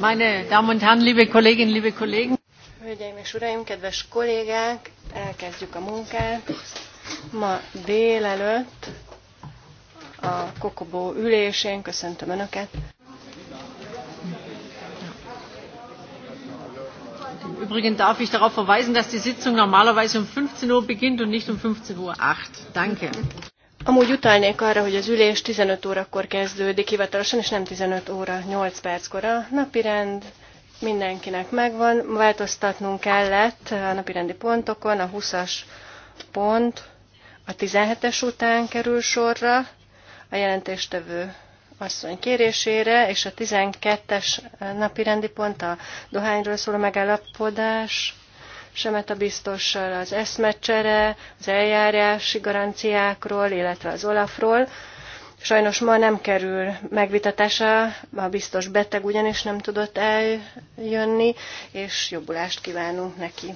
Meine Damen und Herren, liebe Kolleginnen, liebe Kollegen! Hölgyeim és Uraim, kedves kollégák, elkezdjük a munkát. Ma délelőtt a Kokobó ülésén köszöntöm Önöket. Übrigens darf ich darauf verweisen, dass die Sitzung normalerweise um 15 Uhr beginnt und nicht um 15.08 Uhr. Danke. Amúgy utalnék arra, hogy az ülés 15 órakor kezdődik hivatalosan, és nem 15 óra 8 perckor a napirend. Mindenkinek megvan, változtatnunk kellett a napirendi pontokon, a 20-as pont a 17-es után kerül sorra, a jelentéstevő asszony kérésére, és a 12-es napirendi pont a dohányról szóló megállapodás Semeta a biztossal az eszmecsere, az eljárási garanciákról, illetve az Olafról. Sajnos ma nem kerül megvitatása, a biztos beteg ugyanis nem tudott eljönni, és jobbulást kívánunk neki.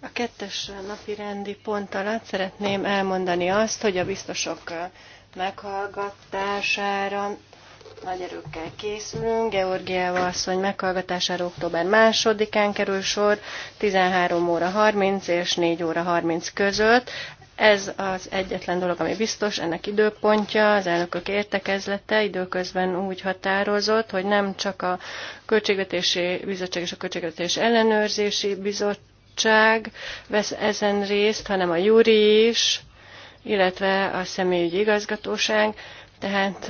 A kettes napi rendi pont alatt szeretném elmondani azt, hogy a biztosok meghallgatására nagy erőkkel készülünk. Georgiáva asszony meghallgatására október 2-án kerül sor, 13 óra 30 és 4 óra 30 között. Ez az egyetlen dolog, ami biztos, ennek időpontja, az elnökök értekezlete időközben úgy határozott, hogy nem csak a Költségvetési Bizottság és a Költségvetés Ellenőrzési Bizottság vesz ezen részt, hanem a Júri is, illetve a személyügyi igazgatóság. Tehát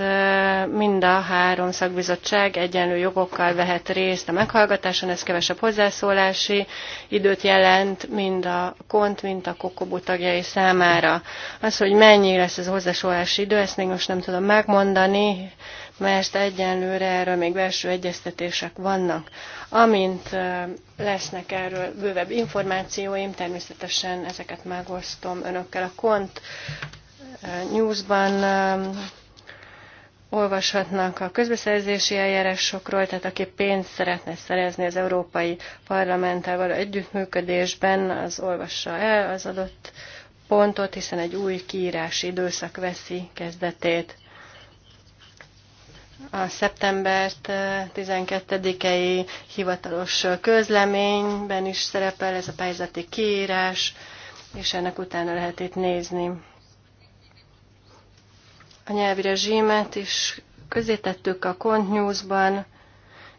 mind a három szakbizottság egyenlő jogokkal vehet részt a meghallgatáson, ez kevesebb hozzászólási időt jelent mind a kont, mind a kokobú tagjai számára. Az, hogy mennyi lesz ez a hozzászólási idő, ezt még most nem tudom megmondani, mert egyenlőre erről még belső egyeztetések vannak. Amint lesznek erről bővebb információim, természetesen ezeket megosztom önökkel a kont newsban olvashatnak a közbeszerzési eljárásokról, tehát aki pénzt szeretne szerezni az Európai Parlamenttel való együttműködésben, az olvassa el az adott pontot, hiszen egy új kiírási időszak veszi kezdetét. A szeptember 12-i hivatalos közleményben is szerepel ez a pályázati kiírás, és ennek utána lehet itt nézni a nyelvi rezsimet is közétettük a Kont News-ban,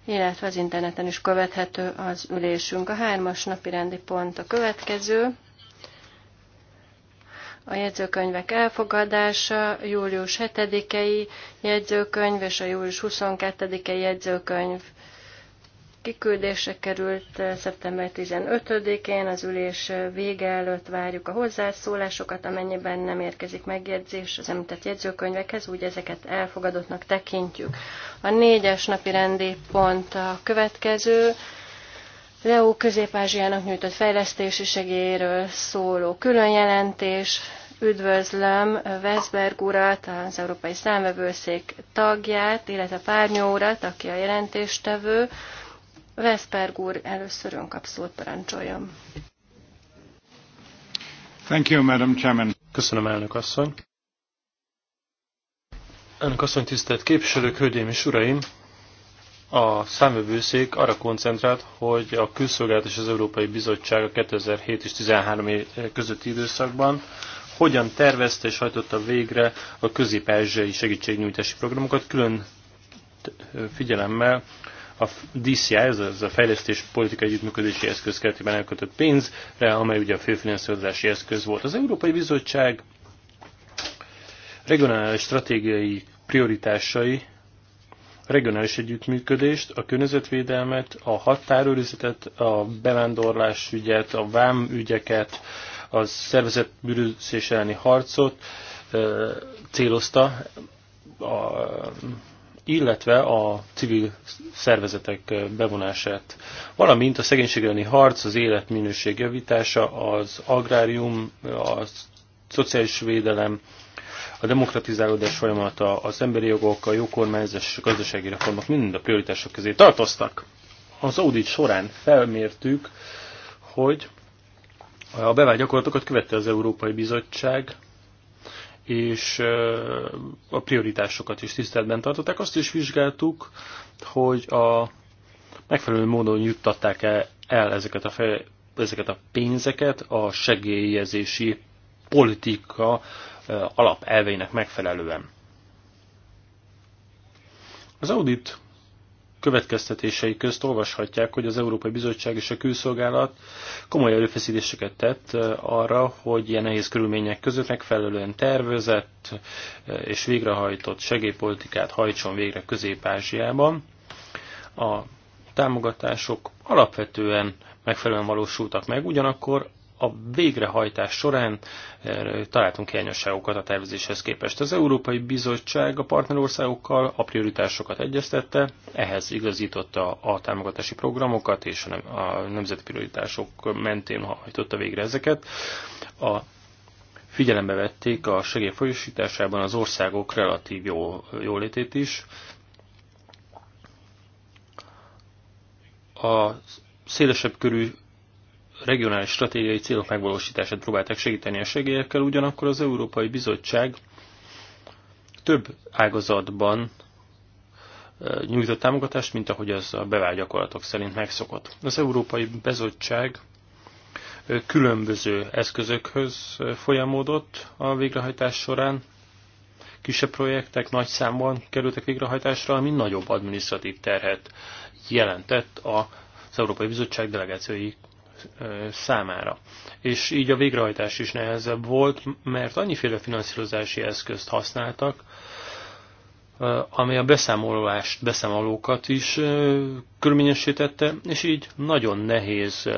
illetve az interneten is követhető az ülésünk. A hármas napi rendi pont a következő. A jegyzőkönyvek elfogadása, július 7-i jegyzőkönyv és a július 22-i jegyzőkönyv kiküldése került eh, szeptember 15-én, az ülés eh, vége előtt várjuk a hozzászólásokat, amennyiben nem érkezik megjegyzés az említett jegyzőkönyvekhez, úgy ezeket elfogadottnak tekintjük. A négyes napi rendi pont a következő. Leó Közép-Ázsiának nyújtott fejlesztési segélyéről szóló különjelentés. Üdvözlöm Veszberg urat, az Európai Számvevőszék tagját, illetve Párnyó urat, aki a jelentéstevő. Veszberg úr, először ön kapszót Thank you, Madam Chairman. Köszönöm, elnök asszony. Elnök asszony, tisztelt képviselők, hölgyeim és uraim! A számövőszék arra koncentrált, hogy a Külszolgálat és az Európai Bizottság a 2007 és 2013 közötti időszakban hogyan tervezte és hajtotta végre a közép-ázsiai segítségnyújtási programokat, külön figyelemmel a DCI, ez a fejlesztés politikai együttműködési eszköz keretében elkötött pénzre, amely ugye a főfinanszírozási eszköz volt. Az Európai Bizottság regionális stratégiai prioritásai regionális együttműködést, a környezetvédelmet, a határőrizetet, a bevándorlás ügyet, a vám ügyeket, a szervezett bűnözés elleni harcot célozta a illetve a civil szervezetek bevonását, valamint a szegénység harc, az életminőség javítása, az agrárium, a szociális védelem, a demokratizálódás folyamata, az emberi jogok, a jó kormányzás és a gazdasági reformok mind a prioritások közé tartoztak. Az audit során felmértük, hogy a bevált gyakorlatokat követte az Európai Bizottság, és a prioritásokat is tiszteletben tartották. Azt is vizsgáltuk, hogy a megfelelő módon juttatták -e el ezeket a, fej, ezeket a pénzeket a segélyezési politika alapelveinek megfelelően. Az audit következtetései közt olvashatják, hogy az Európai Bizottság és a Külszolgálat komoly előfeszítéseket tett arra, hogy ilyen nehéz körülmények között megfelelően tervezett és végrehajtott segélypolitikát hajtson végre Közép-Ázsiában. A támogatások alapvetően megfelelően valósultak meg, ugyanakkor a végrehajtás során találtunk hiányosságokat a tervezéshez képest. Az Európai Bizottság a partnerországokkal a prioritásokat egyeztette, ehhez igazította a támogatási programokat, és a nemzeti prioritások mentén hajtotta végre ezeket. A figyelembe vették a segély folyosításában az országok relatív jó, jólétét is. A szélesebb körű regionális stratégiai célok megvalósítását próbálták segíteni a segélyekkel, ugyanakkor az Európai Bizottság több ágazatban nyújtott támogatást, mint ahogy az a bevált gyakorlatok szerint megszokott. Az Európai Bizottság különböző eszközökhöz folyamodott a végrehajtás során. Kisebb projektek nagy számban kerültek végrehajtásra, ami nagyobb adminisztratív terhet jelentett az Európai Bizottság delegációi számára. És így a végrehajtás is nehezebb volt, mert annyiféle finanszírozási eszközt használtak, ami a beszámolást, beszámolókat is körülményesítette, és így nagyon nehéz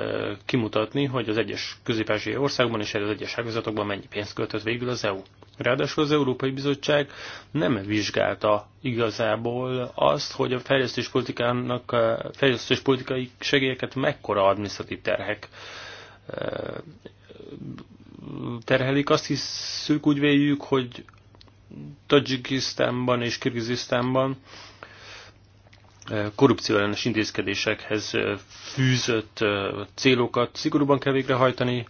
kimutatni, hogy az egyes közép országban és az egyes ágazatokban mennyi pénzt költött végül az EU. Ráadásul az Európai Bizottság nem vizsgálta igazából azt, hogy a fejlesztéspolitikának, fejlesztéspolitikai segélyeket mekkora administratív terhek terhelik. Azt hiszük, úgy véljük, hogy Tajikisztánban és Kirgizisztánban korrupcióellenes intézkedésekhez fűzött célokat szigorúban kell végrehajtani,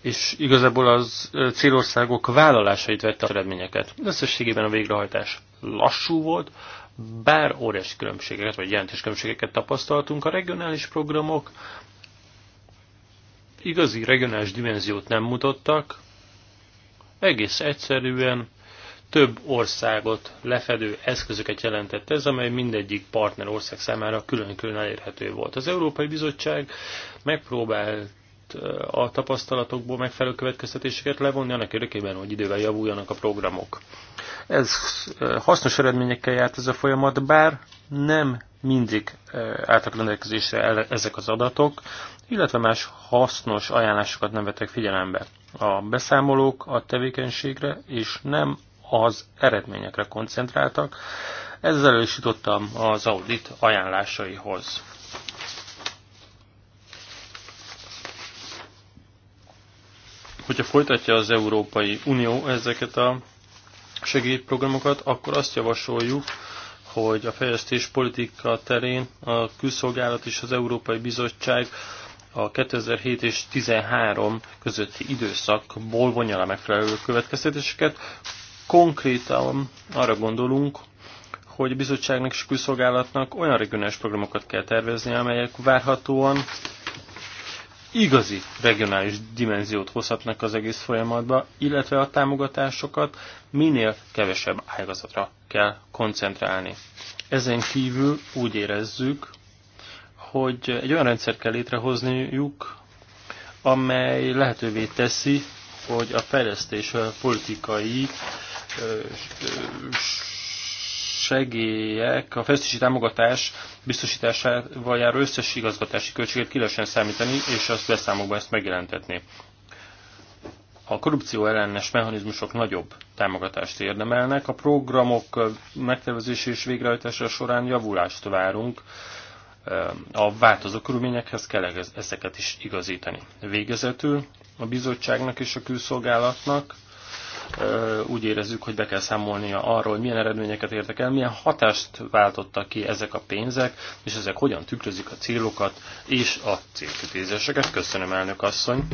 és igazából az célországok vállalásait vette az eredményeket. Összességében a végrehajtás lassú volt, bár óriási különbségeket, vagy jelentős különbségeket tapasztaltunk, a regionális programok igazi regionális dimenziót nem mutattak, egész egyszerűen több országot lefedő eszközöket jelentett ez, amely mindegyik partner ország számára külön-külön elérhető volt. Az Európai Bizottság megpróbált a tapasztalatokból megfelelő következtetéseket levonni, annak érdekében, hogy idővel javuljanak a programok. Ez hasznos eredményekkel járt ez a folyamat, bár nem mindig álltak rendelkezésre ezek az adatok, illetve más hasznos ajánlásokat nem vettek figyelembe. A beszámolók a tevékenységre és nem az eredményekre koncentráltak, ezzel is jutottam az audit ajánlásaihoz. Hogyha folytatja az Európai Unió ezeket a segélyprogramokat, akkor azt javasoljuk, hogy a fejlesztés politika terén a külszolgálat és az Európai Bizottság a 2007 és 2013 közötti időszakból vonja le megfelelő következtetéseket. Konkrétan arra gondolunk, hogy a bizottságnak és a külszolgálatnak olyan regionális programokat kell tervezni, amelyek várhatóan igazi regionális dimenziót hozhatnak az egész folyamatba, illetve a támogatásokat minél kevesebb ágazatra kell koncentrálni. Ezen kívül úgy érezzük, hogy egy olyan rendszer kell létrehozniuk, amely lehetővé teszi, hogy a fejlesztés politikai segélyek, a fejlesztési támogatás biztosításával járó összes igazgatási költséget ki lehessen számítani, és azt beszámokban ezt megjelentetni. A korrupció ellenes mechanizmusok nagyobb támogatást érdemelnek, a programok megtervezési és végrehajtása során javulást várunk, a változó körülményekhez kell ezeket is igazítani. Végezetül a bizottságnak és a külszolgálatnak úgy érezzük, hogy be kell számolnia arról, hogy milyen eredményeket értek el, milyen hatást váltottak ki ezek a pénzek, és ezek hogyan tükrözik a célokat és a célkütézéseket. Köszönöm, elnök asszony!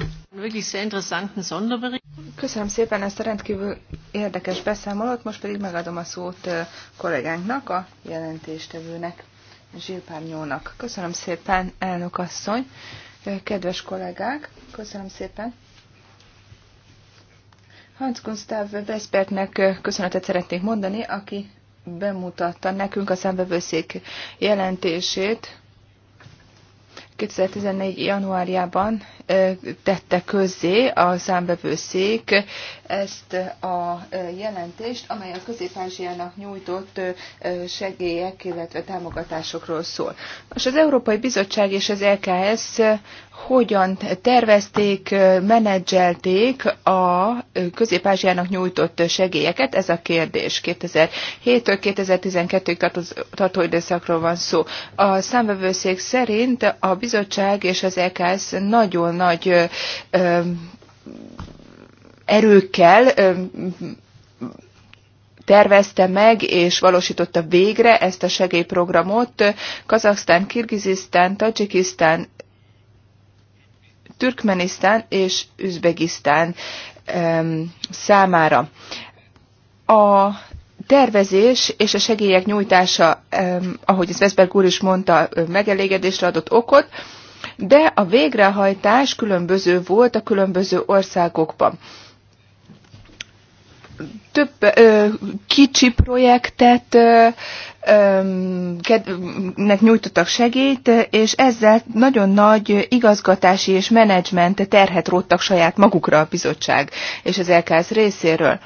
Köszönöm szépen ezt a rendkívül érdekes beszámolót, most pedig megadom a szót kollégánknak, a jelentéstevőnek, Zsilpárnyónak. Köszönöm szépen, elnök asszony! Kedves kollégák, köszönöm szépen! Hans Gustav Vespertnek köszönetet szeretnék mondani, aki bemutatta nekünk a számbevőszék jelentését. 2014. januárjában tette közzé a számbevőszék ezt a jelentést, amely a közép nyújtott segélyek, illetve támogatásokról szól. Most az Európai Bizottság és az LKS hogyan tervezték, menedzselték a közép nyújtott segélyeket? Ez a kérdés. 2007-től 2012-ig tartó időszakról van szó. A számvevőszék szerint a bizottság és az EKS nagyon nagy erőkkel tervezte meg és valósította végre ezt a segélyprogramot. Kazaksztán, Kirgizisztán, Tajikisztán Türkmenisztán és Üzbegisztán számára. A tervezés és a segélyek nyújtása, ahogy ez Veszberg úr is mondta, megelégedésre adott okot, de a végrehajtás különböző volt a különböző országokban. Több ö, kicsi projektet ö, nek nyújtottak segélyt, és ezzel nagyon nagy igazgatási és menedzsment terhet róttak saját magukra a bizottság és az LKS részéről.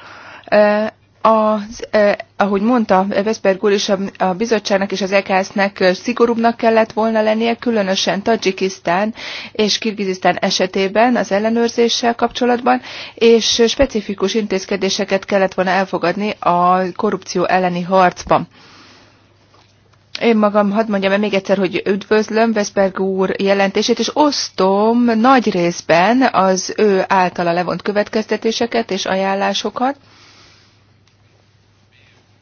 Az, eh, ahogy mondta Veszberg úr is, a, a bizottságnak és az EKS-nek szigorúbbnak kellett volna lennie, különösen Tajikisztán és Kirgizisztán esetében az ellenőrzéssel kapcsolatban, és specifikus intézkedéseket kellett volna elfogadni a korrupció elleni harcban. Én magam, hadd mondjam még egyszer, hogy üdvözlöm Veszberg úr jelentését, és osztom nagy részben az ő általa levont következtetéseket és ajánlásokat.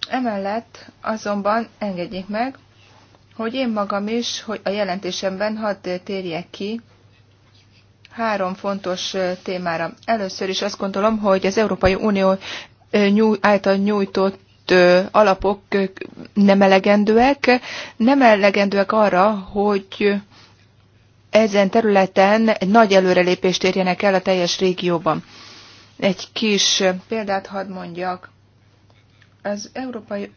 Emellett azonban engedjék meg, hogy én magam is, hogy a jelentésemben hadd térjek ki három fontos témára. Először is azt gondolom, hogy az Európai Unió által nyújtott alapok nem elegendőek, nem elegendőek arra, hogy ezen területen egy nagy előrelépést érjenek el a teljes régióban. Egy kis példát hadd mondjak. Az Európai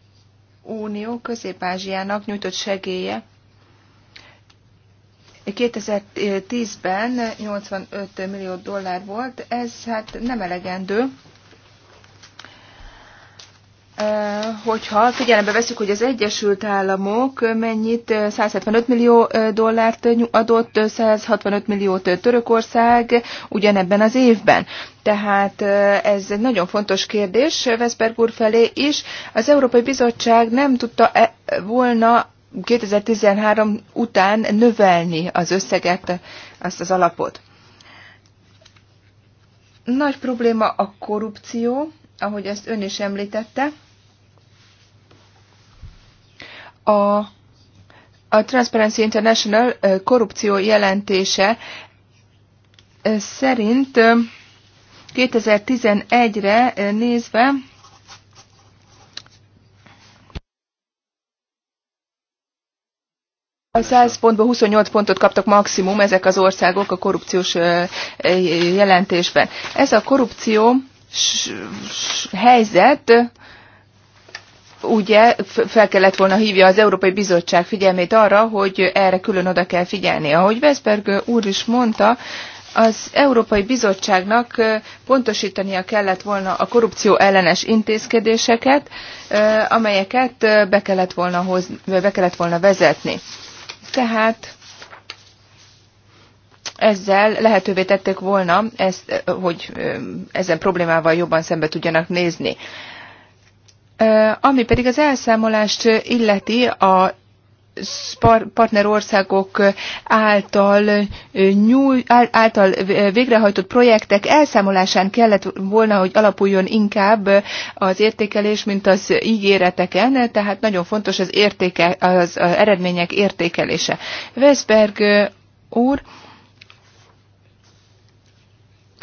Unió Közép-Ázsiának nyújtott segélye 2010-ben 85 millió dollár volt, ez hát nem elegendő, hogyha figyelembe veszük, hogy az Egyesült Államok mennyit, 175 millió dollárt adott, 165 milliót Törökország ugyanebben az évben. Tehát ez egy nagyon fontos kérdés Veszberg úr felé is. Az Európai Bizottság nem tudta -e volna 2013 után növelni az összeget, azt az alapot. Nagy probléma a korrupció, ahogy ezt ön is említette. A, a Transparency International korrupció jelentése szerint 2011-re nézve A 100 pontból 28 pontot kaptak maximum ezek az országok a korrupciós jelentésben. Ez a korrupció helyzet ugye fel kellett volna hívja az Európai Bizottság figyelmét arra, hogy erre külön oda kell figyelni. Ahogy Veszberg úr is mondta, az Európai Bizottságnak pontosítania kellett volna a korrupció ellenes intézkedéseket, amelyeket be kellett volna, hozni, be kellett volna vezetni. Tehát ezzel lehetővé tették volna, ezt, hogy ezen problémával jobban szembe tudjanak nézni. Ami pedig az elszámolást illeti a partnerországok által, nyúj, által végrehajtott projektek elszámolásán kellett volna, hogy alapuljon inkább az értékelés, mint az ígéreteken, tehát nagyon fontos az, értéke, az eredmények értékelése. Veszberg úr,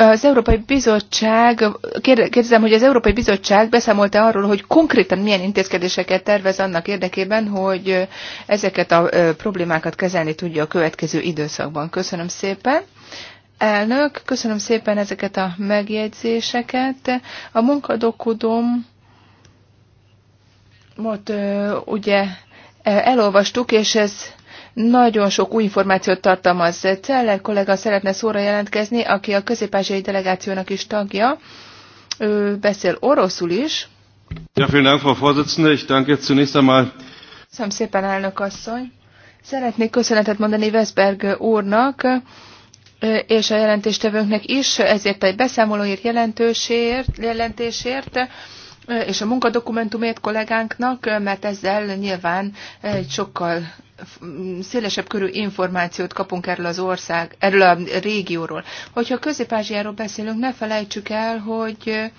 az Európai Bizottság, kérdezem, hogy az Európai Bizottság beszámolta arról, hogy konkrétan milyen intézkedéseket tervez annak érdekében, hogy ezeket a problémákat kezelni tudja a következő időszakban. Köszönöm szépen. Elnök, köszönöm szépen ezeket a megjegyzéseket. A munkadokudom ott ugye elolvastuk, és ez nagyon sok új információt tartalmaz. Celler kollega szeretne szóra jelentkezni, aki a közép delegációnak is tagja. Ő beszél oroszul is. Ja, vielen Dank, Frau Vorsitzende. Ich danke zunächst einmal. Köszönöm szépen, elnök asszony. Szeretnék köszönetet mondani Veszberg úrnak és a jelentéstevőnknek is ezért egy beszámolóért jelentősért, jelentésért. jelentésért és a munkadokumentumét kollégánknak, mert ezzel nyilván egy sokkal szélesebb körű információt kapunk erről az ország, erről a régióról. Hogyha közép-ázsiáról beszélünk, ne felejtsük el, hogy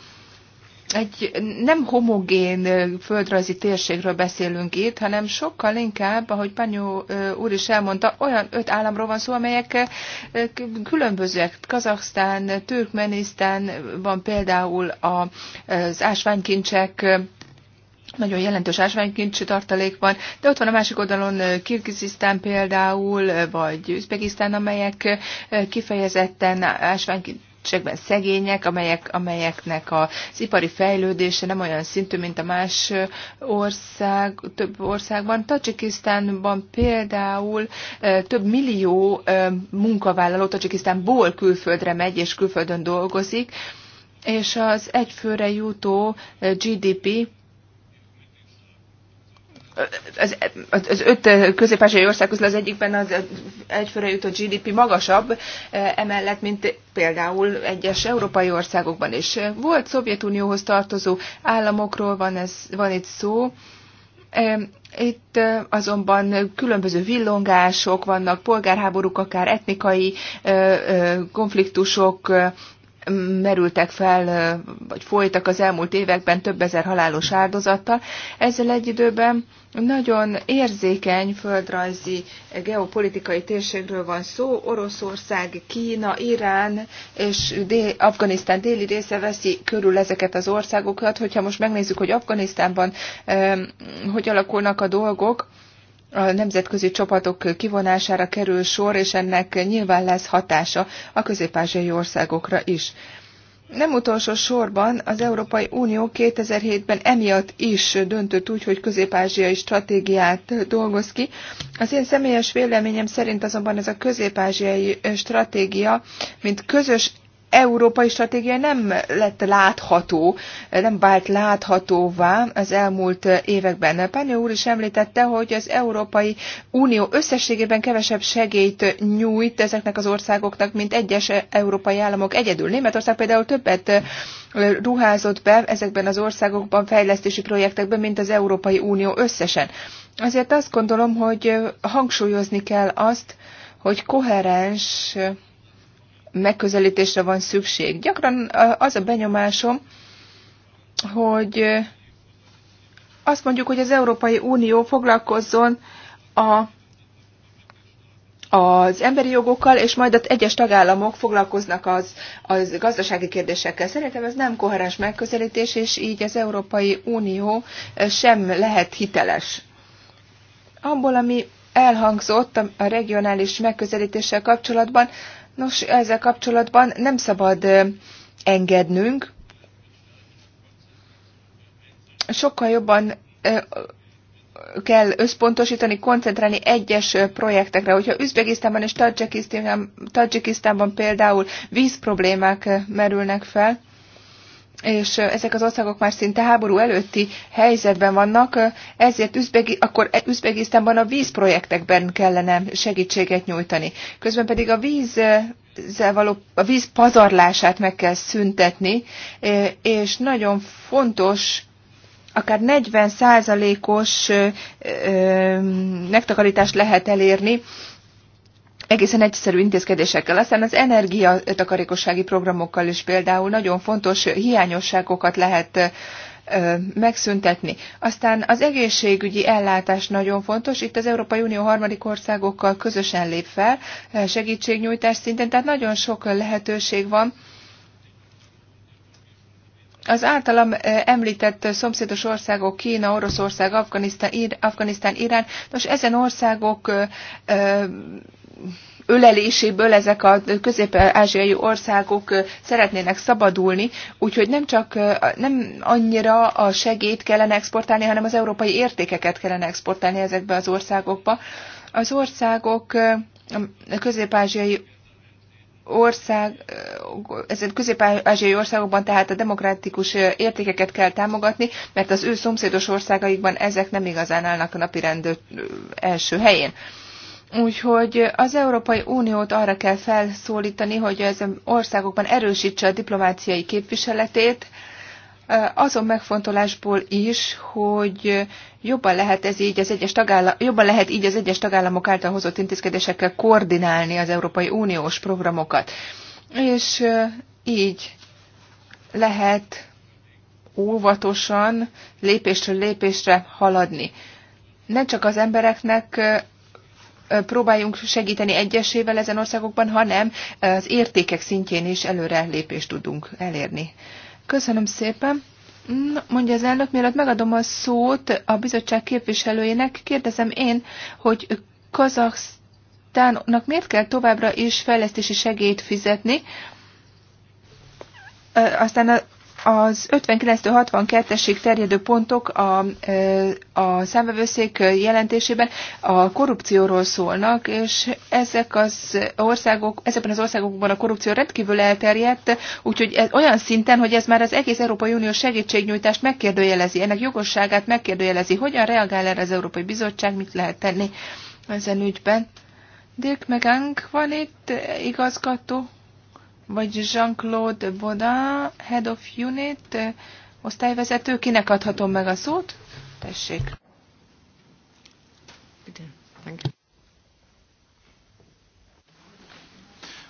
egy nem homogén földrajzi térségről beszélünk itt, hanem sokkal inkább, ahogy Panyó úr is elmondta, olyan öt államról van szó, amelyek különbözőek. Kazaksztán, Türkmenisztán van például az ásványkincsek nagyon jelentős ásványkincs tartalék van, de ott van a másik oldalon Kirgizisztán például, vagy Üzbegisztán, amelyek kifejezetten ásványkincs kisebbségben szegények, amelyek, amelyeknek az ipari fejlődése nem olyan szintű, mint a más ország, több országban. Tajikisztánban például több millió munkavállaló Tajikisztánból külföldre megy és külföldön dolgozik, és az egyfőre jutó GDP az, az öt közép ország közül az egyikben az egyfőre jutott GDP magasabb, emellett, mint például egyes európai országokban is. Volt Szovjetunióhoz tartozó államokról van, ez, van itt szó, itt azonban különböző villongások vannak, polgárháborúk, akár etnikai konfliktusok, merültek fel, vagy folytak az elmúlt években több ezer halálos áldozattal. Ezzel egy időben nagyon érzékeny földrajzi geopolitikai térségről van szó. Oroszország, Kína, Irán és Afganisztán déli része veszi körül ezeket az országokat. Hogyha most megnézzük, hogy Afganisztánban hogy alakulnak a dolgok, a nemzetközi csapatok kivonására kerül sor, és ennek nyilván lesz hatása a közép-ázsiai országokra is. Nem utolsó sorban az Európai Unió 2007-ben emiatt is döntött úgy, hogy közép-ázsiai stratégiát dolgoz ki. Az én személyes véleményem szerint azonban ez a közép-ázsiai stratégia, mint közös európai stratégia nem lett látható, nem vált láthatóvá az elmúlt években. Pányó úr is említette, hogy az Európai Unió összességében kevesebb segélyt nyújt ezeknek az országoknak, mint egyes európai államok egyedül. Németország például többet ruházott be ezekben az országokban fejlesztési projektekben, mint az Európai Unió összesen. Azért azt gondolom, hogy hangsúlyozni kell azt, hogy koherens megközelítésre van szükség. Gyakran az a benyomásom, hogy azt mondjuk, hogy az Európai Unió foglalkozzon a az emberi jogokkal, és majd az egyes tagállamok foglalkoznak az, az gazdasági kérdésekkel. Szerintem ez nem koherens megközelítés, és így az Európai Unió sem lehet hiteles. Abból, ami elhangzott a regionális megközelítéssel kapcsolatban, Nos, ezzel kapcsolatban nem szabad engednünk. Sokkal jobban kell összpontosítani, koncentrálni egyes projektekre. Hogyha Üzbegisztánban és Tadzsikisztánban például vízproblémák merülnek fel, és ezek az országok már szinte háború előtti helyzetben vannak, ezért Üzbegi, akkor e, Üzbegisztánban a vízprojektekben kellene segítséget nyújtani. Közben pedig a víz való, a víz pazarlását meg kell szüntetni, és nagyon fontos akár 40 százalékos megtakarítást lehet elérni egészen egyszerű intézkedésekkel. Aztán az energiatakarékossági programokkal is például nagyon fontos hiányosságokat lehet megszüntetni. Aztán az egészségügyi ellátás nagyon fontos, itt az Európai Unió harmadik országokkal közösen lép fel segítségnyújtás szinten, tehát nagyon sok lehetőség van. Az általam említett szomszédos országok, Kína, Oroszország, Afganisztán, Afganisztán Irán, nos ezen országok öleléséből ezek a közép-ázsiai országok szeretnének szabadulni, úgyhogy nem csak nem annyira a segét kellene exportálni, hanem az európai értékeket kellene exportálni ezekbe az országokba. Az országok, a közép-ázsiai ország, ezen közép-ázsiai országokban tehát a demokratikus értékeket kell támogatni, mert az ő szomszédos országaikban ezek nem igazán állnak a napirend első helyén. Úgyhogy az Európai Uniót arra kell felszólítani, hogy az országokban erősítse a diplomáciai képviseletét, azon megfontolásból is, hogy jobban lehet, ez így az egyes tagállam, jobban lehet így az egyes tagállamok által hozott intézkedésekkel koordinálni az Európai Uniós programokat. És így lehet óvatosan, lépésről lépésre haladni. Nem csak az embereknek próbáljunk segíteni egyesével ezen országokban, hanem az értékek szintjén is előre lépést tudunk elérni. Köszönöm szépen! Mm, mondja az elnök, mielőtt megadom a szót a bizottság képviselőjének, kérdezem én, hogy Kazaksztánnak miért kell továbbra is fejlesztési segélyt fizetni, aztán az 59-62-esig terjedő pontok a, a számvevőszék jelentésében a korrupcióról szólnak, és ezek az országok, ezekben az országokban a korrupció rendkívül elterjedt, úgyhogy ez olyan szinten, hogy ez már az egész Európai Unió segítségnyújtást megkérdőjelezi, ennek jogosságát megkérdőjelezi. Hogyan reagál erre az Európai Bizottság, mit lehet tenni ezen ügyben? Dirk Megang van itt, igazgató vagy Jean-Claude Baudin, Head of Unit, osztályvezető. Kinek adhatom meg a szót? Tessék.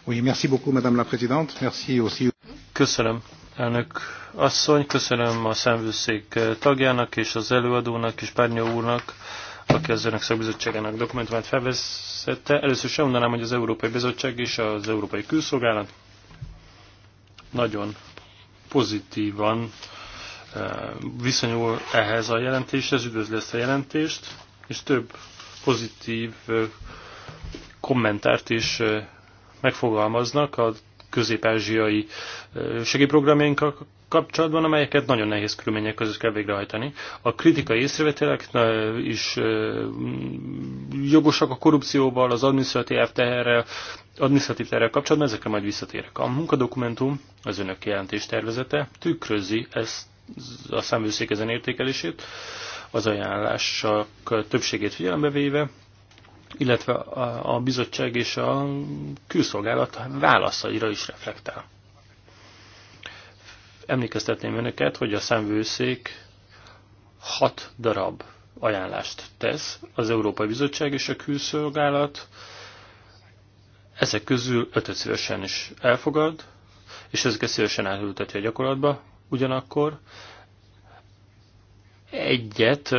Oui, merci beaucoup, Madame la Présidente. Merci aussi. Köszönöm, elnök asszony, köszönöm a szemvőszék tagjának és az előadónak és Párnyó úrnak, aki az önök szakbizottságának dokumentumát felveszette. Először sem mondanám, hogy az Európai Bizottság és az Európai Külszolgálat nagyon pozitívan eh, viszonyul ehhez a jelentéshez, üdvözli ezt a jelentést, és több pozitív eh, kommentárt is eh, megfogalmaznak a közép-ázsiai segélyprogramjainkkal kapcsolatban, amelyeket nagyon nehéz körülmények között kell végrehajtani. A kritikai észrevételek is jogosak a korrupcióval, az adminisztratív teherrel, adminisztratív teherrel kapcsolatban, ezekre majd visszatérek. A munkadokumentum, az önök jelentés tervezete tükrözi ezt a számvőszék ezen értékelését, az ajánlások többségét figyelembe véve, illetve a bizottság és a külszolgálat válaszaira is reflektál. Emlékeztetném önöket, hogy a szemvőszék hat darab ajánlást tesz az Európai Bizottság és a Külszolgálat. Ezek közül ötöt szívesen is elfogad, és ezeket szívesen átültetje a gyakorlatba. Ugyanakkor egyet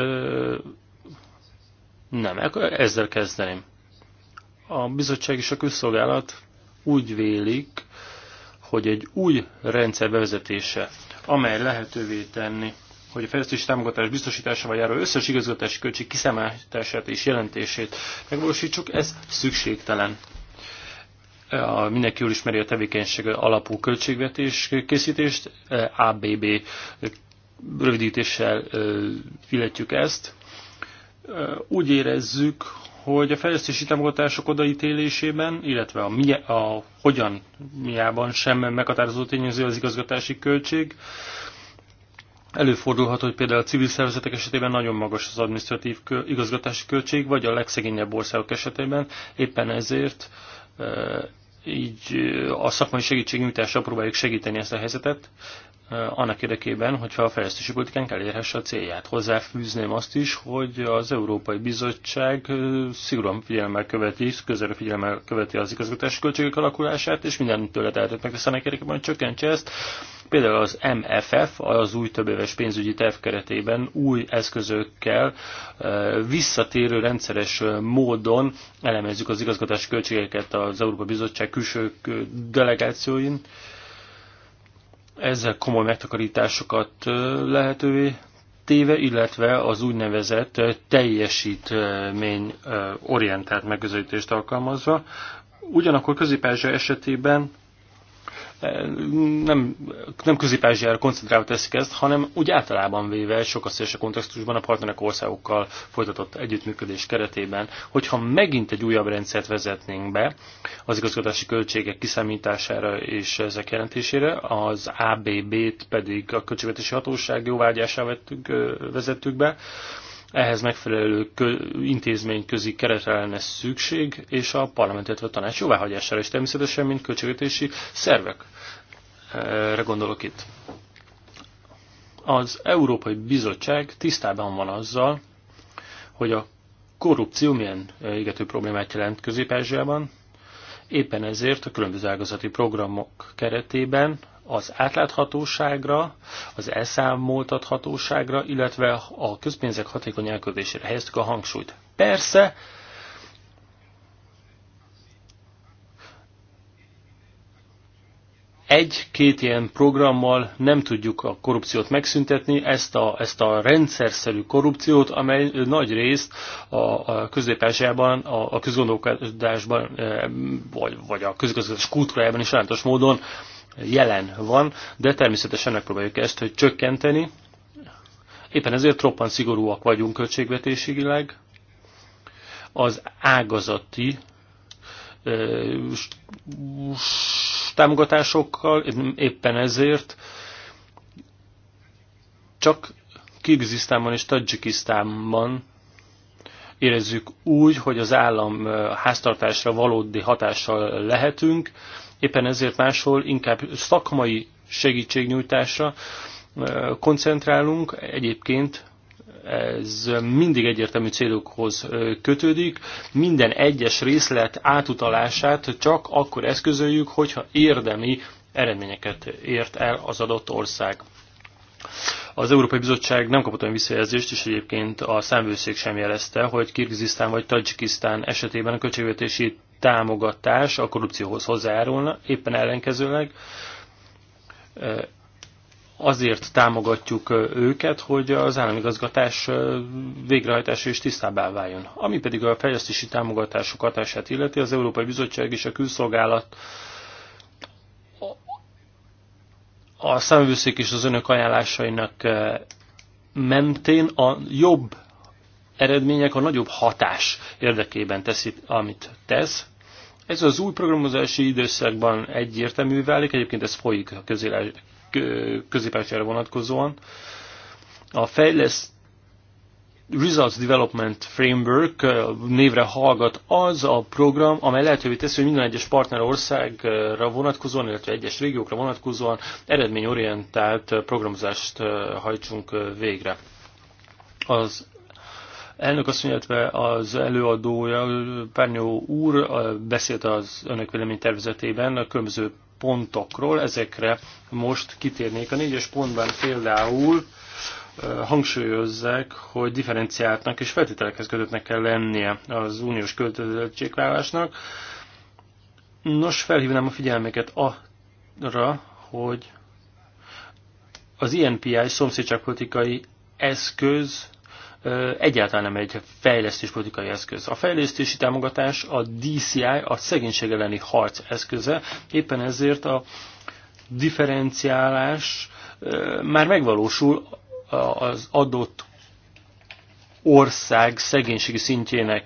nem, ezzel kezdeném. A bizottság és a közszolgálat úgy vélik, hogy egy új rendszer bevezetése, amely lehetővé tenni, hogy a fejlesztési támogatás biztosításával járó összes igazgatási költség kiszámítását és jelentését megvalósítsuk, ez szükségtelen. A, mindenki jól ismeri a tevékenység alapú költségvetés készítést, ABB rövidítéssel illetjük ezt. Úgy érezzük, hogy a fejlesztési támogatások odaítélésében, illetve a, mi, a hogyan miában sem meghatározó tényező az igazgatási költség, Előfordulhat, hogy például a civil szervezetek esetében nagyon magas az administratív igazgatási költség, vagy a legszegényebb országok esetében. Éppen ezért e, így a szakmai segítségnyújtásra próbáljuk segíteni ezt a helyzetet annak érdekében, hogyha a fejlesztési politikánk elérhesse a célját. Hozzáfűzném azt is, hogy az Európai Bizottság szigorúan figyelemmel követi, közelre figyelemmel követi az igazgatási költségek alakulását, és minden tőle tehetőt a annak érdekében, hogy csökkentse ezt. Például az MFF, az új többéves pénzügyi terv keretében új eszközökkel visszatérő rendszeres módon elemezzük az igazgatási költségeket az Európai Bizottság külső delegációin, ezzel komoly megtakarításokat lehetővé téve, illetve az úgynevezett teljesítmény orientált megközelítést alkalmazva. Ugyanakkor közép esetében nem, nem közép-ázsiára koncentrálva teszik ezt, hanem úgy általában véve sokkal szélesebb kontextusban a partnerek országokkal folytatott együttműködés keretében, hogyha megint egy újabb rendszert vezetnénk be az igazgatási költségek kiszámítására és ezek jelentésére, az ABB-t pedig a költségvetési hatóság jóvágyásával vezettük be, ehhez megfelelő intézményközi keretre lenne szükség, és a parlament, illetve a tanács jóváhagyására is természetesen, mint költségvetési szervekre gondolok itt. Az Európai Bizottság tisztában van azzal, hogy a korrupció milyen eh, égető problémát jelent közép -Ázsiában. Éppen ezért a különböző ágazati programok keretében az átláthatóságra, az elszámoltathatóságra, illetve a közpénzek hatékony elköltésére helyeztük a hangsúlyt. Persze, egy-két ilyen programmal nem tudjuk a korrupciót megszüntetni, ezt a, ezt a rendszerszerű korrupciót, amely nagy részt a, a közép a, a közgondolkodásban, eh, vagy, vagy a közigazgatás kultúrájában is sajnos módon jelen van, de természetesen megpróbáljuk ezt, hogy csökkenteni. Éppen ezért roppan szigorúak vagyunk költségvetésigileg. Az ágazati támogatásokkal, éppen ezért csak Kirgizisztánban és Tadzsikisztánban érezzük úgy, hogy az állam háztartásra valódi hatással lehetünk, Éppen ezért máshol inkább szakmai segítségnyújtásra eh, koncentrálunk. Egyébként ez mindig egyértelmű célokhoz eh, kötődik. Minden egyes részlet átutalását csak akkor eszközöljük, hogyha érdemi eredményeket ért el az adott ország. Az Európai Bizottság nem kapott olyan visszajelzést, és egyébként a számvőszék sem jelezte, hogy Kirgizisztán vagy Tajikisztán esetében a költségvetési támogatás a korrupcióhoz hozzájárulna, éppen ellenkezőleg azért támogatjuk őket, hogy az államigazgatás végrehajtása is tisztábbá váljon. Ami pedig a fejlesztési támogatások hatását illeti, az Európai Bizottság és a Külszolgálat a számvőszék és az önök ajánlásainak mentén a jobb eredmények, a nagyobb hatás érdekében teszi, amit tesz. Ez az új programozási időszakban egyértelmű válik, egyébként ez folyik a középásjára vonatkozóan. A fejleszt Results Development Framework névre hallgat az a program, amely lehetővé teszi, hogy minden egyes partnerországra vonatkozóan, illetve egyes régiókra vonatkozóan eredményorientált programozást hajtsunk végre. Az Elnök asszony, illetve az előadója, Párnyó úr beszélt az önök véleménytervezetében a különböző pontokról, ezekre most kitérnék. A négyes pontban például hangsúlyozzák, hogy differenciáltnak és feltételekhez kötöttnek kell lennie az uniós költözöttségvállásnak. Nos, felhívnám a figyelmeket arra, hogy az INPI szomszédságpolitikai eszköz egyáltalán nem egy politikai eszköz. A fejlesztési támogatás a DCI, a szegénység elleni harc eszköze, éppen ezért a differenciálás már megvalósul az adott ország szegénységi szintjének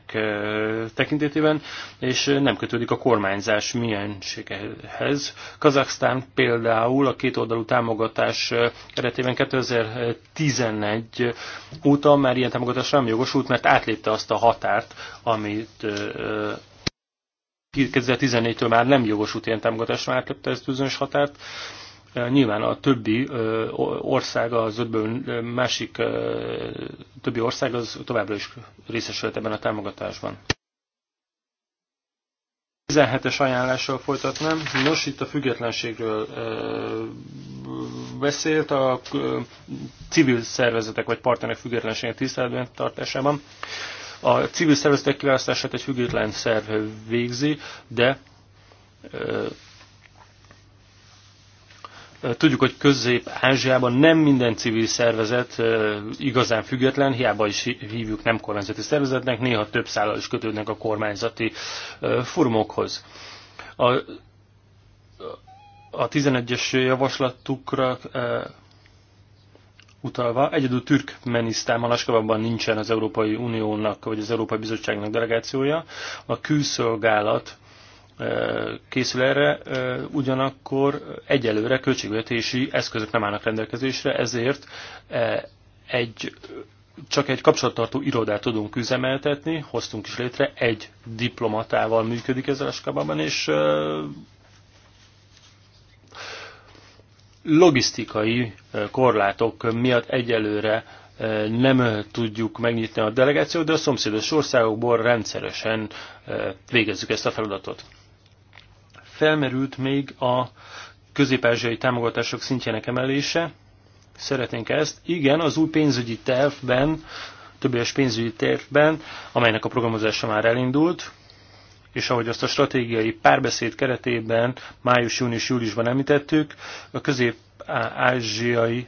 tekintetében, és nem kötődik a kormányzás milyenségehez. Kazaksztán például a két oldalú támogatás keretében 2011 óta már ilyen támogatásra nem jogosult, mert átlépte azt a határt, amit 2014-től már nem jogosult ilyen támogatásra átlépte ezt bizonyos határt, Nyilván a többi ország, az ötből másik többi ország az továbbra is részesült ebben a támogatásban. 17-es ajánlással folytatnám. Nos, itt a függetlenségről beszélt a civil szervezetek vagy partnerek függetlensége tiszteletben tartásában. A civil szervezetek kiválasztását egy független szerv végzi, de Tudjuk, hogy Közép-Ázsiában nem minden civil szervezet igazán független, hiába is hívjuk nem kormányzati szervezetnek, néha több szállal is kötődnek a kormányzati formokhoz. A, a 11-es javaslatukra utalva, egyedül Türkmenisztán, Askababban nincsen az Európai Uniónak vagy az Európai Bizottságnak delegációja. A külszolgálat készül erre, ugyanakkor egyelőre költségvetési eszközök nem állnak rendelkezésre, ezért egy, csak egy kapcsolattartó irodát tudunk üzemeltetni, hoztunk is létre, egy diplomatával működik ezzel a skababban, és logisztikai korlátok miatt egyelőre nem tudjuk megnyitni a delegációt, de a szomszédos országokból rendszeresen végezzük ezt a feladatot. Felmerült még a közép-ázsiai támogatások szintjének emelése. Szeretnénk ezt. Igen, az új pénzügyi tervben, többéves pénzügyi tervben, amelynek a programozása már elindult, és ahogy azt a stratégiai párbeszéd keretében május, június, júliusban említettük, a közép-ázsiai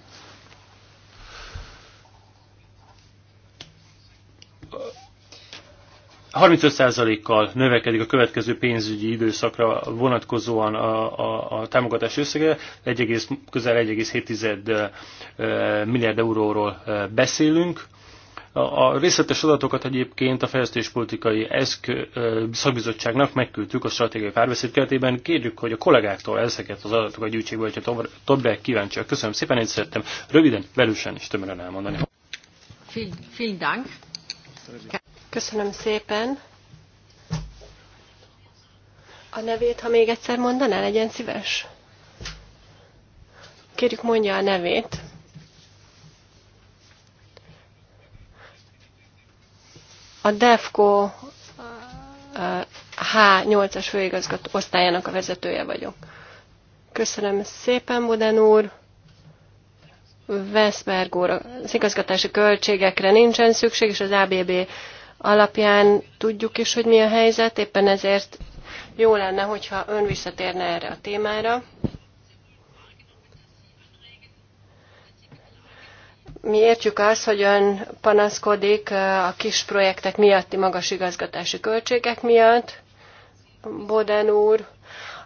35%-kal növekedik a következő pénzügyi időszakra vonatkozóan a, a, a támogatás összege, 1, közel 1,7 milliárd euróról beszélünk. A részletes adatokat egyébként a fejlesztéspolitikai eszk szakbizottságnak megküldtük a stratégiai párbeszéd keretében. Kérjük, hogy a kollégáktól ezeket az adatokat gyűjtsék vagy ha többek kíváncsiak. Köszönöm szépen, én szerettem röviden, velősen és tömören elmondani. Vielen Dank. Köszönöm szépen. A nevét, ha még egyszer mondaná, legyen szíves. Kérjük, mondja a nevét. A DEFCO H8-as eh, főigazgató osztályának a vezetője vagyok. Köszönöm szépen, Buden úr. Veszberg úr, az igazgatási költségekre nincsen szükség, és az ABB alapján tudjuk is, hogy mi a helyzet, éppen ezért jó lenne, hogyha ön visszatérne erre a témára. Mi értjük azt, hogy ön panaszkodik a kis projektek miatti magas igazgatási költségek miatt. Boden úr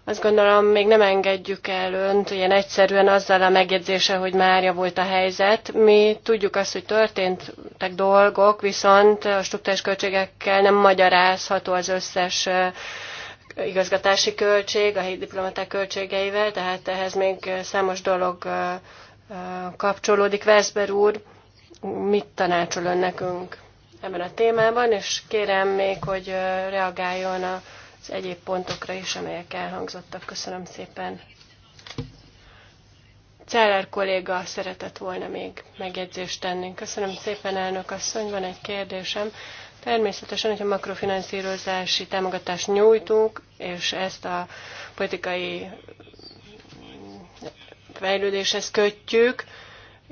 azt gondolom, még nem engedjük el önt ilyen egyszerűen azzal a megjegyzése, hogy márja volt a helyzet. Mi tudjuk azt, hogy történtek dolgok, viszont a struktúrás költségekkel nem magyarázható az összes igazgatási költség, a helyi diplomaták költségeivel, tehát ehhez még számos dolog kapcsolódik. Veszber úr, mit tanácsol ön nekünk ebben a témában, és kérem még, hogy reagáljon a az egyéb pontokra is, amelyek elhangzottak. Köszönöm szépen. Celler kolléga szeretett volna még megjegyzést tenni. Köszönöm szépen, elnök asszony, van egy kérdésem. Természetesen, hogyha makrofinanszírozási támogatást nyújtunk, és ezt a politikai fejlődéshez kötjük,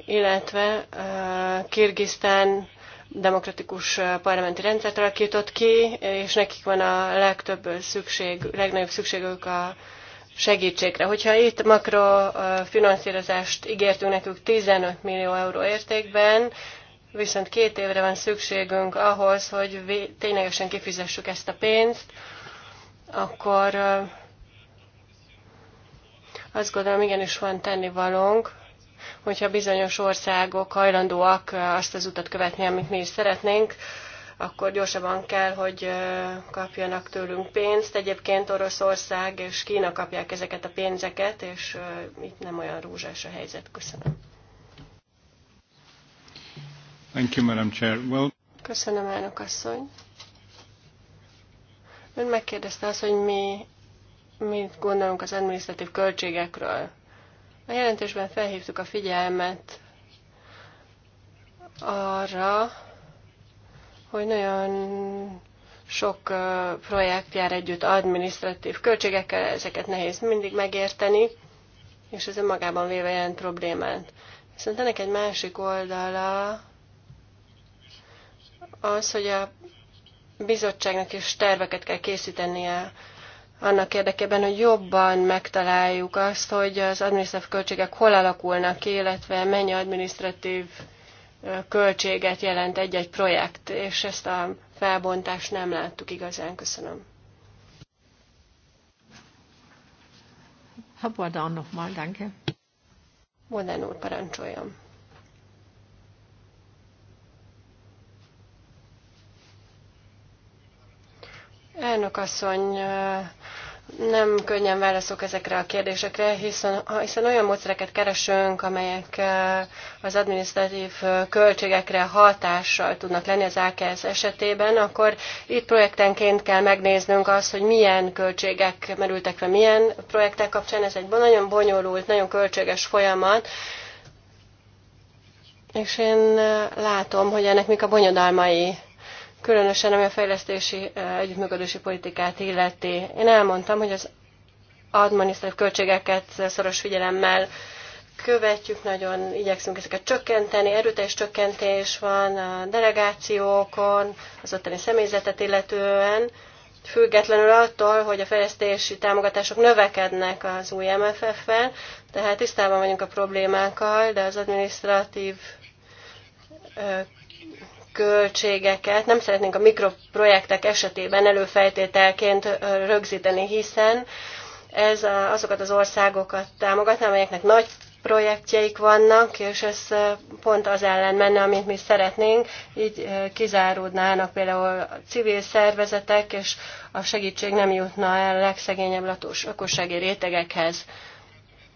illetve uh, Kirgisztán demokratikus parlamenti rendszert alakított ki, és nekik van a legtöbb szükség, legnagyobb szükségük a segítségre. Hogyha itt makrofinanszírozást ígértünk nekük 15 millió euró értékben, viszont két évre van szükségünk ahhoz, hogy ténylegesen kifizessük ezt a pénzt, akkor azt gondolom, igenis van tennivalónk, hogyha bizonyos országok hajlandóak azt az utat követni, amit mi is szeretnénk, akkor gyorsabban kell, hogy kapjanak tőlünk pénzt. Egyébként Oroszország és Kína kapják ezeket a pénzeket, és itt nem olyan rózsás a helyzet. Köszönöm. Thank you, Madam Chair. Well... Köszönöm, elnök asszony. Ön megkérdezte azt, hogy mi mit gondolunk az administratív költségekről. A jelentésben felhívtuk a figyelmet arra, hogy nagyon sok projekt jár együtt adminisztratív költségekkel, ezeket nehéz mindig megérteni, és ez önmagában véve jelent problémát. Viszont ennek egy másik oldala az, hogy a bizottságnak is terveket kell készítenie annak érdekében, hogy jobban megtaláljuk azt, hogy az adminisztratív költségek hol alakulnak ki, illetve mennyi adminisztratív költséget jelent egy-egy projekt, és ezt a felbontást nem láttuk igazán. Köszönöm. Herr Bordan nochmal, danke. Bordan úr, parancsoljon. Elnök asszony, nem könnyen válaszok ezekre a kérdésekre, hiszen, hiszen olyan módszereket keresünk, amelyek az adminisztratív költségekre hatással tudnak lenni az AKS esetében, akkor itt projektenként kell megnéznünk azt, hogy milyen költségek merültek fel, milyen projektek kapcsán. Ez egy nagyon bonyolult, nagyon költséges folyamat, és én látom, hogy ennek mik a bonyodalmai különösen ami a fejlesztési együttműködési politikát illeti. Én elmondtam, hogy az adminisztratív költségeket szoros figyelemmel követjük, nagyon igyekszünk ezeket csökkenteni, erőteljes csökkentés van a delegációkon, az ottani személyzetet illetően, függetlenül attól, hogy a fejlesztési támogatások növekednek az új MFF-fel, tehát tisztában vagyunk a problémákkal, de az adminisztratív költségeket nem szeretnénk a mikroprojektek esetében előfeltételként rögzíteni, hiszen ez azokat az országokat támogatná, amelyeknek nagy projektjeik vannak, és ez pont az ellen menne, amit mi szeretnénk, így kizáródnának például a civil szervezetek, és a segítség nem jutna el a legszegényebb lakossági rétegekhez.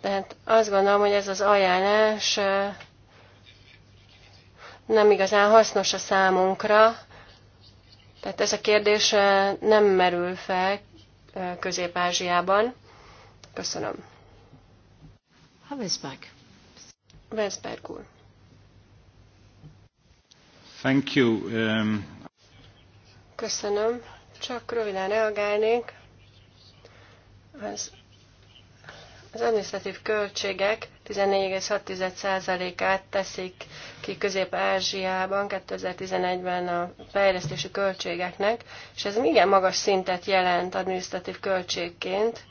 Tehát azt gondolom, hogy ez az ajánlás nem igazán hasznos a számunkra. Tehát ez a kérdés nem merül fel Közép-Ázsiában. Köszönöm. Havisberg. Havisberg Veszberg úr. Thank you. Um... Köszönöm. Csak röviden reagálnék. Az, az administratív költségek 14,6%-át teszik ki Közép-Ázsiában 2011-ben a fejlesztési költségeknek, és ez igen magas szintet jelent adminisztratív költségként.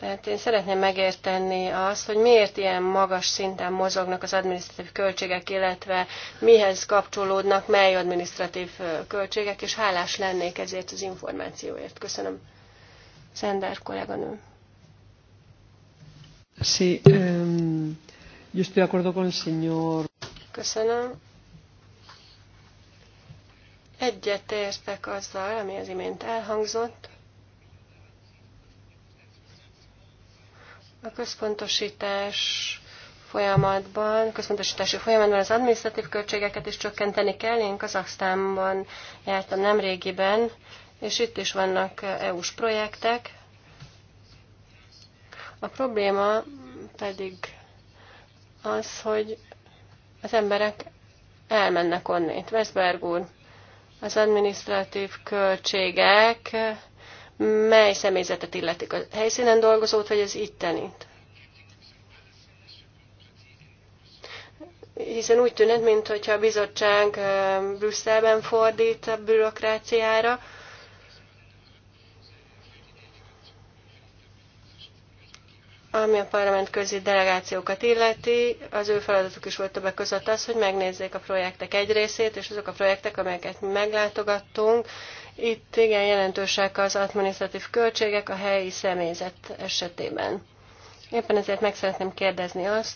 Tehát én szeretném megérteni azt, hogy miért ilyen magas szinten mozognak az adminisztratív költségek, illetve mihez kapcsolódnak mely adminisztratív költségek, és hálás lennék ezért az információért. Köszönöm. Szender kolléganő. Sí, um, yo estoy de acuerdo con el señor. Köszönöm. azzal, ami az imént elhangzott. A központosítás folyamatban, központosítási folyamatban az adminisztratív költségeket is csökkenteni kell. Én Kazaksztánban jártam nemrégiben, és itt is vannak eh, EU-s projektek, a probléma pedig az, hogy az emberek elmennek onnét. Veszberg úr, az administratív költségek mely személyzetet illetik? A helyszínen dolgozót, vagy az ittenit? Hiszen úgy tűnik, mintha a bizottság Brüsszelben fordít a bürokráciára, Ami a parlament közi delegációkat illeti, az ő feladatuk is volt többek között az, hogy megnézzék a projektek egy részét, és azok a projektek, amelyeket mi meglátogattunk, itt igen jelentősek az adminisztratív költségek a helyi személyzet esetében. Éppen ezért meg szeretném kérdezni azt,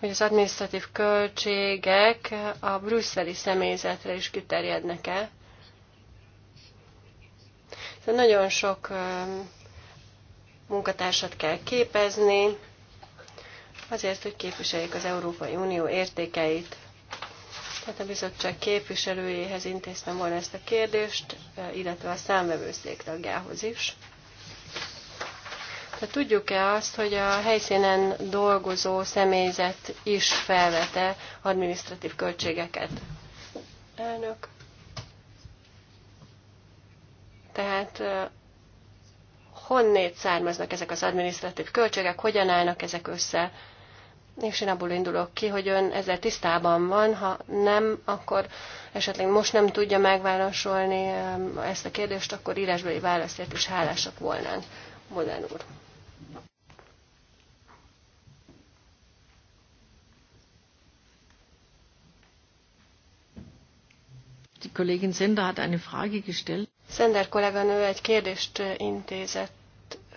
hogy az adminisztratív költségek a brüsszeli személyzetre is kiterjednek-e. Szóval nagyon sok munkatársat kell képezni, azért, hogy képviseljék az Európai Unió értékeit. Tehát a bizottság képviselőjéhez intéztem volna ezt a kérdést, illetve a számvevőszék tagjához is. Tehát tudjuk-e azt, hogy a helyszínen dolgozó személyzet is felvete administratív költségeket? Elnök. Tehát honnét származnak ezek az adminisztratív költségek, hogyan állnak ezek össze. És én abból indulok ki, hogy ön ezzel tisztában van, ha nem, akkor esetleg most nem tudja megválaszolni ezt a kérdést, akkor írásbeli válaszért is hálásak volnánk, Modern úr. Die Kollegin Sender hat eine Frage gestellt. Sender kolléganő egy kérdést intézett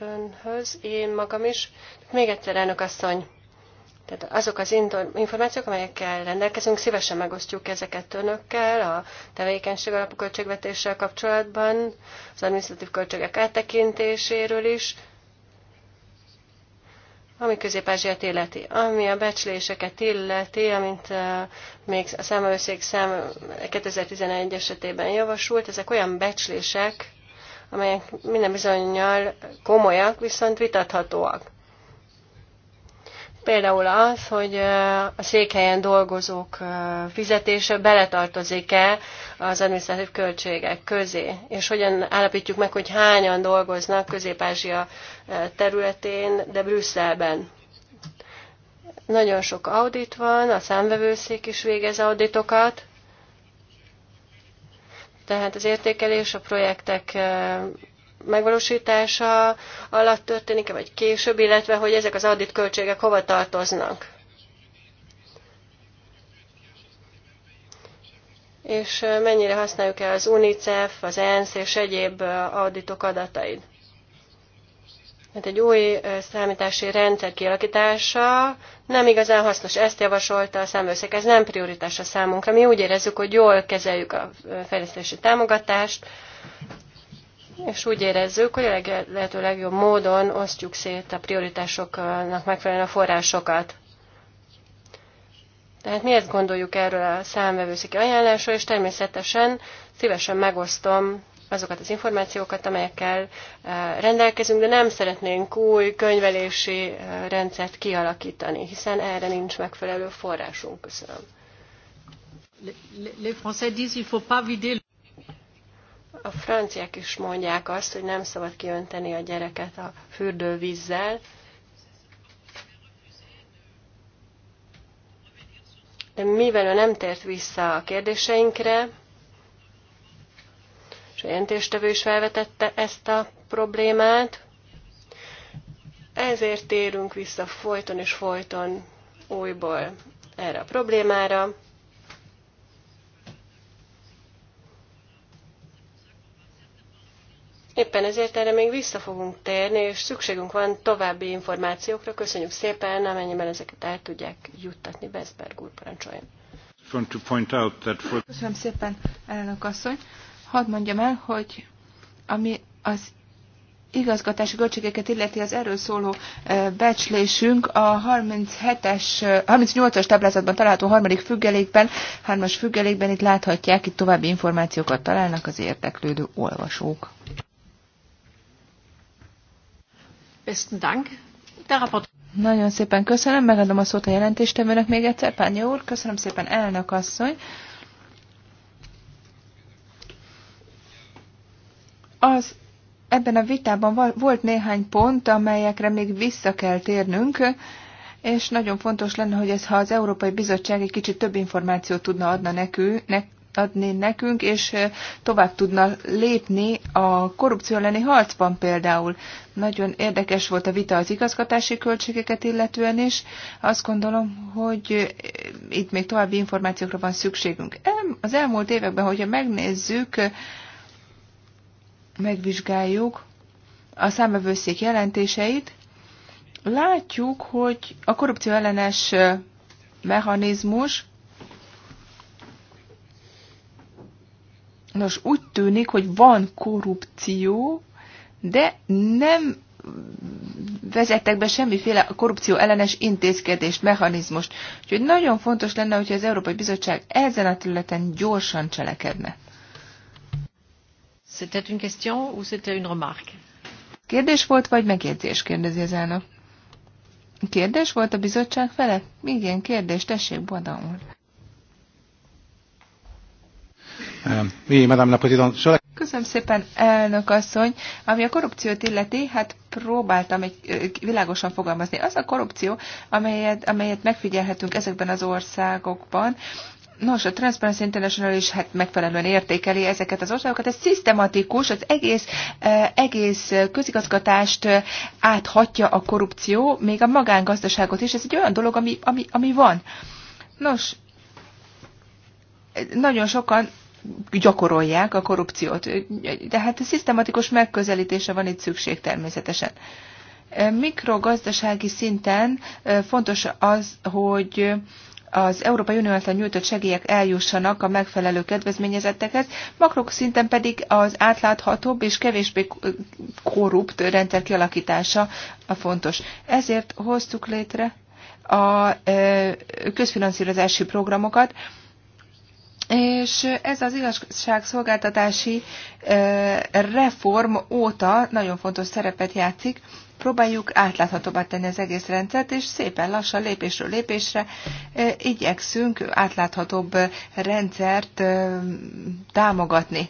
önhöz, én magam is. Még egyszer, elnök asszony, tehát azok az információk, amelyekkel rendelkezünk, szívesen megosztjuk ezeket önökkel a tevékenység alapú költségvetéssel kapcsolatban, az administratív költségek áttekintéséről is, ami közép illeti, ami a becsléseket illeti, amint uh, még a számövőszék szám 2011 esetében javasult, ezek olyan becslések, amelyek minden bizonyal komolyak, viszont vitathatóak. Például az, hogy a székhelyen dolgozók fizetése beletartozik-e az adminisztratív költségek közé, és hogyan állapítjuk meg, hogy hányan dolgoznak Közép-Ázsia területén, de Brüsszelben. Nagyon sok audit van, a számvevőszék is végez auditokat, tehát az értékelés a projektek eh, megvalósítása alatt történik vagy később, illetve hogy ezek az audit költségek hova tartoznak. És eh, mennyire használjuk el az UNICEF, az ENSZ és egyéb eh, auditok adatait mert egy új számítási rendszer kialakítása nem igazán hasznos. Ezt javasolta a számvőszék, ez nem prioritás a számunkra. Mi úgy érezzük, hogy jól kezeljük a fejlesztési támogatást, és úgy érezzük, hogy a lehető legjobb módon osztjuk szét a prioritásoknak megfelelően a forrásokat. Tehát mi gondoljuk erről a számvevőszéki ajánlásról, és természetesen szívesen megosztom azokat az információkat, amelyekkel eh, rendelkezünk, de nem szeretnénk új könyvelési eh, rendszert kialakítani, hiszen erre nincs megfelelő forrásunk. Köszönöm. a franciák is mondják azt, hogy nem szabad kiönteni a gyereket a fürdővízzel. De mivel ő nem tért vissza a kérdéseinkre, és a jelentéstevő is felvetette ezt a problémát. Ezért térünk vissza folyton és folyton újból erre a problémára. Éppen ezért erre még vissza fogunk térni, és szükségünk van további információkra. Köszönjük szépen, amennyiben ezeket el tudják juttatni. Beszberg úr parancsoljon. Köszönöm szépen, elnök asszony. Hadd mondjam el, hogy ami az igazgatási költségeket illeti az erről szóló becslésünk a 37-es, 38-as táblázatban található harmadik függelékben, hármas függelékben itt láthatják, itt további információkat találnak az érdeklődő olvasók. Besten Dank. Nagyon szépen köszönöm, megadom a szót a jelentéstevőnek még egyszer. Pánya úr, köszönöm szépen, elnök asszony. Az ebben a vitában volt néhány pont, amelyekre még vissza kell térnünk, és nagyon fontos lenne, hogy ez, ha az Európai Bizottság egy kicsit több információt tudna adna nekünk, ne, adni nekünk, és tovább tudna lépni a korrupció elleni harcban például. Nagyon érdekes volt a vita az igazgatási költségeket illetően is. Azt gondolom, hogy itt még további információkra van szükségünk. Az elmúlt években, hogyha megnézzük, megvizsgáljuk a számvevőszék jelentéseit, látjuk, hogy a korrupció ellenes mechanizmus Nos, úgy tűnik, hogy van korrupció, de nem vezettek be semmiféle korrupció ellenes intézkedést, mechanizmust. Úgyhogy nagyon fontos lenne, hogyha az Európai Bizottság ezen a területen gyorsan cselekedne. C'était une question ou c'était une remarque? Kérdés volt, vagy megjegyzés, kérdezi az elnök. Kérdés volt a bizottság fele? Igen, kérdés, tessék, Boda úr. Köszönöm szépen, elnök asszony. Ami a korrupciót illeti, hát próbáltam egy, világosan fogalmazni. Az a korrupció, amelyet, amelyet megfigyelhetünk ezekben az országokban, Nos, a Transparency International is hát megfelelően értékeli ezeket az országokat. Ez szisztematikus, az egész, eh, egész eh, közigazgatást eh, áthatja a korrupció, még a magángazdaságot is. Ez egy olyan dolog, ami, ami, ami van. Nos, nagyon sokan gyakorolják a korrupciót, de hát a szisztematikus megközelítése van itt szükség természetesen. Mikrogazdasági szinten fontos az, hogy az Európai Unió által nyújtott segélyek eljussanak a megfelelő kedvezményezettekhez, makrok szinten pedig az átláthatóbb és kevésbé korrupt rendszer kialakítása a fontos. Ezért hoztuk létre a e, közfinanszírozási programokat, és ez az igazságszolgáltatási e, reform óta nagyon fontos szerepet játszik Próbáljuk átláthatóbbá tenni az egész rendszert, és szépen lassan lépésről lépésre eh, igyekszünk átláthatóbb eh, rendszert eh, támogatni.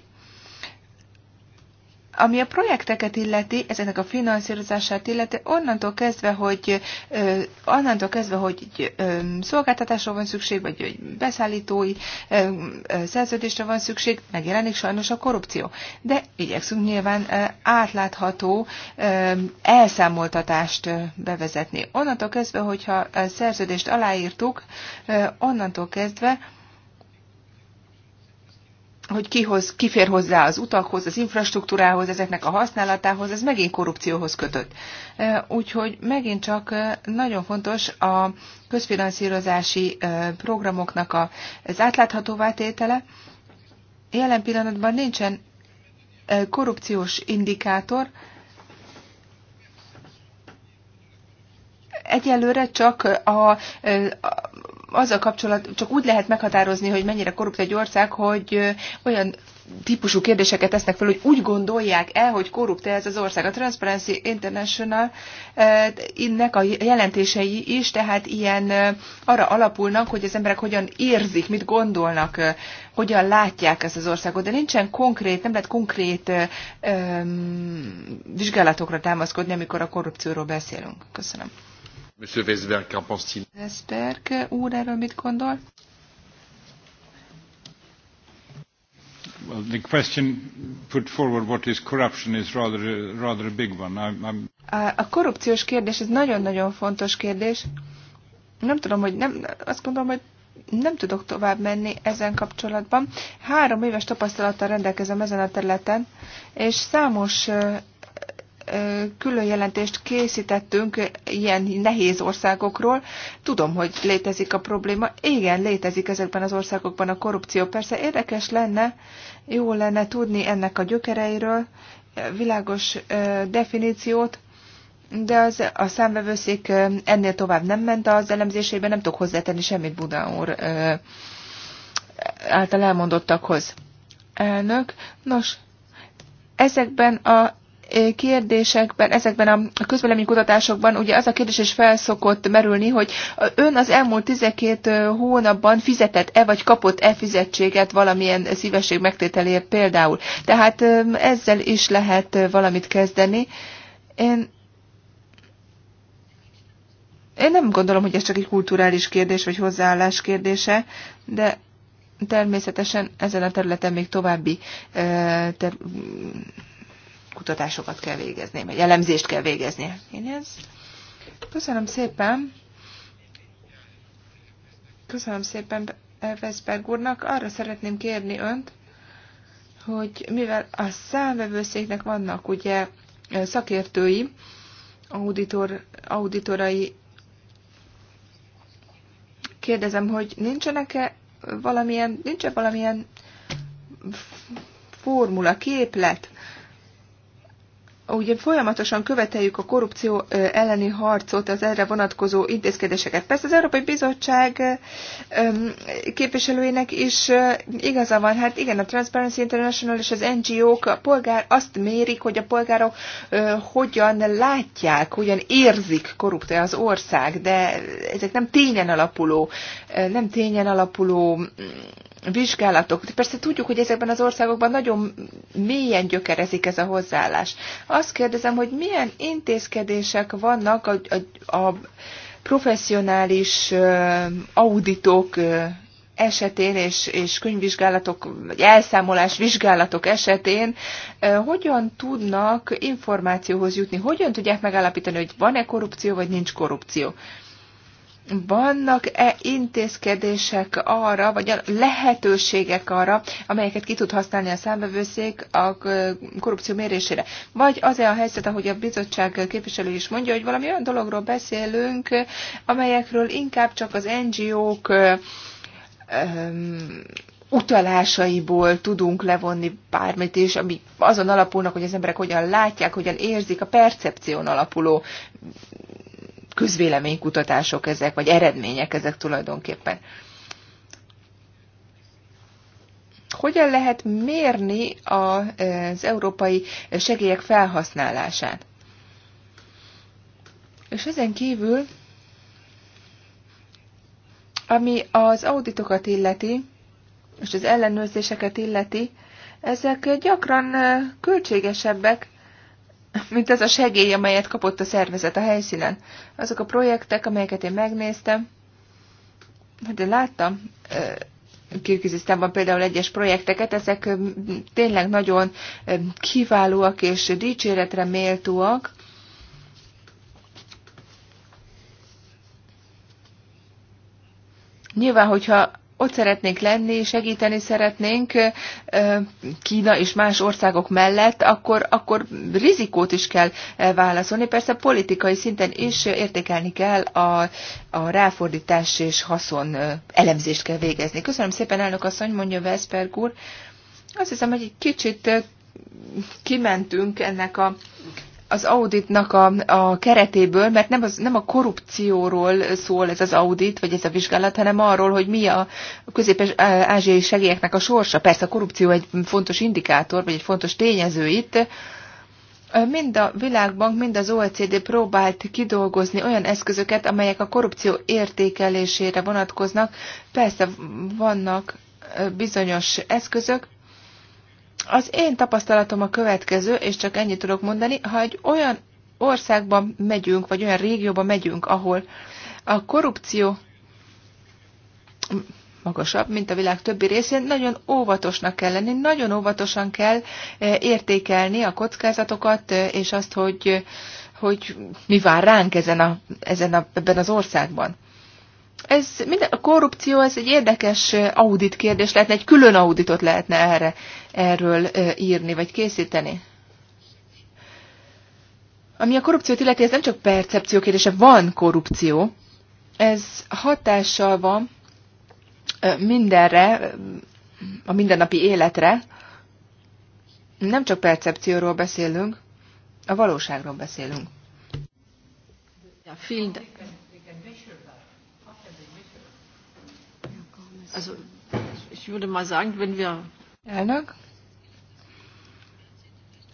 Ami a projekteket illeti, ezeknek a finanszírozását illeti, onnantól kezdve, hogy onnantól kezdve, hogy szolgáltatásra van szükség, vagy hogy beszállítói szerződésre van szükség, megjelenik sajnos a korrupció. De igyekszünk nyilván átlátható elszámoltatást bevezetni. Onnantól kezdve, hogyha a szerződést aláírtuk, onnantól kezdve, hogy kihoz, kifér hozzá az utakhoz, az infrastruktúrához, ezeknek a használatához, ez megint korrupcióhoz kötött. Úgyhogy megint csak nagyon fontos a közfinanszírozási programoknak az átláthatóvá tétele. Jelen pillanatban nincsen korrupciós indikátor, egyelőre csak a, a azzal kapcsolat, csak úgy lehet meghatározni, hogy mennyire korrupt egy ország, hogy olyan típusú kérdéseket tesznek fel, hogy úgy gondolják el, hogy korrupt ez az ország. A Transparency International innek a jelentései is, tehát ilyen arra alapulnak, hogy az emberek hogyan érzik, mit gondolnak, hogyan látják ezt az országot, de nincsen konkrét, nem lehet konkrét öm, vizsgálatokra támaszkodni, amikor a korrupcióról beszélünk. Köszönöm. Monsieur Weisberg, qu'en pense-t-il? Weisberg úr, erről mit gondol? Well, the question put forward what is corruption is rather, rather a big one. I'm, I'm... A korrupciós kérdés, ez nagyon-nagyon fontos kérdés. Nem tudom, hogy nem, azt gondolom, hogy nem tudok tovább menni ezen kapcsolatban. Három éves tapasztalattal rendelkezem ezen a területen, és számos külön jelentést készítettünk ilyen nehéz országokról. Tudom, hogy létezik a probléma. Igen, létezik ezekben az országokban a korrupció. Persze érdekes lenne, jó lenne tudni ennek a gyökereiről, világos definíciót, de az, a számvevőszék ennél tovább nem ment az elemzésében, nem tudok hozzátenni semmit Buda úr által elmondottakhoz. Elnök, nos, ezekben a kérdésekben, ezekben a kutatásokban, ugye az a kérdés is felszokott merülni, hogy ön az elmúlt 12 hónapban fizetett-e vagy kapott-e fizetséget valamilyen szívesség megtételért például. Tehát ezzel is lehet valamit kezdeni. Én én nem gondolom, hogy ez csak egy kulturális kérdés, vagy hozzáállás kérdése, de természetesen ezen a területen még további kutatásokat kell végezni, vagy elemzést kell végezni. Én ez. Köszönöm szépen. Köszönöm szépen Veszberg úrnak. Arra szeretném kérni önt, hogy mivel a számvevőszéknek vannak ugye szakértői, auditor, auditorai, kérdezem, hogy nincsenek-e valamilyen, nincs valamilyen formula, képlet ugye folyamatosan követeljük a korrupció elleni harcot, az erre vonatkozó intézkedéseket. Persze az Európai Bizottság képviselőinek is igaza van, hát igen, a Transparency International és az NGO-k, a polgár azt mérik, hogy a polgárok hogyan látják, hogyan érzik korrupt az ország, de ezek nem tényen alapuló, nem tényen alapuló vizsgálatok. Persze tudjuk, hogy ezekben az országokban nagyon mélyen gyökerezik ez a hozzáállás. Azt kérdezem, hogy milyen intézkedések vannak a, a, a professzionális auditok esetén és, és könyvvizsgálatok, vagy elszámolás vizsgálatok esetén hogyan tudnak információhoz jutni, hogyan tudják megállapítani, hogy van-e korrupció, vagy nincs korrupció vannak-e intézkedések arra, vagy lehetőségek arra, amelyeket ki tud használni a számbevőszék a korrupció mérésére? Vagy az-e a helyzet, ahogy a bizottság képviselő is mondja, hogy valami olyan dologról beszélünk, amelyekről inkább csak az NGO-k utalásaiból tudunk levonni bármit is, ami azon alapulnak, hogy az emberek hogyan látják, hogyan érzik, a percepción alapuló közvéleménykutatások ezek, vagy eredmények ezek tulajdonképpen. Hogyan lehet mérni az európai segélyek felhasználását? És ezen kívül, ami az auditokat illeti, és az ellenőrzéseket illeti, ezek gyakran költségesebbek, mint az a segély, amelyet kapott a szervezet a helyszínen. Azok a projektek, amelyeket én megnéztem, hát én láttam Kirgizisztánban például egyes projekteket, ezek tényleg nagyon kiválóak és dicséretre méltóak. Nyilván, hogyha ott szeretnék lenni, segíteni szeretnénk Kína és más országok mellett, akkor, akkor rizikót is kell válaszolni. Persze politikai szinten is értékelni kell a, a ráfordítás és haszon elemzést kell végezni. Köszönöm szépen, elnök asszony, mondja Veszberg úr. Azt hiszem, hogy egy kicsit kimentünk ennek a az auditnak a, a keretéből, mert nem, az, nem a korrupcióról szól ez az audit, vagy ez a vizsgálat, hanem arról, hogy mi a közép-ázsiai segélyeknek a sorsa. Persze a korrupció egy fontos indikátor, vagy egy fontos tényező itt, Mind a Világbank, mind az OECD próbált kidolgozni olyan eszközöket, amelyek a korrupció értékelésére vonatkoznak. Persze vannak bizonyos eszközök, az én tapasztalatom a következő, és csak ennyit tudok mondani, ha egy olyan országba megyünk, vagy olyan régióba megyünk, ahol a korrupció magasabb, mint a világ többi részén, nagyon óvatosnak kell lenni, nagyon óvatosan kell e, értékelni a kockázatokat, e, és azt, hogy, e, hogy mi vár ránk ezen a, ezen a, ebben az országban. Ez minden, a korrupció, ez egy érdekes audit kérdés lehetne, egy külön auditot lehetne erre erről írni vagy készíteni? Ami a korrupciót illeti, ez nem csak percepció kérdése, van korrupció. Ez hatással van mindenre, a mindennapi életre. Nem csak percepcióról beszélünk, a valóságról beszélünk. A field... Also, ich würde mal sagen, wenn wir Elnök,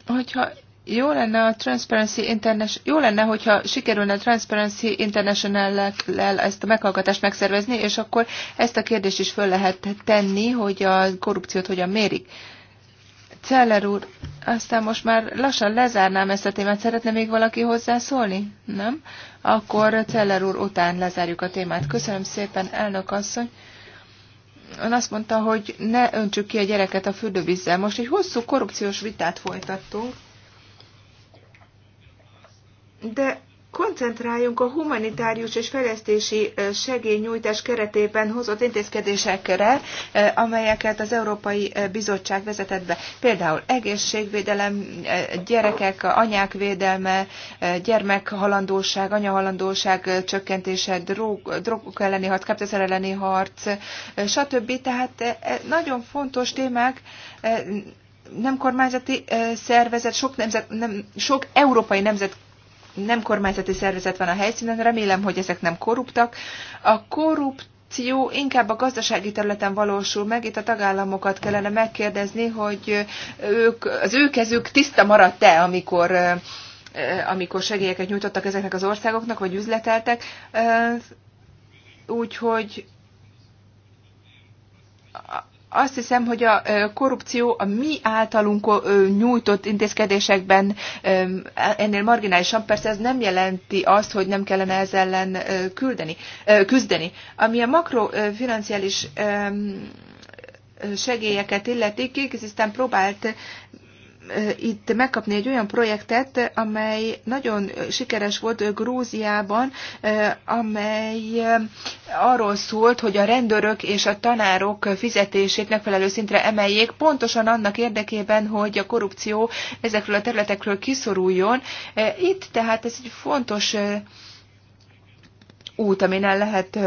hogyha jó lenne a Transparency International, jó lenne, hogyha sikerülne a Transparency International-lel ezt a meghallgatást megszervezni, és akkor ezt a kérdést is föl lehet tenni, hogy a korrupciót hogyan mérik. Celler úr, aztán most már lassan lezárnám ezt a témát. Szeretne még valaki hozzászólni? Nem? Akkor Celler úr után lezárjuk a témát. Köszönöm szépen, elnök asszony ön azt mondta, hogy ne öntsük ki a gyereket a fürdővízzel. Most egy hosszú korrupciós vitát folytattunk, de koncentráljunk a humanitárius és fejlesztési segélynyújtás keretében hozott intézkedésekre, amelyeket az Európai Bizottság vezetett be. Például egészségvédelem, gyerekek, anyák védelme, gyermekhalandóság, anyahalandóság csökkentése, drog, drogok elleni harc, kábtezer elleni harc, stb. Tehát nagyon fontos témák, nem kormányzati szervezet, sok, nemzet, nem, sok európai nemzet nem kormányzati szervezet van a helyszínen, remélem, hogy ezek nem korruptak. A korrupt korrupció inkább a gazdasági területen valósul meg, itt a tagállamokat kellene megkérdezni, hogy ők, az ő kezük tiszta maradt-e, amikor amikor segélyeket nyújtottak ezeknek az országoknak, vagy üzleteltek. Úgyhogy azt hiszem, hogy a korrupció a mi általunk nyújtott intézkedésekben ennél marginálisan, persze ez nem jelenti azt, hogy nem kellene ez ellen küldeni, küzdeni. Ami a makrofinanciális segélyeket illeti, Kirgizisztán próbált itt megkapni egy olyan projektet, amely nagyon sikeres volt Grúziában, amely arról szólt, hogy a rendőrök és a tanárok fizetését megfelelő szintre emeljék, pontosan annak érdekében, hogy a korrupció ezekről a területekről kiszoruljon. Itt tehát ez egy fontos út, amin el lehet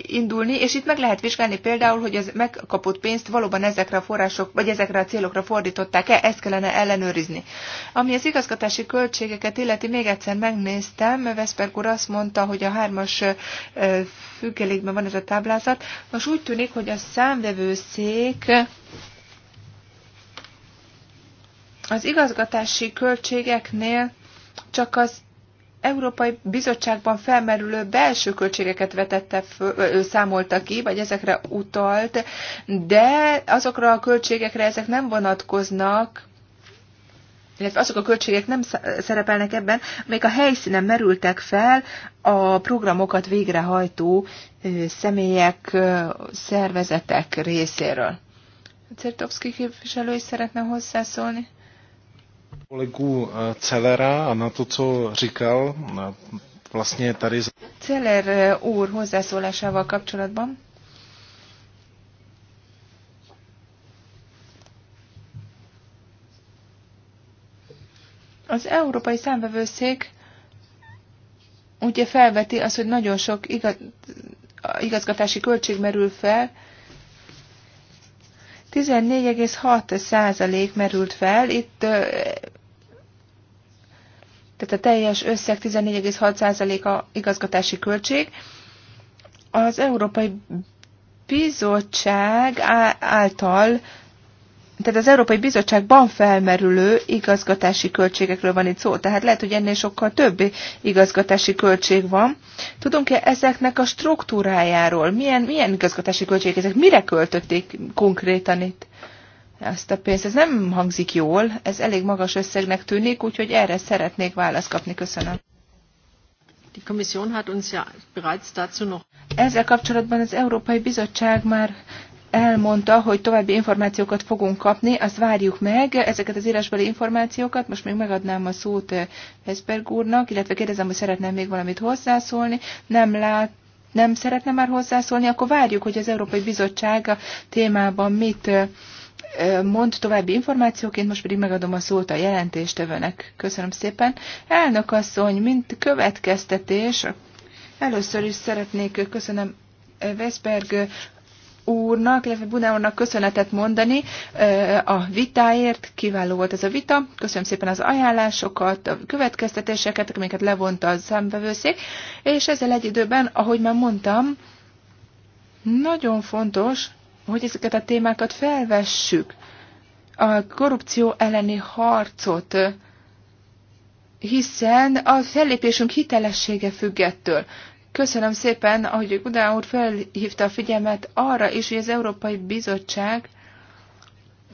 indulni, és itt meg lehet vizsgálni például, hogy az megkapott pénzt valóban ezekre a források, vagy ezekre a célokra fordították-e, ezt kellene ellenőrizni. Ami az igazgatási költségeket illeti, még egyszer megnéztem, Veszberg úr azt mondta, hogy a hármas függelékben van ez a táblázat. Most úgy tűnik, hogy a számvevőszék az igazgatási költségeknél csak az Európai Bizottságban felmerülő belső költségeket vetette föl, számolta ki, vagy ezekre utalt, de azokra a költségekre ezek nem vonatkoznak, illetve azok a költségek nem szerepelnek ebben, amelyek a helyszínen merültek fel a programokat végrehajtó személyek, szervezetek részéről. Certovszki képviselő is szeretne hozzászólni? kolegu eh, Celera a na to, co říkal, vlastně tady... Celer eh, úr hozzászólásával kapcsolatban. Az Európai Számvevőszék ugye felveti azt, hogy nagyon sok igaz, igazgatási költség merül fel, 14,6 százalék merült fel, itt eh, tehát a teljes összeg 14,6%-a igazgatási költség. Az Európai Bizottság által, tehát az Európai Bizottságban felmerülő igazgatási költségekről van itt szó, tehát lehet, hogy ennél sokkal több igazgatási költség van. Tudunk-e ezeknek a struktúrájáról? Milyen, milyen igazgatási költségek ezek? Mire költötték konkrétan itt? ezt a pénzt. Ez nem hangzik jól, ez elég magas összegnek tűnik, úgyhogy erre szeretnék választ kapni. Köszönöm. hat Ezzel kapcsolatban az Európai Bizottság már elmondta, hogy további információkat fogunk kapni, azt várjuk meg, ezeket az írásbeli információkat, most még megadnám a szót eh, Hesberg úrnak, illetve kérdezem, hogy szeretném még valamit hozzászólni, nem lát, nem szeretne már hozzászólni, akkor várjuk, hogy az Európai Bizottság a témában mit eh, mond további információként, most pedig megadom a szót a jelentéstevőnek. Köszönöm szépen. Elnök asszony, mint következtetés, először is szeretnék köszönöm Veszberg úrnak, illetve Buna úrnak köszönetet mondani eh, a vitáért. Kiváló volt ez a vita. Köszönöm szépen az ajánlásokat, a következtetéseket, amiket levonta a számbevőszék, és ezzel egy időben, ahogy már mondtam, nagyon fontos, hogy ezeket a témákat felvessük. A korrupció elleni harcot, hiszen a fellépésünk hitelessége függettől. Köszönöm szépen, ahogy Gudá úr felhívta a figyelmet arra is, hogy az Európai Bizottság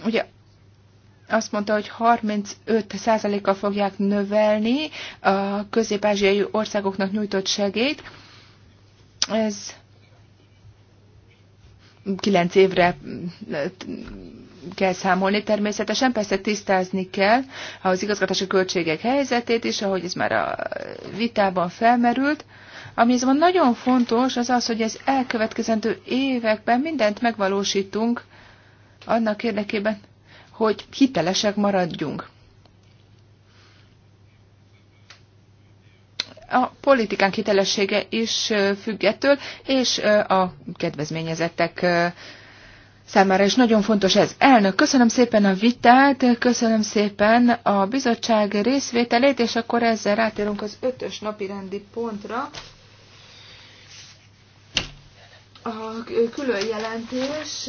ugye azt mondta, hogy 35%-kal fogják növelni a közép-ázsiai országoknak nyújtott segélyt. Ez kilenc évre mm, kell számolni természetesen, persze tisztázni kell az igazgatási költségek helyzetét is, ahogy ez már a vitában felmerült. Ami azonban nagyon fontos, az az, hogy az elkövetkezendő években mindent megvalósítunk annak érdekében, hogy hitelesek maradjunk. a politikánk hitelessége is függettől, és a kedvezményezettek számára is nagyon fontos ez. Elnök, köszönöm szépen a vitát, köszönöm szépen a bizottság részvételét, és akkor ezzel rátérünk az ötös napi rendi pontra. A külön jelentés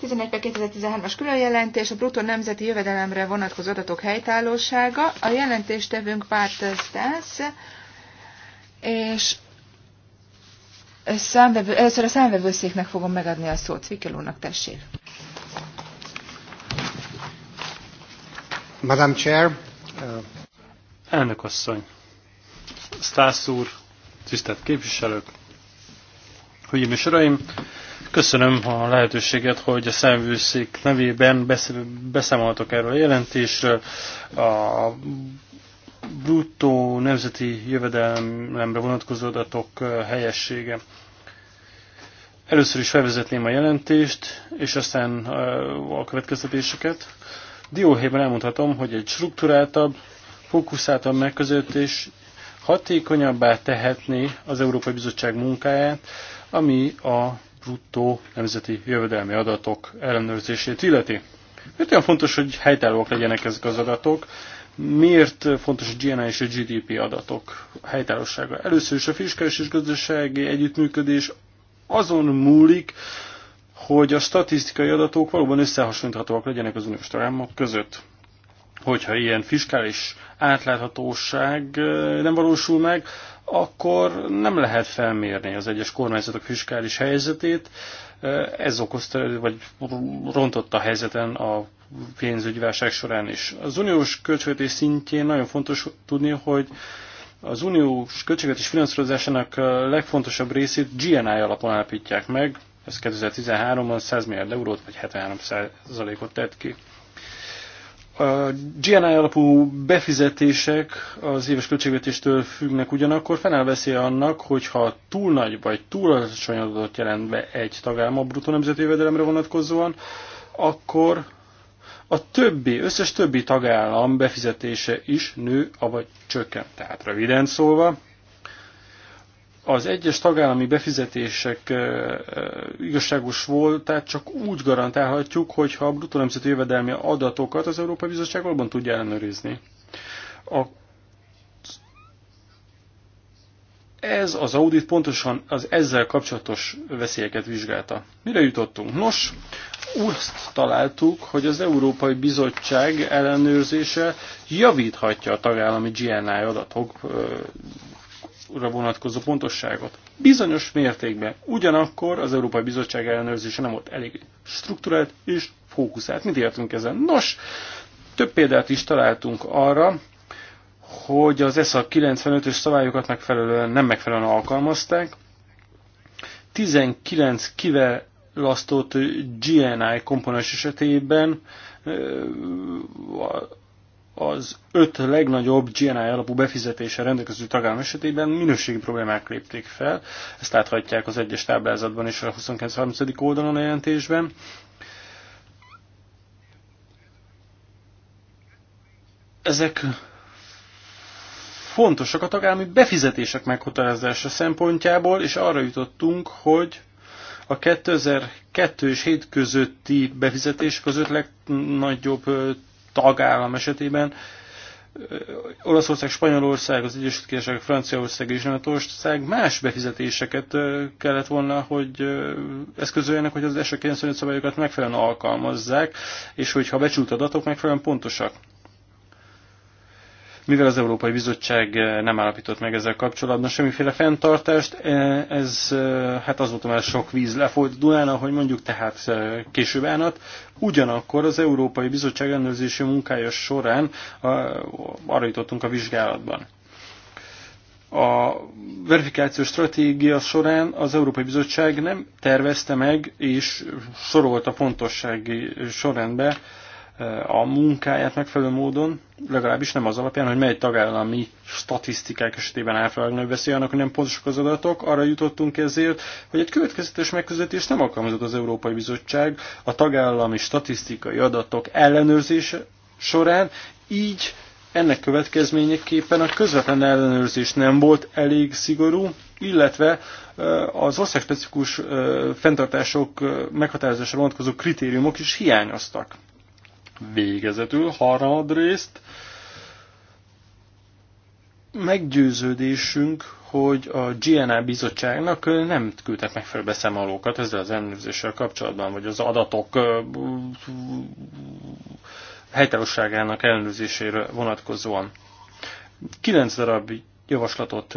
11 2013-as különjelentés, a bruttó nemzeti jövedelemre vonatkozó adatok helytállósága. A jelentéstevőnk Pár Stász, és számvevő, először a számvevőszéknek fogom megadni a szót. Vikelónak tessék. Madam Chair. Uh... Elnök asszony, Stász úr, tisztelt képviselők, hölgyeim és uraim, Köszönöm a lehetőséget, hogy a szemvőszék nevében beszámolhatok erről a jelentésről. A bruttó nemzeti jövedelemre vonatkozó adatok helyessége. Először is felvezetném a jelentést, és aztán a következtetéseket. Dióhéjban elmondhatom, hogy egy struktúráltabb, fókuszáltabb megközelítés hatékonyabbá tehetné az Európai Bizottság munkáját, ami a bruttó nemzeti jövedelmi adatok ellenőrzését illeti. Miért olyan fontos, hogy helytállóak legyenek ezek az adatok? Miért fontos a GNI és a GDP adatok helytállósága? Először is a fiskális és gazdasági együttműködés azon múlik, hogy a statisztikai adatok valóban összehasonlíthatóak legyenek az uniós tagállamok között hogyha ilyen fiskális átláthatóság nem valósul meg, akkor nem lehet felmérni az egyes kormányzatok fiskális helyzetét. Ez okozta, vagy rontott a helyzeten a pénzügyi válság során is. Az uniós költségvetés szintjén nagyon fontos tudni, hogy az uniós költségvetés finanszírozásának legfontosabb részét GNI alapon állapítják meg, ez 2013-ban 100 milliárd eurót vagy 73%-ot tett ki. A GNI alapú befizetések az éves költségvetéstől függnek ugyanakkor, fennáll veszélye annak, hogyha túl nagy vagy túl alacsony adatot jelent be egy tagállam a bruttó nemzeti jövedelemre vonatkozóan, akkor a többi, összes többi tagállam befizetése is nő, avagy csökken. Tehát röviden szólva, az egyes tagállami befizetések igazságos volt, tehát csak úgy garantálhatjuk, hogyha a bruttó nemzeti jövedelmi adatokat az Európai Bizottság valóban tudja ellenőrizni. A ez az audit pontosan az ezzel kapcsolatos veszélyeket vizsgálta. Mire jutottunk? Nos, azt találtuk, hogy az Európai Bizottság ellenőrzése javíthatja a tagállami GNI adatok vonatkozó pontosságot. Bizonyos mértékben ugyanakkor az Európai Bizottság ellenőrzése nem volt elég struktúrált és fókuszált. Mit értünk ezen? Nos, több példát is találtunk arra, hogy az ESA 95-ös szabályokat megfelelően nem megfelelően alkalmazták. 19 kivelasztott GNI komponens esetében az öt legnagyobb GNI alapú befizetése rendelkező tagállam esetében minőségi problémák lépték fel. Ezt láthatják az egyes táblázatban és a 29.30. oldalon a jelentésben. Ezek fontosak a tagállami befizetések meghatározása szempontjából, és arra jutottunk, hogy a 2002 és 7 közötti befizetések az öt legnagyobb tagállam esetében. Olaszország, Spanyolország, az Egyesült Királyság, Franciaország és Németország más befizetéseket kellett volna, hogy eszközöljenek, hogy az ESA 95 szabályokat megfelelően alkalmazzák, és hogyha becsült adatok megfelelően pontosak. Mivel az Európai Bizottság eh, nem állapított meg ezzel kapcsolatban semmiféle fenntartást, eh, ez eh, hát azóta már sok víz lefolyt a Dunán, ahogy mondjuk tehát később állat. Ugyanakkor az Európai Bizottság ellenőrzési munkája során arra jutottunk a vizsgálatban. A verifikációs stratégia során az Európai Bizottság nem tervezte meg és sorolta pontossági sorrendbe a munkáját megfelelő módon, legalábbis nem az alapján, hogy mely tagállami statisztikák esetében általában nagy annak, hogy nem pontosak az adatok, arra jutottunk ezért, hogy egy következetes megközelítést nem alkalmazott az Európai Bizottság a tagállami statisztikai adatok ellenőrzése során, így ennek következményeképpen a közvetlen ellenőrzés nem volt elég szigorú, illetve az országspecifikus fenntartások meghatározásra vonatkozó kritériumok is hiányoztak. Végezetül harmadrészt meggyőződésünk, hogy a GNA bizottságnak nem küldtek megfelelő beszámolókat ezzel az ellenőrzéssel kapcsolatban, vagy az adatok helytállóságának ellenőrzésére vonatkozóan. 9 darab javaslatot,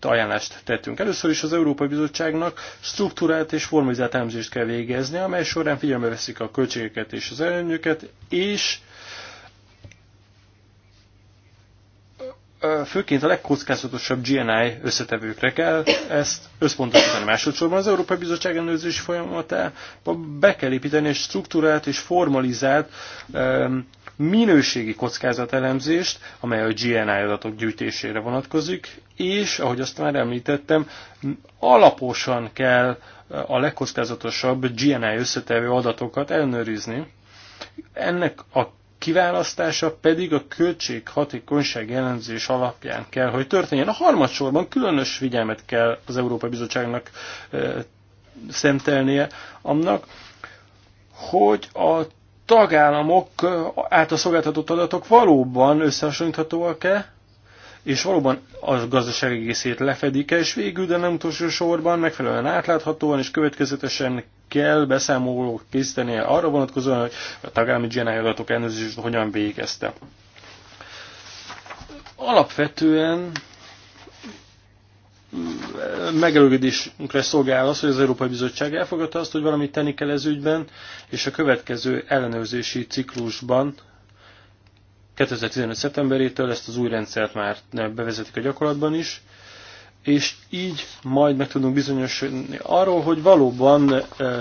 ajánlást tettünk. Először is az Európai Bizottságnak struktúrát és formalizált elemzést kell végezni, amely során figyelme veszik a költségeket és az előnyöket, és főként a legkockázatosabb GNI összetevőkre kell ezt összpontosítani. Másodszorban az Európai Bizottság ellenőrzési folyamatába be kell építeni egy struktúrát és formalizált um, minőségi kockázatelemzést, amely a GNI adatok gyűjtésére vonatkozik, és, ahogy azt már említettem, alaposan kell a legkockázatosabb GNI összetevő adatokat ellenőrizni. Ennek a kiválasztása pedig a költséghatékonyság jellemzés alapján kell, hogy történjen. A harmadsorban különös figyelmet kell az Európai Bizottságnak eh, szentelnie annak, hogy a tagállamok által szolgáltatott adatok valóban összehasonlíthatóak-e, és valóban a gazdaság egészét lefedik-e, és végül, de nem utolsó sorban megfelelően átláthatóan és következetesen kell beszámolók készítenie arra vonatkozóan, hogy a tagállami GNI adatok ellenőrzését hogyan végezte. Alapvetően megelőgedésünkre szolgál az, hogy az Európai Bizottság elfogadta azt, hogy valamit tenni kell ez ügyben, és a következő ellenőrzési ciklusban 2015. szeptemberétől ezt az új rendszert már bevezetik a gyakorlatban is, és így majd meg tudunk bizonyosodni arról, hogy valóban ö,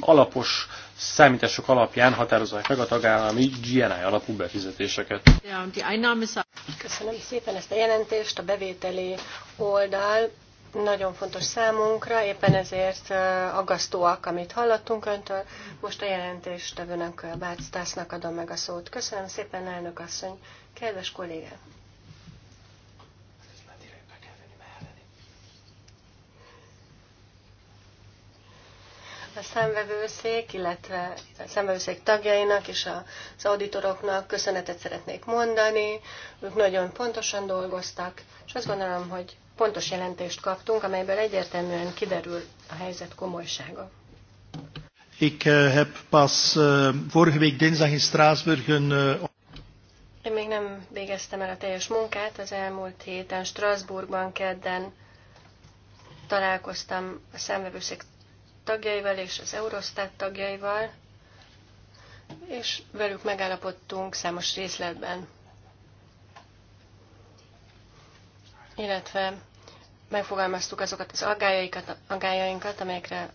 alapos számítások alapján határozzák meg a tagállami GNI alapú befizetéseket. Köszönöm szépen ezt a jelentést, a bevételi oldal nagyon fontos számunkra, éppen ezért aggasztóak, amit hallottunk öntől. Most a jelentéstevőnek, Bácz Tásznak adom meg a szót. Köszönöm szépen, elnök asszony, kedves kollégám! a szemvevőszék, illetve a szemvevőszék tagjainak és az auditoroknak köszönetet szeretnék mondani. Ők nagyon pontosan dolgoztak, és azt gondolom, hogy pontos jelentést kaptunk, amelyből egyértelműen kiderül a helyzet komolysága. Ik eh, heb pas eh, vorige week dinsdag in Straatsburg een... Eh, Én még nem végeztem el a teljes munkát, az elmúlt héten Strasbourgban kedden találkoztam a számvevőszék tagjaival és az Eurostat tagjaival, és velük megállapodtunk számos részletben. Illetve megfogalmaztuk azokat az aggájainkat, amelyekre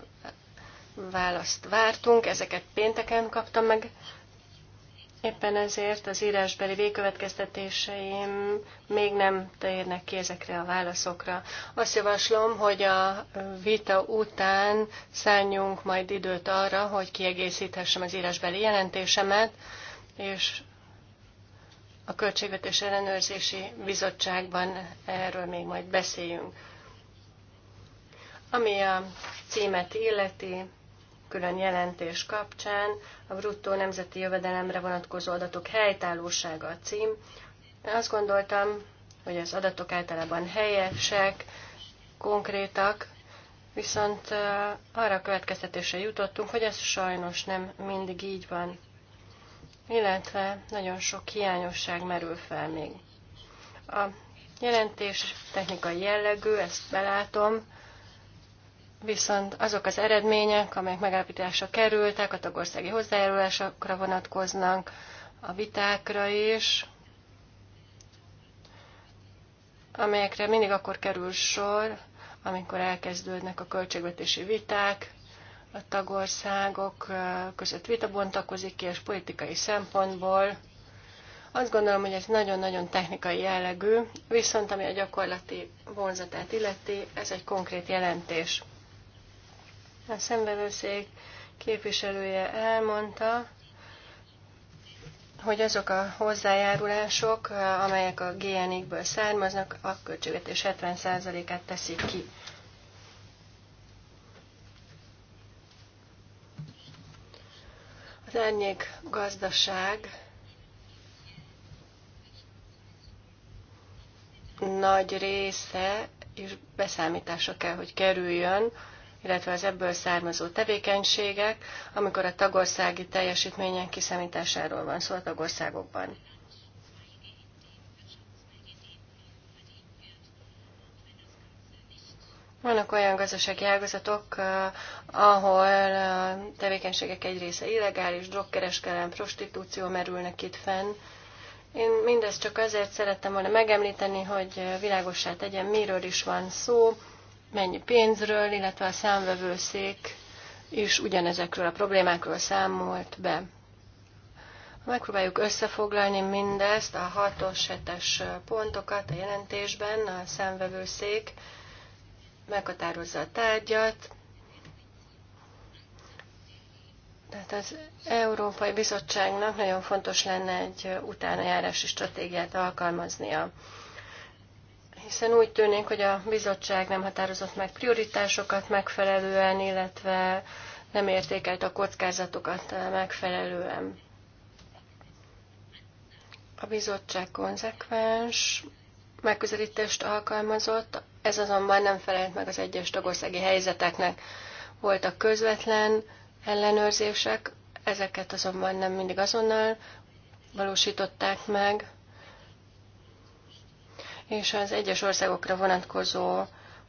választ vártunk. Ezeket pénteken kaptam meg Éppen ezért az írásbeli végkövetkeztetéseim még nem térnek ki ezekre a válaszokra. Azt javaslom, hogy a vita után szálljunk majd időt arra, hogy kiegészíthessem az írásbeli jelentésemet, és a Költségvetés Ellenőrzési Bizottságban erről még majd beszéljünk. Ami a címet illeti, külön jelentés kapcsán a bruttó nemzeti jövedelemre vonatkozó adatok helytállósága a cím. Én azt gondoltam, hogy az adatok általában helyesek, konkrétak, viszont arra a következtetésre jutottunk, hogy ez sajnos nem mindig így van, illetve nagyon sok hiányosság merül fel még. A jelentés technikai jellegű, ezt belátom, viszont azok az eredmények, amelyek megállapításra kerültek, a tagországi hozzájárulásokra vonatkoznak, a vitákra is, amelyekre mindig akkor kerül sor, amikor elkezdődnek a költségvetési viták, a tagországok között vita bontakozik ki, és politikai szempontból azt gondolom, hogy ez nagyon-nagyon technikai jellegű, viszont ami a gyakorlati vonzatát illeti, ez egy konkrét jelentés. A szembevőszék képviselője elmondta, hogy azok a hozzájárulások, amelyek a GNI-ből származnak, a költségvetés 70%-át teszik ki. Az árnyék gazdaság nagy része és beszámításra kell, hogy kerüljön illetve az ebből származó tevékenységek, amikor a tagországi teljesítmények kiszámításáról van szó a tagországokban. Vannak olyan gazdasági ágazatok, ahol a tevékenységek egy része illegális, drogkereskedelem, prostitúció merülnek itt fenn. Én mindezt csak azért szerettem volna megemlíteni, hogy világossá tegyen, miről is van szó, mennyi pénzről, illetve a számvevőszék is ugyanezekről a problémákról számolt be. megpróbáljuk összefoglalni mindezt, a 6-os, 7 pontokat a jelentésben, a számvevőszék meghatározza a tárgyat, tehát az Európai Bizottságnak nagyon fontos lenne egy utánajárási stratégiát alkalmaznia hiszen úgy tűnik, hogy a bizottság nem határozott meg prioritásokat megfelelően, illetve nem értékelt a kockázatokat megfelelően. A bizottság konzekvens megközelítést alkalmazott, ez azonban nem felelt meg az egyes tagországi helyzeteknek. Voltak közvetlen ellenőrzések, ezeket azonban nem mindig azonnal valósították meg, és az egyes országokra vonatkozó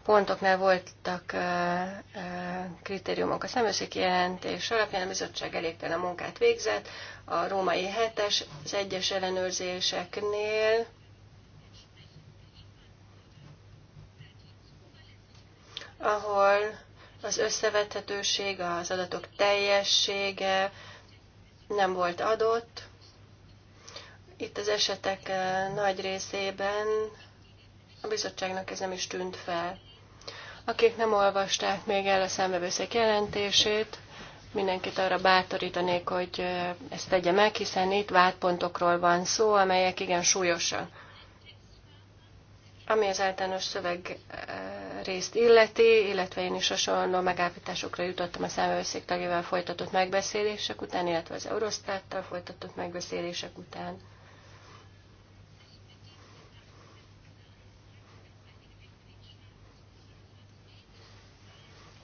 pontoknál voltak kritériumok. A szemőszik jelentés alapján a bizottság elégtelen munkát végzett, a római hetes, az egyes ellenőrzéseknél ahol az összevethetőség, az adatok teljessége nem volt adott. Itt az esetek nagy részében a bizottságnak ez nem is tűnt fel. Akik nem olvasták még el a számbevőszék jelentését, mindenkit arra bátorítanék, hogy ezt tegye meg, hiszen itt vádpontokról van szó, amelyek igen súlyosak. Ami az általános szöveg részt illeti, illetve én is hasonló megállapításokra jutottam a számvevőszék tagjával folytatott megbeszélések után, illetve az Eurostattal folytatott megbeszélések után.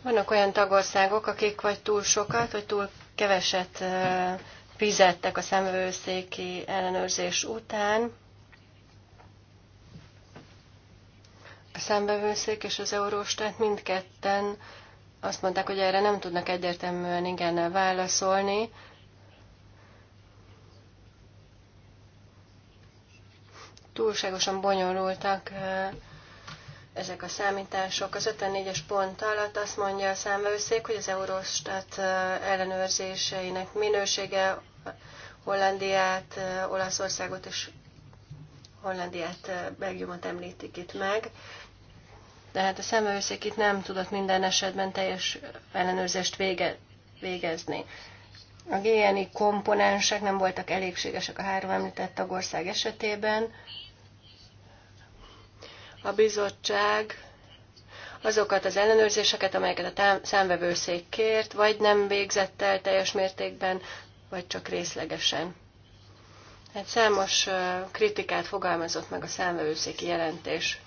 Vannak olyan tagországok, akik vagy túl sokat, vagy túl keveset fizettek a szemvőszéki ellenőrzés után. A szembevőszék és az tehát mindketten azt mondták, hogy erre nem tudnak egyértelműen igennel válaszolni. Túlságosan bonyolultak ezek a számítások. Az 54-es pont alatt azt mondja a számvevőszék, hogy az Eurostat ellenőrzéseinek minősége Hollandiát, Olaszországot és Hollandiát, Belgiumot említik itt meg. de hát a számvevőszék itt nem tudott minden esetben teljes ellenőrzést vége, végezni. A GNI komponensek nem voltak elégségesek a három említett tagország esetében, a bizottság azokat az ellenőrzéseket, amelyeket a számvevőszék kért, vagy nem végzett el teljes mértékben, vagy csak részlegesen. Hát számos kritikát fogalmazott meg a számvevőszéki jelentés.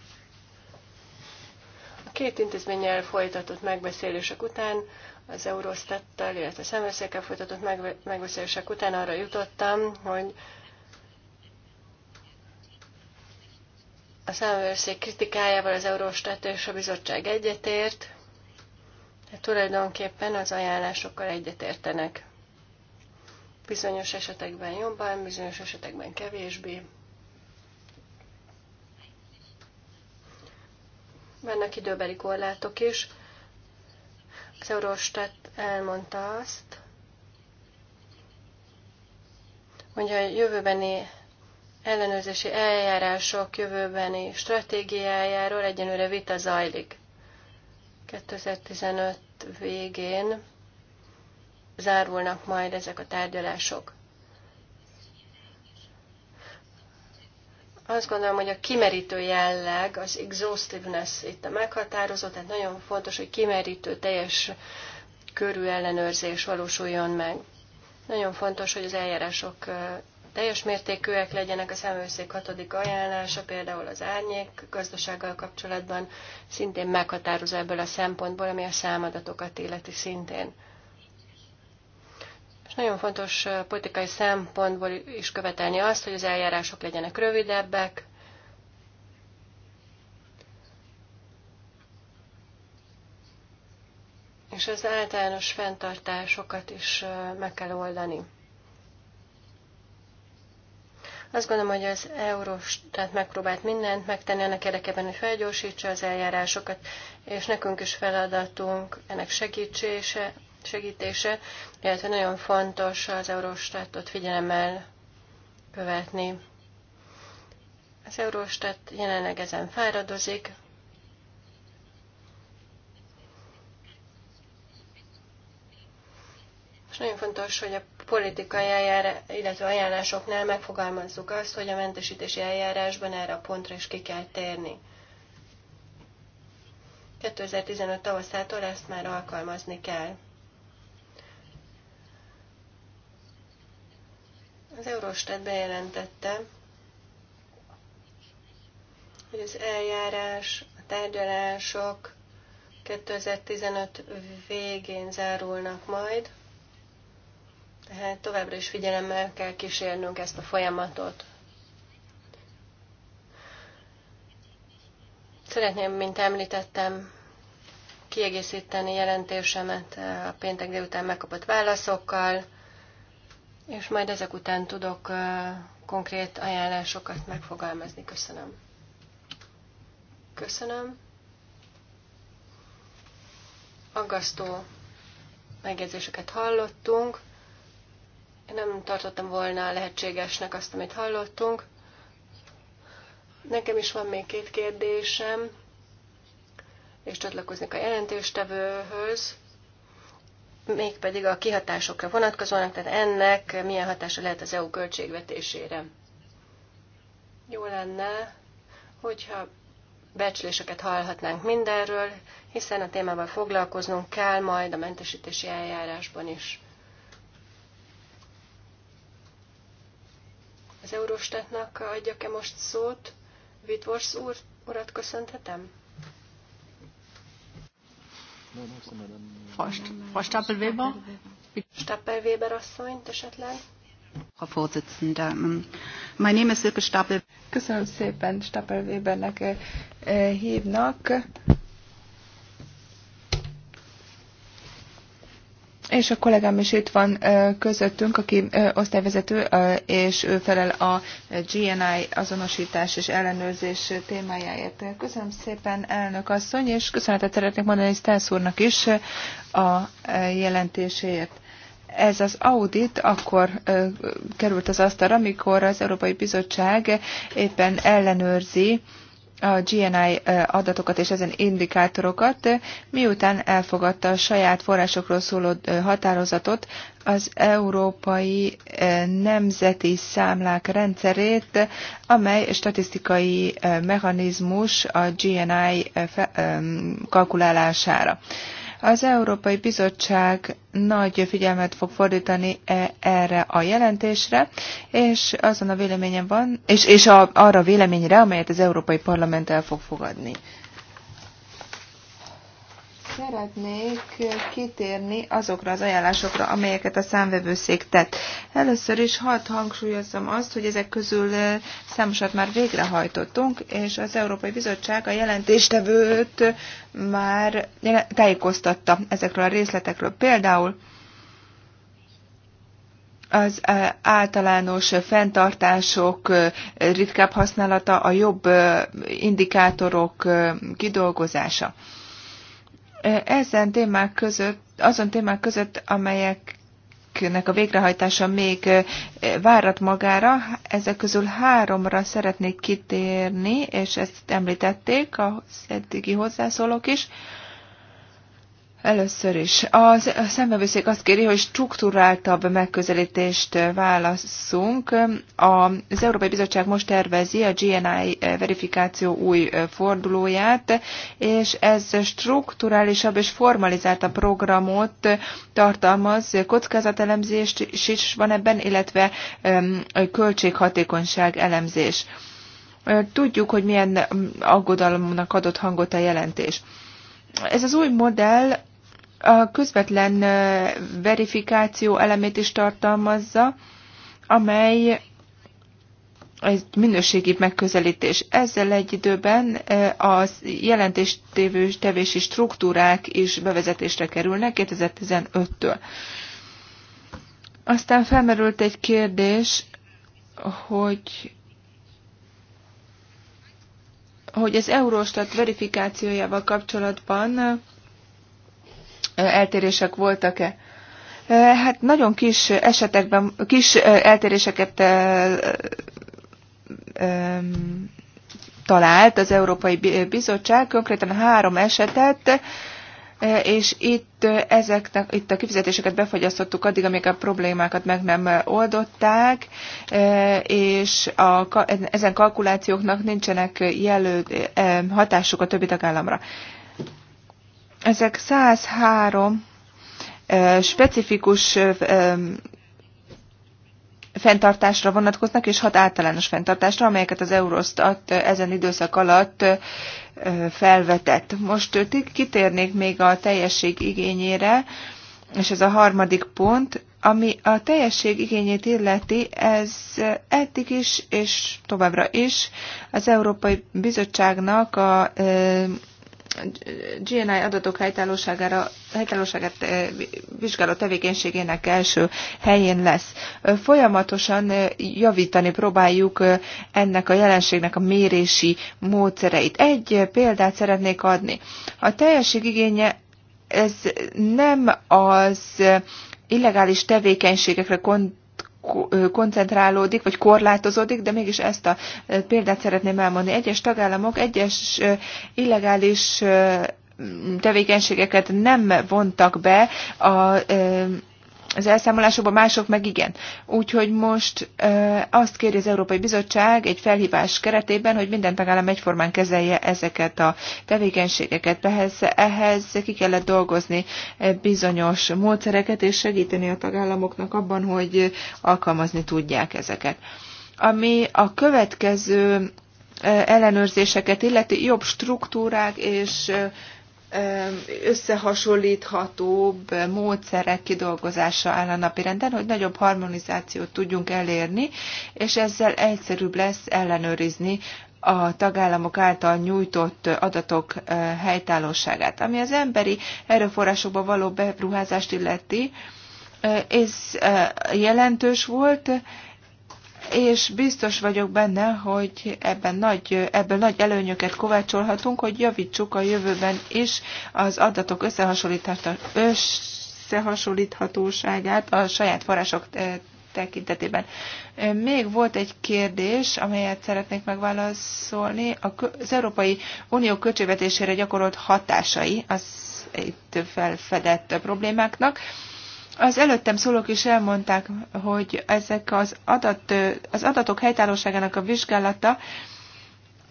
A két intézménnyel folytatott megbeszélések után, az Eurostattal, illetve a számvevőszékkel folytatott megbeszélések után arra jutottam, hogy A számvőrszék kritikájával az Eurostat és a bizottság egyetért, de tulajdonképpen az ajánlásokkal egyetértenek. Bizonyos esetekben jobban, bizonyos esetekben kevésbé. Vannak időbeli korlátok is. Az Eurostat elmondta azt, hogy a jövőbeni ellenőrzési eljárások jövőbeni stratégiájáról egyenlőre vita zajlik. 2015 végén zárulnak majd ezek a tárgyalások. Azt gondolom, hogy a kimerítő jelleg, az exhaustiveness itt a meghatározó, tehát nagyon fontos, hogy kimerítő, teljes körű ellenőrzés valósuljon meg. Nagyon fontos, hogy az eljárások teljes mértékűek legyenek a szemőszék hatodik ajánlása, például az árnyék gazdasággal kapcsolatban szintén meghatározó ebből a szempontból, ami a számadatokat illeti szintén. És nagyon fontos politikai szempontból is követelni azt, hogy az eljárások legyenek rövidebbek, és az általános fenntartásokat is meg kell oldani. Azt gondolom, hogy az tehát megpróbált mindent megtenni ennek érdekében, hogy felgyorsítsa az eljárásokat, és nekünk is feladatunk ennek segítsése, segítése, illetve nagyon fontos az Eurostatot figyelemmel követni. Az Eurostat jelenleg ezen fáradozik, és nagyon fontos, hogy a politikai eljárás, illetve ajánlásoknál megfogalmazzuk azt, hogy a mentesítési eljárásban erre a pontra is ki kell térni. 2015 tavaszától ezt már alkalmazni kell. Az Eurostat bejelentette, hogy az eljárás, a tárgyalások 2015 végén zárulnak majd. Tehát továbbra is figyelemmel kell kísérnünk ezt a folyamatot. Szeretném, mint említettem, kiegészíteni jelentésemet a péntek délután megkapott válaszokkal, és majd ezek után tudok konkrét ajánlásokat megfogalmazni. Köszönöm. Köszönöm. Aggasztó megjegyzéseket hallottunk nem tartottam volna lehetségesnek azt, amit hallottunk. Nekem is van még két kérdésem, és csatlakoznék a jelentéstevőhöz, mégpedig a kihatásokra vonatkozóan, tehát ennek milyen hatása lehet az EU költségvetésére. Jó lenne, hogyha becsléseket hallhatnánk mindenről, hiszen a témával foglalkoznunk kell majd a mentesítési eljárásban is. az Eurostatnak adjak-e most szót? Vitvors úr, urat köszönhetem? Frau Stapelweber? Stapelweber asszonyt esetleg? Frau Vorsitzende, ähm, mein Name ist Silke Stapel. Köszönöm szépen, Stapelwebernek eh, eh, hívnak. és a kollégám is itt van közöttünk, aki osztályvezető, és ő felel a GNI azonosítás és ellenőrzés témájáért. Köszönöm szépen, elnök asszony, és köszönetet szeretnék mondani Stász úrnak is a jelentéséért. Ez az audit akkor ö, került az asztalra, amikor az Európai Bizottság éppen ellenőrzi, ö, a GNI adatokat és ezen indikátorokat, miután elfogadta a saját forrásokról szóló határozatot, az európai nemzeti számlák rendszerét, amely statisztikai mechanizmus a GNI kalkulálására. Az Európai Bizottság nagy figyelmet fog fordítani e, erre a jelentésre, és azon a véleményen van, és, és a, arra a véleményre, amelyet az Európai Parlament el fog fogadni. Szeretnék kitérni azokra az ajánlásokra, amelyeket a számvevőszék tett. Először is hadd hangsúlyozzam azt, hogy ezek közül eh, számosat már végrehajtottunk, és az Európai Bizottság a jelentéstevőt eh, már tájékoztatta ezekről a részletekről. Például az eh, általános fenntartások ritkább használata, a jobb indikátorok kidolgozása. Ezen témák között, azon témák között, amelyek a végrehajtása még várat magára. Ezek közül háromra szeretnék kitérni, és ezt említették a eddigi hozzászólók is. Először is. A szembevőszék azt kéri, hogy struktúráltabb megközelítést válaszunk. Az Európai Bizottság most tervezi a GNI verifikáció új fordulóját, és ez strukturálisabb és formalizáltabb programot tartalmaz, kockázatelemzést is van ebben, illetve költséghatékonyság elemzés. Tudjuk, hogy milyen aggodalomnak adott hangot a jelentés. Ez az új modell a közvetlen verifikáció elemét is tartalmazza, amely egy minőségi megközelítés. Ezzel egy időben a jelentéstevési struktúrák is bevezetésre kerülnek 2015-től. Aztán felmerült egy kérdés, hogy hogy az Eurostat verifikációjával kapcsolatban eltérések voltak-e? Hát nagyon kis esetekben, kis eltéréseket talált az Európai Bizottság, konkrétan három esetet, és itt, ezeknek, itt a kifizetéseket befagyasztottuk addig, amíg a problémákat meg nem oldották, és a, ezen kalkulációknak nincsenek jelölt hatásuk a többi tagállamra. Ezek 103 specifikus fenntartásra vonatkoznak, és hat általános fenntartásra, amelyeket az Eurostat ezen időszak alatt felvetett. Most kitérnék még a teljesség igényére, és ez a harmadik pont, ami a teljesség igényét illeti, ez eddig is, és továbbra is az Európai Bizottságnak a GNI adatok helytállóságára, helytállóságát eh, vizsgáló tevékenységének első helyén lesz. Folyamatosan eh, javítani próbáljuk eh, ennek a jelenségnek a mérési módszereit. Egy példát szeretnék adni. A teljesség igénye ez nem az illegális tevékenységekre kon koncentrálódik, vagy korlátozódik, de mégis ezt a példát szeretném elmondani. Egyes tagállamok egyes illegális tevékenységeket nem vontak be a az elszámolásokban, mások meg igen. Úgyhogy most azt kéri az Európai Bizottság egy felhívás keretében, hogy minden tagállam egyformán kezelje ezeket a tevékenységeket. Ehhez, ehhez ki kellett dolgozni bizonyos módszereket, és segíteni a tagállamoknak abban, hogy alkalmazni tudják ezeket. Ami a következő ellenőrzéseket illeti jobb struktúrák és összehasonlíthatóbb módszerek kidolgozása áll a renden, hogy nagyobb harmonizációt tudjunk elérni, és ezzel egyszerűbb lesz ellenőrizni a tagállamok által nyújtott adatok helytállóságát. Ami az emberi erőforrásokba való beruházást illeti, ez jelentős volt, és biztos vagyok benne, hogy ebben nagy, ebből nagy előnyöket kovácsolhatunk, hogy javítsuk a jövőben is az adatok összehasonlíthatóságát a saját források tekintetében. Még volt egy kérdés, amelyet szeretnék megválaszolni. Az Európai Unió költségvetésére gyakorolt hatásai az itt felfedett problémáknak. Az előttem szólók is elmondták, hogy ezek az, adat, az adatok helytállóságának a vizsgálata,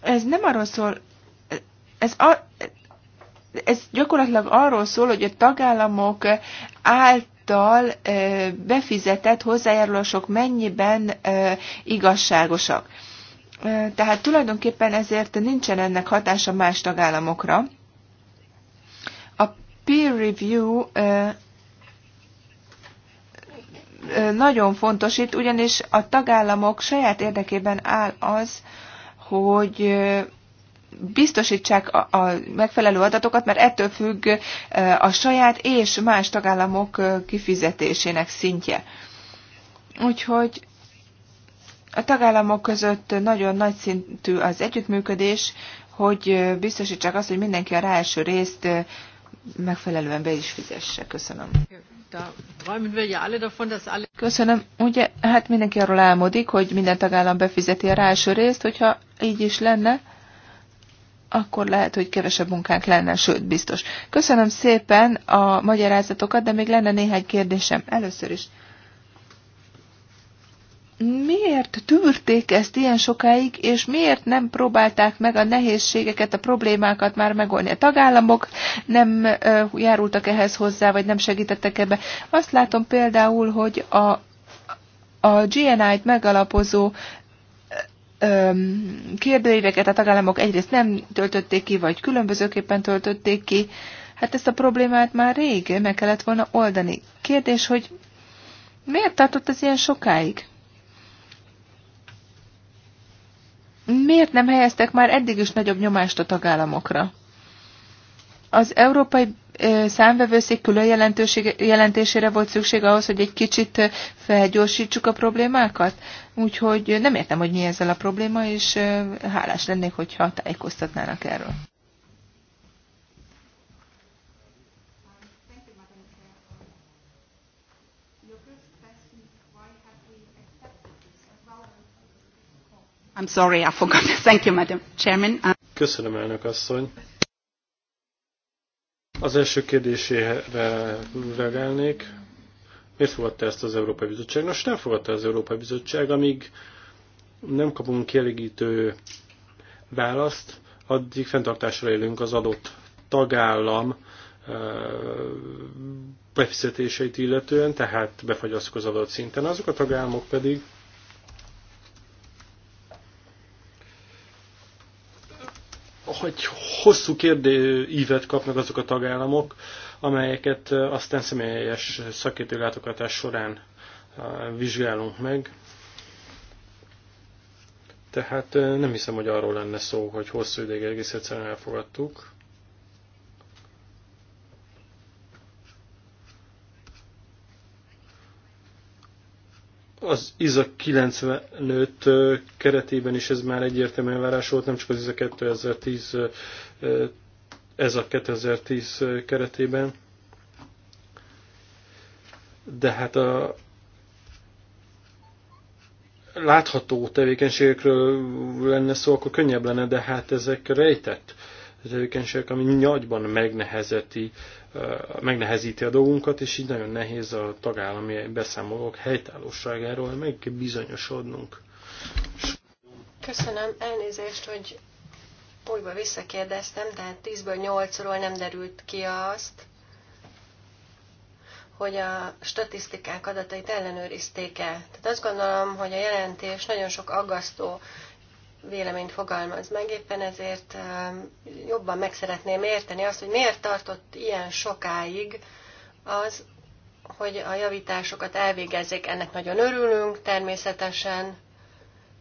ez nem arról szól, ez, a, ez gyakorlatilag arról szól, hogy a tagállamok állt által befizetett hozzájárulások mennyiben igazságosak. Tehát tulajdonképpen ezért nincsen ennek hatása más tagállamokra. A peer review nagyon fontos itt, ugyanis a tagállamok saját érdekében áll az, hogy biztosítsák a, a megfelelő adatokat, mert ettől függ a saját és más tagállamok kifizetésének szintje. Úgyhogy a tagállamok között nagyon nagy szintű az együttműködés, hogy biztosítsák azt, hogy mindenki a ráeső részt megfelelően be is fizesse. Köszönöm. Köszönöm. Ugye, hát mindenki arról álmodik, hogy minden tagállam befizeti a ráső részt, hogyha így is lenne, akkor lehet, hogy kevesebb munkánk lenne, sőt, biztos. Köszönöm szépen a magyarázatokat, de még lenne néhány kérdésem. Először is miért tűrték ezt ilyen sokáig, és miért nem próbálták meg a nehézségeket, a problémákat már megoldni? A tagállamok nem járultak ehhez hozzá, vagy nem segítettek ebbe. Azt látom például, hogy a, a GNI-t megalapozó kérdőíveket a tagállamok egyrészt nem töltötték ki, vagy különbözőképpen töltötték ki. Hát ezt a problémát már rég meg kellett volna oldani. Kérdés, hogy miért tartott ez ilyen sokáig? miért nem helyeztek már eddig is nagyobb nyomást a tagállamokra? Az európai számvevőszék külön jelentésére volt szükség ahhoz, hogy egy kicsit felgyorsítsuk a problémákat? Úgyhogy nem értem, hogy mi ezzel a probléma, és hálás lennék, hogyha tájékoztatnának erről. I'm sorry, I forgot. Thank you, Madam Chairman. Uh, Köszönöm, elnök asszony. Az első kérdésére reagálnék. Miért fogadta ezt az Európai Bizottság? Nos, nem fogadta az Európai Bizottság, amíg nem kapunk kielégítő választ, addig fenntartásra élünk az adott tagállam befizetéseit illetően, tehát befagyasztjuk az adott szinten. Azok a tagállamok pedig, hogy hosszú kérdőívet kapnak azok a tagállamok, amelyeket aztán személyes szakértő látogatás során vizsgálunk meg. Tehát nem hiszem, hogy arról lenne szó, hogy hosszú ideig egész egyszerűen elfogadtuk. az IZA 95 keretében is ez már egyértelműen várás volt, nem csak az IZA 2010, ez a 2010 keretében. De hát a látható tevékenységekről lenne szó, akkor könnyebb lenne, de hát ezek rejtett tevékenységek, ami nagyban megnehezeti megnehezíti a dolgunkat, és így nagyon nehéz a tagállami beszámolók helytállóságáról bizonyosodnunk. Köszönöm, elnézést, hogy újba visszakérdeztem, tehát 10-ből 8-ról nem derült ki azt, hogy a statisztikák adatait ellenőrizték el. Tehát azt gondolom, hogy a jelentés nagyon sok aggasztó véleményt fogalmaz meg, éppen ezért jobban meg szeretném érteni azt, hogy miért tartott ilyen sokáig az, hogy a javításokat elvégezzék. Ennek nagyon örülünk természetesen,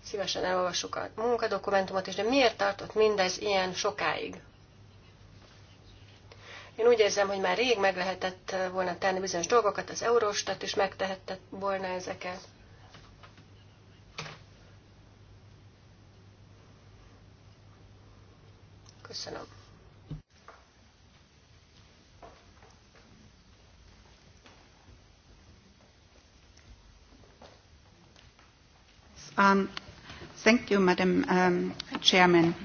szívesen elolvassuk a munkadokumentumot is, de miért tartott mindez ilyen sokáig? Én úgy érzem, hogy már rég meg lehetett volna tenni bizonyos dolgokat, az Eurostat is megtehette volna ezeket. Köszönöm. Um, thank you, Madam um, Chairman.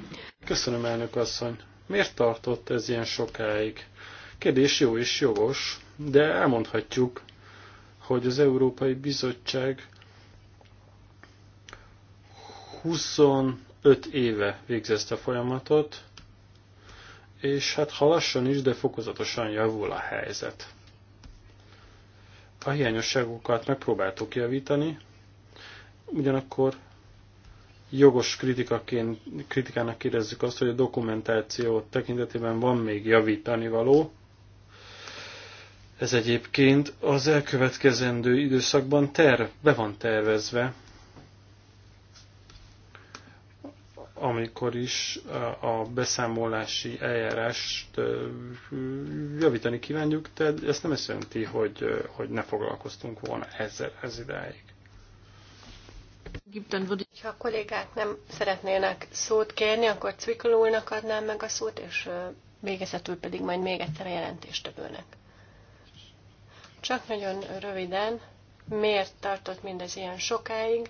Köszönöm, elnök asszony. Miért tartott ez ilyen sokáig? Kérdés jó és jogos, de elmondhatjuk, hogy az Európai Bizottság 25 éve végzi ezt a folyamatot, és hát ha lassan is, de fokozatosan javul a helyzet. A hiányosságokat megpróbáltuk javítani, ugyanakkor jogos kritikaként, kritikának kérdezzük azt, hogy a dokumentáció tekintetében van még javítani való. Ez egyébként az elkövetkezendő időszakban terv, be van tervezve, amikor is eh, a beszámolási eljárást eh, javítani kívánjuk, de ezt nem azt jelenti, hogy, eh, hogy ne foglalkoztunk volna ezzel ez idáig. Ha a kollégák nem szeretnének szót kérni, akkor Cvikolulnak adnám meg a szót, és végezetül pedig majd még egyszer a jelentéstevőnek. Csak nagyon röviden, miért tartott mindez ilyen sokáig?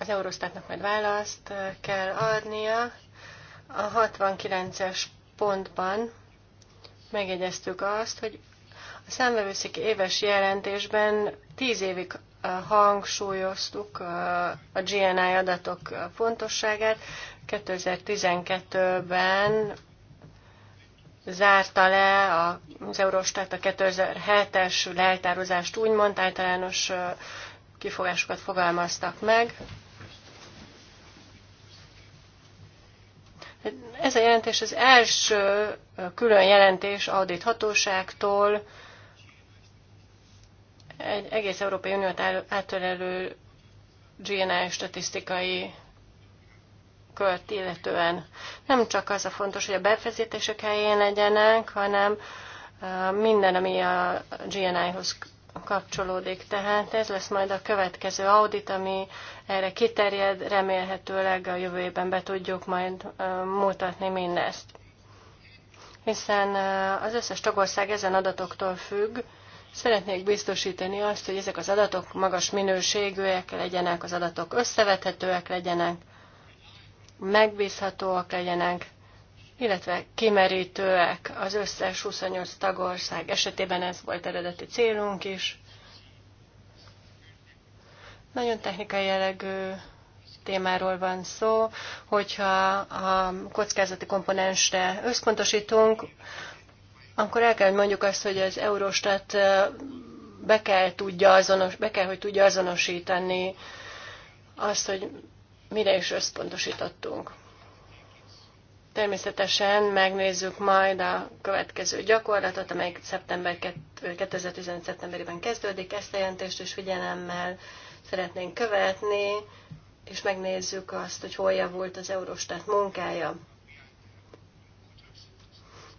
az Eurostatnak majd választ kell adnia. A 69-es pontban megjegyeztük azt, hogy a számvevőszék éves jelentésben 10 évig hangsúlyoztuk a GNI adatok fontosságát. 2012-ben zárta le az Eurostat a 2007-es leltározást úgymond, általános kifogásokat fogalmaztak meg. Ez a jelentés az első külön jelentés audit hatóságtól, egy egész Európai Uniót átölelő GNI statisztikai kört illetően. Nem csak az a fontos, hogy a befezetések helyén legyenek, hanem minden, ami a GNI-hoz kapcsolódik. Tehát ez lesz majd a következő audit, ami erre kiterjed, remélhetőleg a jövőben be tudjuk majd mutatni mindezt. Hiszen az összes tagország ezen adatoktól függ, Szeretnék biztosítani azt, hogy ezek az adatok magas minőségűek legyenek, az adatok összevethetőek legyenek, megbízhatóak legyenek, illetve kimerítőek az összes 28 tagország esetében ez volt eredeti célunk is. Nagyon technikai jellegű témáról van szó, hogyha a kockázati komponensre összpontosítunk, akkor el kell mondjuk azt, hogy az Eurostat be kell, tudja azonos, be kell, hogy tudja azonosítani azt, hogy mire is összpontosítottunk. Természetesen megnézzük majd a következő gyakorlatot, amely szeptember 2015. szeptemberében kezdődik. Ezt a jelentést is figyelemmel szeretnénk követni, és megnézzük azt, hogy hol javult az Eurostat munkája.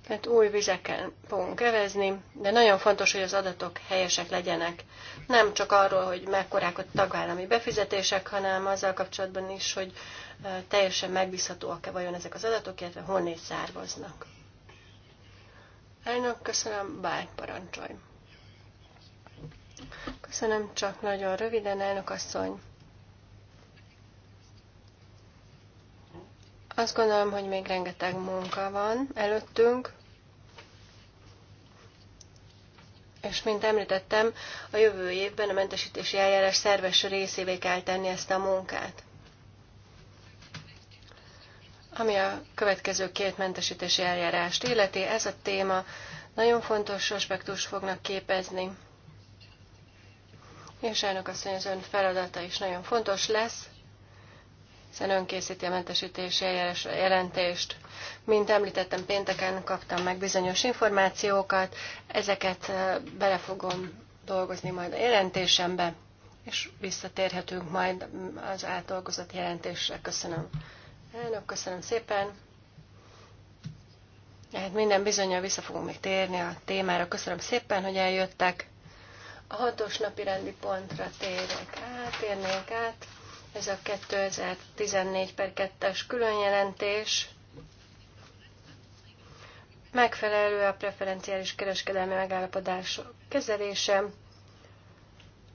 Tehát új vizeken fogunk kevezni, de nagyon fontos, hogy az adatok helyesek legyenek. Nem csak arról, hogy mekkorák a tagállami befizetések, hanem azzal kapcsolatban is, hogy teljesen megbízhatóak-e vajon ezek az adatok, illetve honnét származnak. Elnök, köszönöm, bár parancsolj. Köszönöm csak nagyon röviden, elnök asszony. Azt gondolom, hogy még rengeteg munka van előttünk. És mint említettem, a jövő évben a mentesítési eljárás szerves részévé kell tenni ezt a munkát. Ami a következő két mentesítési eljárást illeti, ez a téma nagyon fontos aspektus fognak képezni. És elnök asszony, az ön feladata is nagyon fontos lesz hiszen ön készíti a mentesítési eljárás jelentést. Mint említettem, pénteken kaptam meg bizonyos információkat, ezeket bele fogom dolgozni majd a jelentésembe, és visszatérhetünk majd az átdolgozott jelentésre. Köszönöm. Elnök, köszönöm szépen. Hát minden bizonyal vissza fogunk még térni a témára. Köszönöm szépen, hogy eljöttek. A hatos napi rendi pontra térjek át, térnénk át. Ez a 2014 per 2-es különjelentés megfelelő a preferenciális kereskedelmi megállapodás kezelése.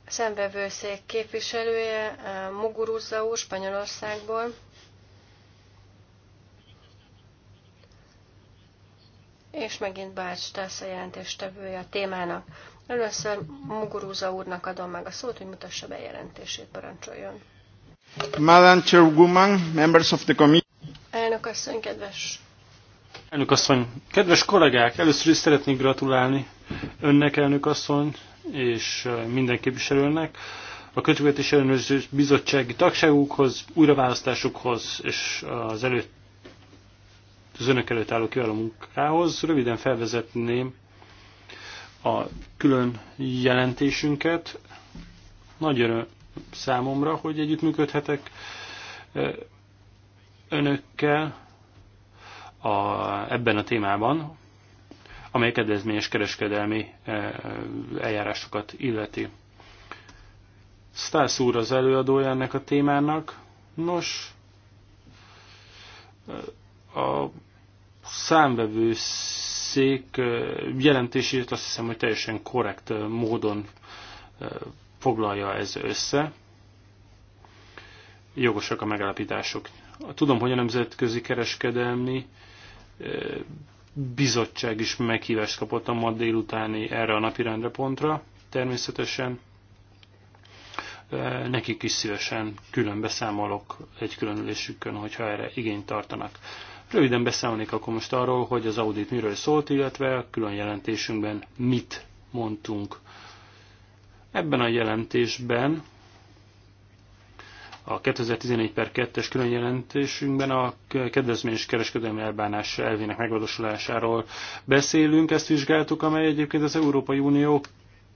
A szembevőszék képviselője eh, Muguruza úr Spanyolországból. És megint Bács Tász a jelentéstevője a témának. Először Muguruza úrnak adom meg a szót, hogy mutassa be jelentését, parancsoljon. Madam Chairwoman, members of the committee. Elnök asszony, kedves. Elnök asszony, kedves kollégák, először is szeretnék gratulálni önnek, elnök asszony, és minden képviselőnek a Költségvetés Ellenőrző Bizottsági tagságukhoz, újraválasztásukhoz és az előtt az önök előtt álló kiváló munkához. Röviden felvezetném a külön jelentésünket. Nagy öröm, számomra, hogy együttműködhetek önökkel a, ebben a témában, amely kedvezményes kereskedelmi eljárásokat illeti. Stász úr az előadója ennek a témának. Nos, a szék jelentését azt hiszem, hogy teljesen korrekt módon foglalja ez össze. Jogosak a megállapítások. Tudom, hogy a Nemzetközi Kereskedelmi Bizottság is meghívást kapott a ma délutáni erre a napi pontra, természetesen. Nekik is szívesen külön beszámolok egy különülésükön, hogyha erre igényt tartanak. Röviden beszámolnék akkor most arról, hogy az audit miről szólt, illetve a külön jelentésünkben mit mondtunk Ebben a jelentésben, a 2014 per 2-es különjelentésünkben a kedvezményes kereskedelmi elbánás elvének megvalósulásáról beszélünk, ezt vizsgáltuk, amely egyébként az Európai Unió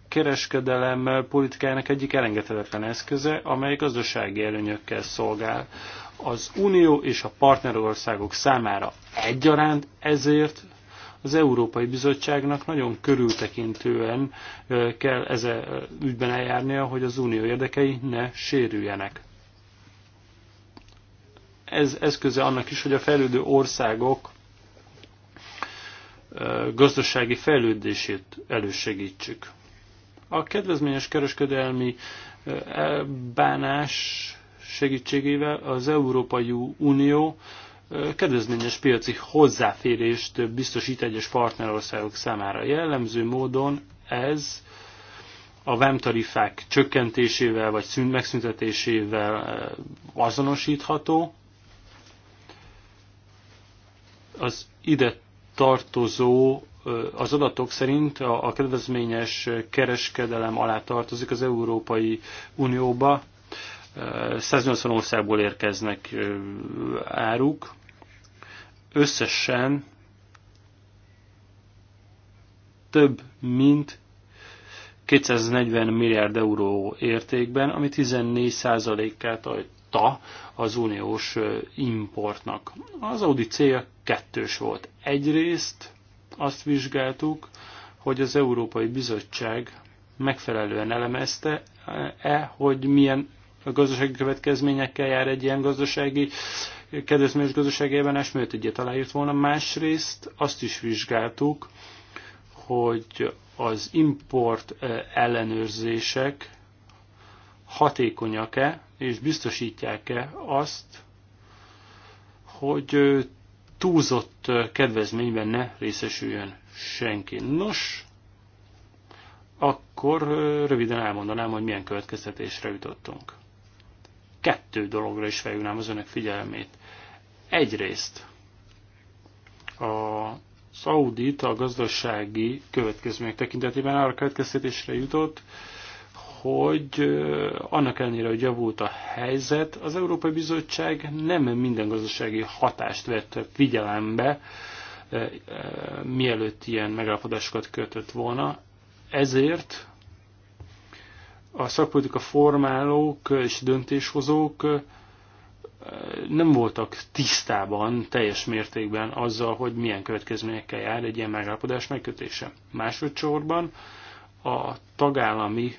kereskedelem politikájának egyik elengedhetetlen eszköze, amely gazdasági előnyökkel szolgál az Unió és a partnerországok számára egyaránt, ezért az Európai Bizottságnak nagyon körültekintően kell eze ügyben eljárnia, hogy az unió érdekei ne sérüljenek. Ez eszköze annak is, hogy a fejlődő országok gazdasági fejlődését elősegítsük. A kedvezményes kereskedelmi bánás segítségével az Európai Unió kedvezményes piaci hozzáférést biztosít egyes partnerországok számára. Jellemző módon ez a VEM tarifák csökkentésével vagy szünt megszüntetésével eh, azonosítható. Az ide tartozó eh, az adatok szerint a kedvezményes kereskedelem alá tartozik az Európai Unióba. 180 eh, országból érkeznek áruk, összesen több mint 240 milliárd euró értékben, ami 14%-át adta az uniós importnak. Az audit célja kettős volt. Egyrészt azt vizsgáltuk, hogy az Európai Bizottság megfelelően elemezte-e, hogy milyen gazdasági következményekkel jár egy ilyen gazdasági kedvezményes gazdasági elbánásmódot egyet aláírt volna. Másrészt azt is vizsgáltuk, hogy az import ellenőrzések hatékonyak-e, és biztosítják-e azt, hogy túlzott kedvezményben ne részesüljön senki. Nos, akkor röviden elmondanám, hogy milyen következtetésre jutottunk. Kettő dologra is felhívnám az önök figyelmét. Egyrészt a Szaudit a gazdasági következmények tekintetében arra következtetésre jutott, hogy annak ellenére, hogy javult a helyzet, az Európai Bizottság nem minden gazdasági hatást vett figyelembe, mielőtt ilyen megállapodásokat kötött volna. Ezért a szakpolitika formálók és döntéshozók nem voltak tisztában teljes mértékben azzal, hogy milyen következményekkel jár egy ilyen megállapodás megkötése. Másodszorban a tagállami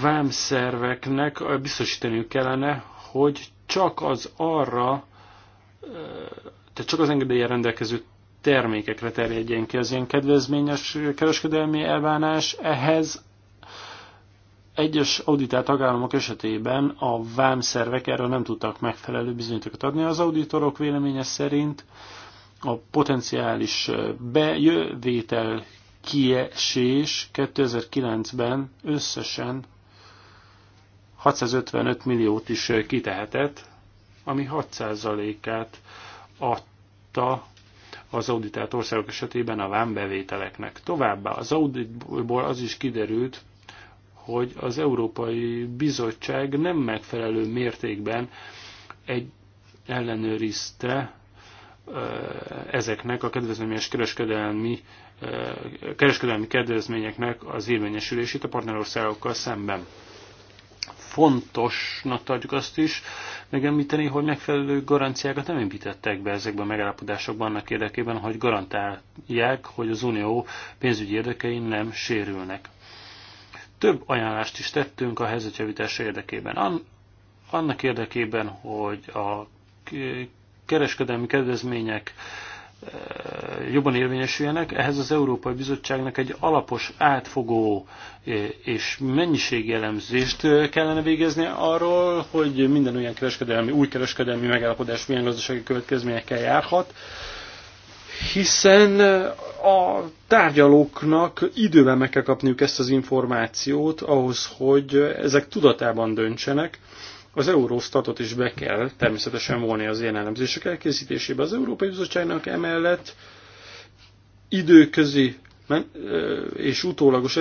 vámszerveknek biztosítaniuk kellene, hogy csak az arra, tehát csak az engedélye rendelkező termékekre terjedjen ki az ilyen kedvezményes kereskedelmi elvánás, ehhez egyes auditált tagállamok esetében a vámszervek erről nem tudtak megfelelő bizonyítékot adni. Az auditorok véleménye szerint a potenciális bejövétel kiesés 2009-ben összesen 655 milliót is kitehetett, ami 6%-át adta az auditált országok esetében a vámbevételeknek. Továbbá az auditból az is kiderült, hogy az Európai Bizottság nem megfelelő mértékben egy ellenőrizte ezeknek a kedvezményes kereskedelmi, kereskedelmi kedvezményeknek az érvényesülését a partnerországokkal szemben. Fontosnak tartjuk azt is megemlíteni, hogy megfelelő garanciákat nem építettek be ezekben a megállapodásokban annak érdekében, hogy garantálják, hogy az unió pénzügyi érdekei nem sérülnek. Több ajánlást is tettünk a helyzetjavítás érdekében. Annak érdekében, hogy a kereskedelmi kedvezmények e, jobban érvényesüljenek, ehhez az Európai Bizottságnak egy alapos, átfogó e, és mennyiségi elemzést e, kellene végezni arról, hogy minden olyan kereskedelmi, új kereskedelmi megállapodás milyen gazdasági következményekkel járhat, hiszen eh, a tárgyalóknak időben meg kell kapniuk ezt az információt ahhoz, hogy eh, ezek tudatában döntsenek. Az Eurostatot is be kell természetesen volni az ilyen elemzések elkészítésébe. Az Európai Bizottságnak emellett időközi eh, és utólagos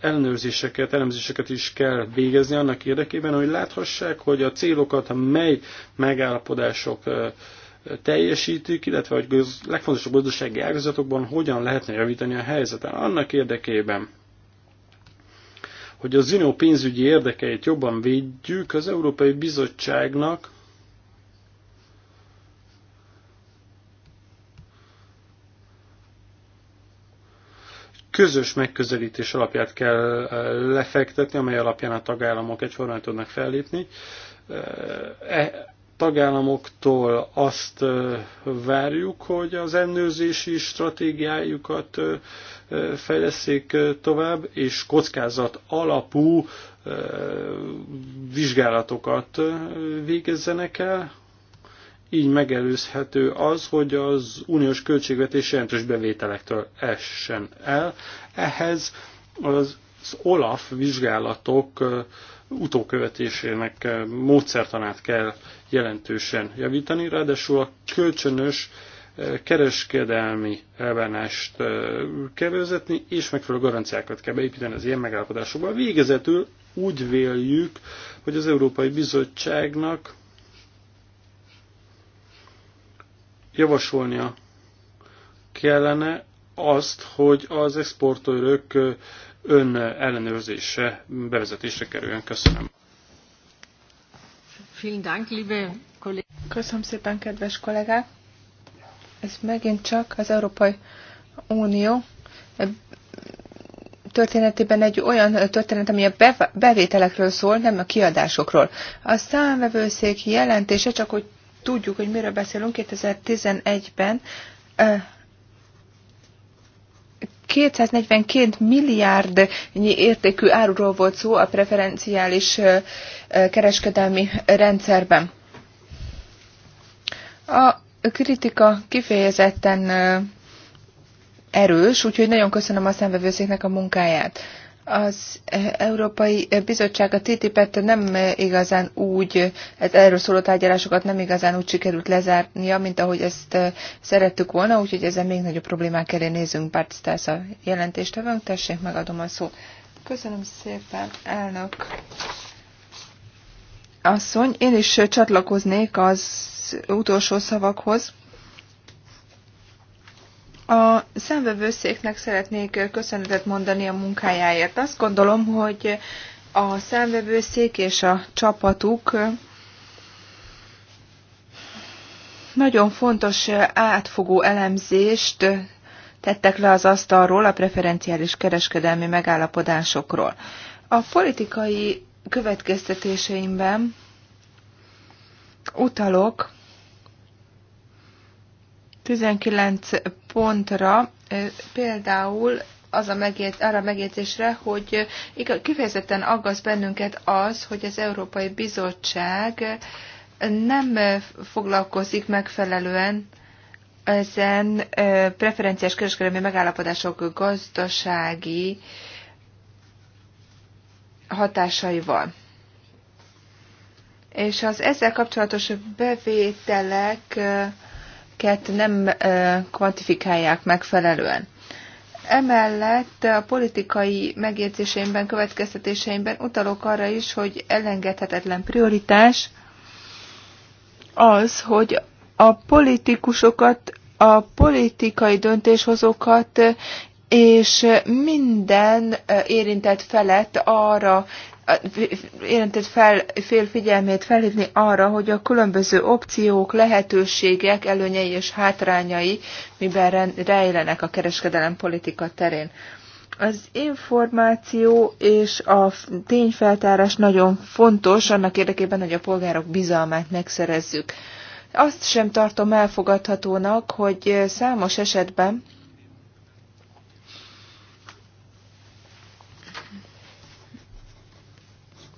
ellenőrzéseket, elemzéseket is kell végezni annak érdekében, hogy láthassák, hogy a célokat mely megállapodások teljesítik, illetve hogy az, legfontosabb gazdasági ágazatokban hogyan lehetne javítani a helyzeten. Annak érdekében, hogy az unió pénzügyi érdekeit jobban védjük, az Európai Bizottságnak közös megközelítés alapját kell eh, lefektetni, amely alapján a tagállamok egyformán tudnak fellépni. Eh, e- tagállamoktól azt várjuk, hogy az ellenőrzési stratégiájukat fejleszék tovább, és kockázat alapú vizsgálatokat végezzenek el. Így megelőzhető az, hogy az uniós költségvetés jelentős bevételektől essen el. Ehhez az OLAF vizsgálatok utókövetésének módszertanát kell jelentősen javítani, ráadásul a kölcsönös eh, kereskedelmi elvárást eh, kell vezetni, és megfelelő garanciákat kell beépíteni az ilyen megállapodásokba. Végezetül úgy véljük, hogy az Európai Bizottságnak javasolnia kellene azt, hogy az exportőrök eh, ön ellenőrzése bevezetésre kerüljön. Köszönöm. Köszönöm szépen, kedves kollégák! Ez megint csak az Európai Unió történetében egy olyan történet, ami a bevételekről szól, nem a kiadásokról. A számvevőszék jelentése, csak hogy tudjuk, hogy miről beszélünk, 2011-ben 242 milliárd értékű áruról volt szó a preferenciális kereskedelmi rendszerben. A kritika kifejezetten erős, úgyhogy nagyon köszönöm a szembevőszéknek a munkáját. Az eh, Európai Bizottság a TTIP-et nem eh, igazán úgy, hát erről szóló tárgyalásokat nem igazán úgy sikerült lezárnia, mint ahogy ezt eh, szerettük volna, úgyhogy ezzel még nagyobb problémák elé nézünk. Pártisztász a jelentést, jelentéstevőnk, tessék, megadom a szót. Köszönöm szépen, elnök asszony. Én is csatlakoznék az utolsó szavakhoz. A szemvevőszéknek szeretnék köszönetet mondani a munkájáért. Azt gondolom, hogy a szemvevőszék és a csapatuk nagyon fontos átfogó elemzést tettek le az asztalról a preferenciális kereskedelmi megállapodásokról. A politikai következtetéseimben utalok 19 pontra például az a megjegy, arra megjegyzésre, hogy kifejezetten aggaszt bennünket az, hogy az Európai Bizottság nem foglalkozik megfelelően ezen preferenciás kereskedelmi megállapodások gazdasági hatásaival. És az ezzel kapcsolatos bevételek ezeket nem kvantifikálják megfelelően. Emellett a politikai megjegyzéseimben, következtetéseimben utalok arra is, hogy elengedhetetlen prioritás az, hogy a politikusokat, a politikai döntéshozókat és minden érintett felett arra jelentett fel, fél figyelmét felhívni arra, hogy a különböző opciók, lehetőségek, előnyei és hátrányai miben rejlenek a kereskedelem politika terén. Az információ és a tényfeltárás nagyon fontos annak érdekében, hogy a polgárok bizalmát megszerezzük. Azt sem tartom elfogadhatónak, hogy számos esetben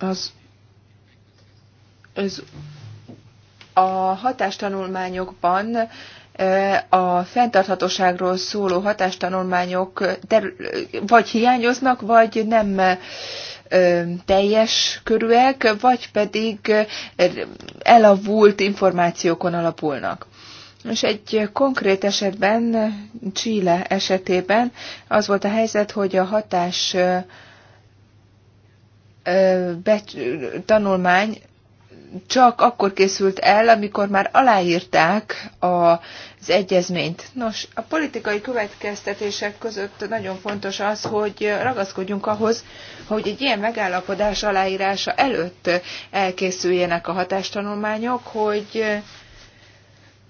az, az a hatástanulmányokban a fenntarthatóságról szóló hatástanulmányok vagy hiányoznak, vagy nem teljes körűek, vagy pedig elavult információkon alapulnak. És egy konkrét esetben, Chile esetében az volt a helyzet, hogy a hatás tanulmány csak akkor készült el, amikor már aláírták az egyezményt. Nos, a politikai következtetések között nagyon fontos az, hogy ragaszkodjunk ahhoz, hogy egy ilyen megállapodás aláírása előtt elkészüljenek a hatástanulmányok, hogy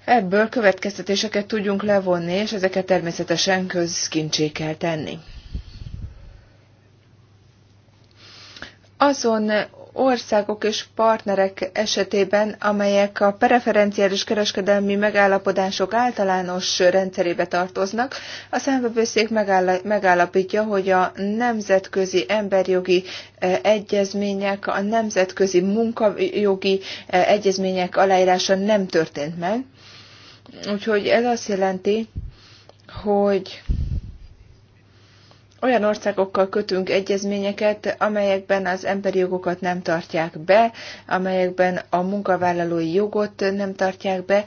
ebből következtetéseket tudjunk levonni, és ezeket természetesen közkincsé kell tenni. azon országok és partnerek esetében, amelyek a preferenciális kereskedelmi megállapodások általános rendszerébe tartoznak, a számvevőszék megállapítja, hogy a nemzetközi emberjogi e, egyezmények, a nemzetközi munkajogi e, egyezmények aláírása nem történt meg. Úgyhogy ez azt jelenti, hogy olyan országokkal kötünk egyezményeket, amelyekben az emberi jogokat nem tartják be, amelyekben a munkavállalói jogot nem tartják be.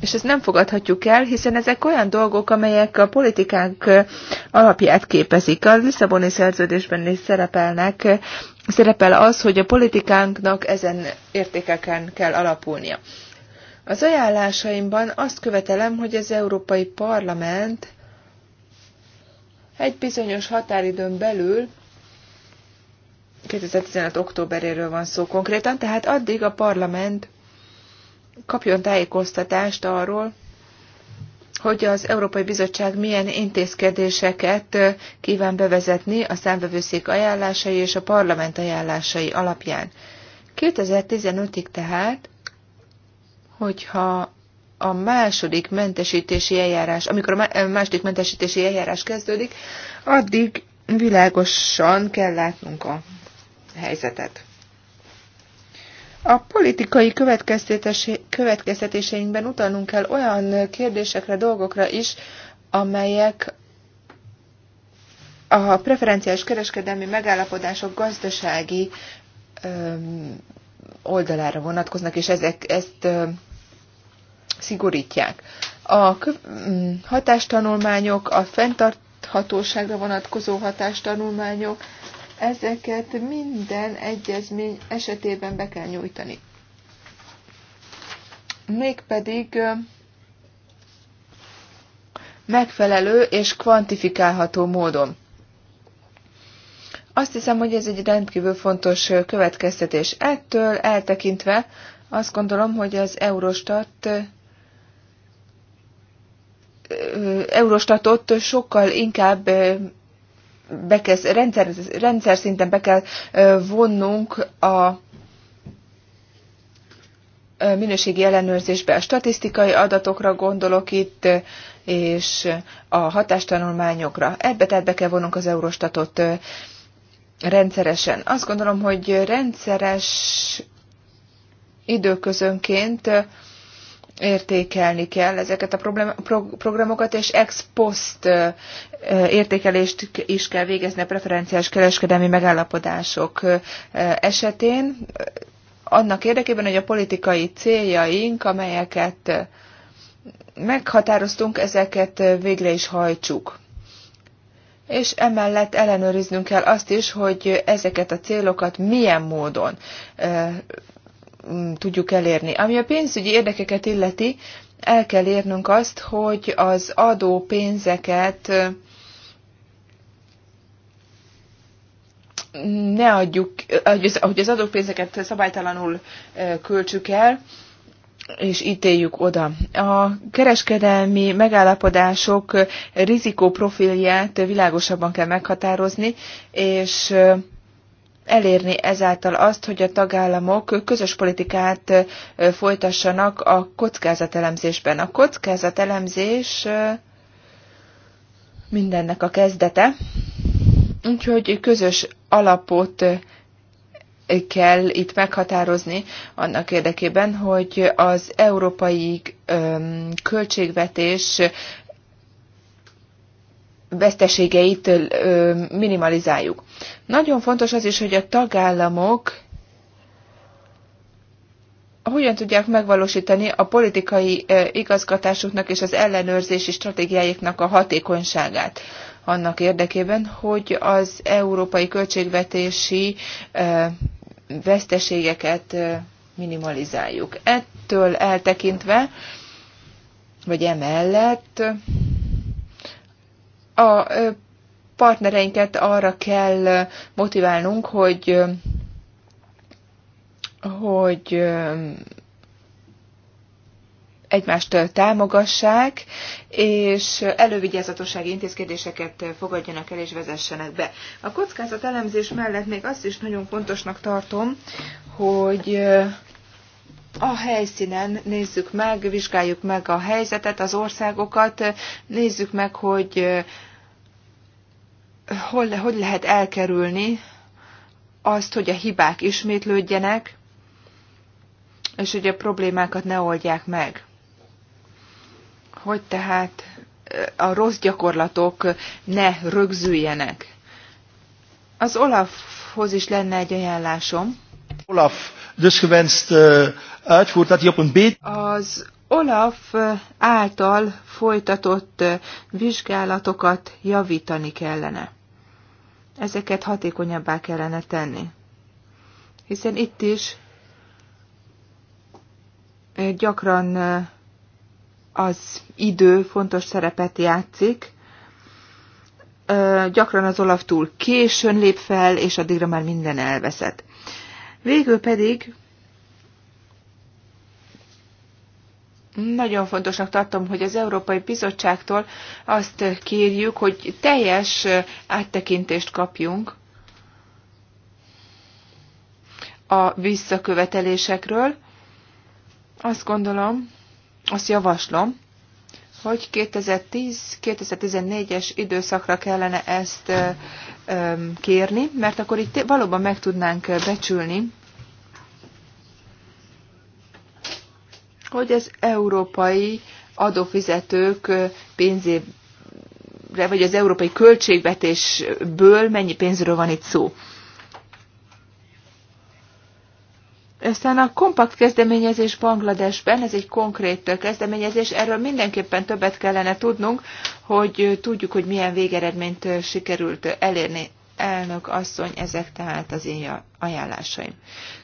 És ezt nem fogadhatjuk el, hiszen ezek olyan dolgok, amelyek a politikánk alapját képezik. A Lisszaboni szerződésben is szerepelnek, szerepel az, hogy a politikánknak ezen értékeken kell alapulnia. Az ajánlásaimban azt követelem, hogy az Európai Parlament egy bizonyos határidőn belül 2015. októberéről van szó konkrétan, tehát addig a parlament kapjon tájékoztatást arról, hogy az Európai Bizottság milyen intézkedéseket kíván bevezetni a számvevőszék ajánlásai és a parlament ajánlásai alapján. 2015-ig tehát hogyha a második mentesítési eljárás, amikor a eh, második mentesítési eljárás kezdődik, addig világosan kell látnunk a helyzetet. A politikai következtetéseinkben utalnunk kell olyan kérdésekre, dolgokra is, amelyek a preferenciás kereskedelmi megállapodások gazdasági oldalára vonatkoznak, és ezek, ezt szigorítják. A mm, hatástanulmányok, a fenntarthatóságra vonatkozó hatástanulmányok, ezeket minden egyezmény esetében be kell nyújtani. Mégpedig megfelelő és kvantifikálható módon. Azt hiszem, hogy ez egy rendkívül fontos következtetés. Ettől eltekintve azt gondolom, hogy az Eurostat Eurostatot sokkal inkább be kell, rendszer, rendszer szinten be kell vonnunk a minőségi ellenőrzésbe. A statisztikai adatokra gondolok itt, és a hatástanulmányokra. Ebbe tehát be kell vonnunk az Eurostatot rendszeresen. Azt gondolom, hogy rendszeres időközönként értékelni kell ezeket a programokat, és ex post értékelést is kell végezni a preferenciás kereskedelmi megállapodások esetén, annak érdekében, hogy a politikai céljaink, amelyeket meghatároztunk, ezeket végre is hajtsuk. És emellett ellenőriznünk kell azt is, hogy ezeket a célokat milyen módon Mm, tudjuk elérni. Ami a pénzügyi érdekeket illeti, el kell érnünk azt, hogy az adó pénzeket mm, ne adjuk, hogy az adó pénzeket szabálytalanul e, költsük el, és ítéljük oda. A kereskedelmi megállapodások rizikóprofilját világosabban kell meghatározni, és elérni ezáltal azt, hogy a tagállamok közös politikát folytassanak a kockázatelemzésben. A kockázatelemzés mindennek a kezdete, úgyhogy közös alapot kell itt meghatározni annak érdekében, hogy az európai költségvetés veszteségeit minimalizáljuk. Nagyon fontos az is, hogy a tagállamok hogyan tudják megvalósítani a politikai igazgatásuknak és az ellenőrzési stratégiáiknak a hatékonyságát annak érdekében, hogy az európai költségvetési veszteségeket minimalizáljuk. Ettől eltekintve, vagy emellett a partnereinket arra kell motiválnunk, hogy hogy egymást támogassák, és elővigyázatossági intézkedéseket fogadjanak el és vezessenek be. A kockázat elemzés mellett még azt is nagyon fontosnak tartom, hogy a helyszínen nézzük meg, vizsgáljuk meg a helyzetet, az országokat, nézzük meg, hogy hol, hogy lehet elkerülni azt, hogy a hibák ismétlődjenek, és hogy a problémákat ne oldják meg. Hogy tehát eh, a rossz gyakorlatok ne rögzüljenek. Az Olafhoz is lenne egy ajánlásom. Olaf dus gewenst eh, uitvoert dat op een beet... Az Olaf eh, által folytatott vizsgálatokat javítani kellene ezeket hatékonyabbá kellene tenni. Hiszen itt is gyakran az idő fontos szerepet játszik, gyakran az Olaf túl későn lép fel, és addigra már minden elveszett. Végül pedig Nagyon fontosnak tartom, hogy az Európai Bizottságtól azt kérjük, hogy teljes áttekintést kapjunk a visszakövetelésekről. Azt gondolom, azt javaslom, hogy 2010-2014-es időszakra kellene ezt kérni, mert akkor itt valóban meg tudnánk becsülni hogy az európai adófizetők pénzébe vagy az európai költségvetésből mennyi pénzről van itt szó. Aztán a kompakt kezdeményezés Bangladesben, ez egy konkrét kezdeményezés, erről mindenképpen többet kellene tudnunk, hogy tudjuk, hogy milyen végeredményt sikerült elérni elnök asszony, ezek tehát az én ajánlásaim.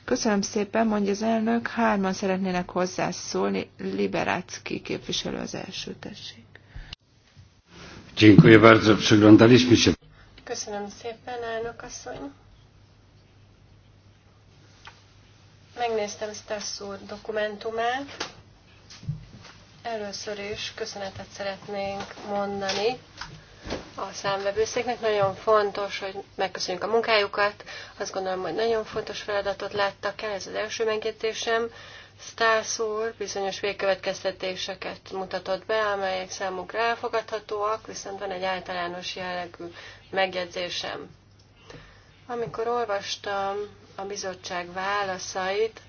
Köszönöm szépen, mondja az elnök, hárman szeretnének hozzászólni, Liberácki képviselő az első, tessék. Dziękuję bardzo, przyglądaliśmy się. Köszönöm szépen, elnök asszony. Megnéztem Stassz úr dokumentumát. Először is köszönetet szeretnénk mondani a számvevőszéknek. Nagyon fontos, hogy megköszönjük a munkájukat. Azt gondolom, hogy nagyon fontos feladatot láttak el, ez az első megértésem. Stász úr bizonyos végkövetkeztetéseket mutatott be, amelyek számunkra elfogadhatóak, viszont van egy általános jellegű megjegyzésem. Amikor olvastam a bizottság válaszait,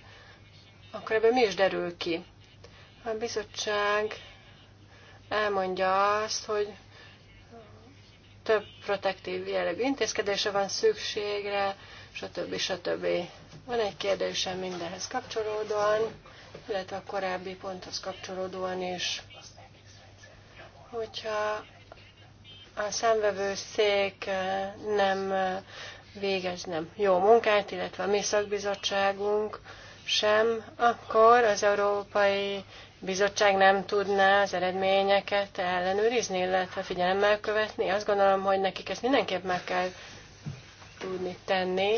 akkor ebből mi is derül ki? A bizottság elmondja azt, hogy több protektív jellegű intézkedésre van szükségre, stb. stb. Van egy kérdésem mindenhez kapcsolódóan, illetve a korábbi ponthoz kapcsolódóan is. Hogyha a szék eh, nem eh, végez nem jó munkát, illetve a mi szakbizottságunk sem, akkor az Európai bizottság nem tudná az eredményeket ellenőrizni, illetve figyelemmel követni. Azt gondolom, hogy nekik ezt mindenképp meg kell tudni tenni.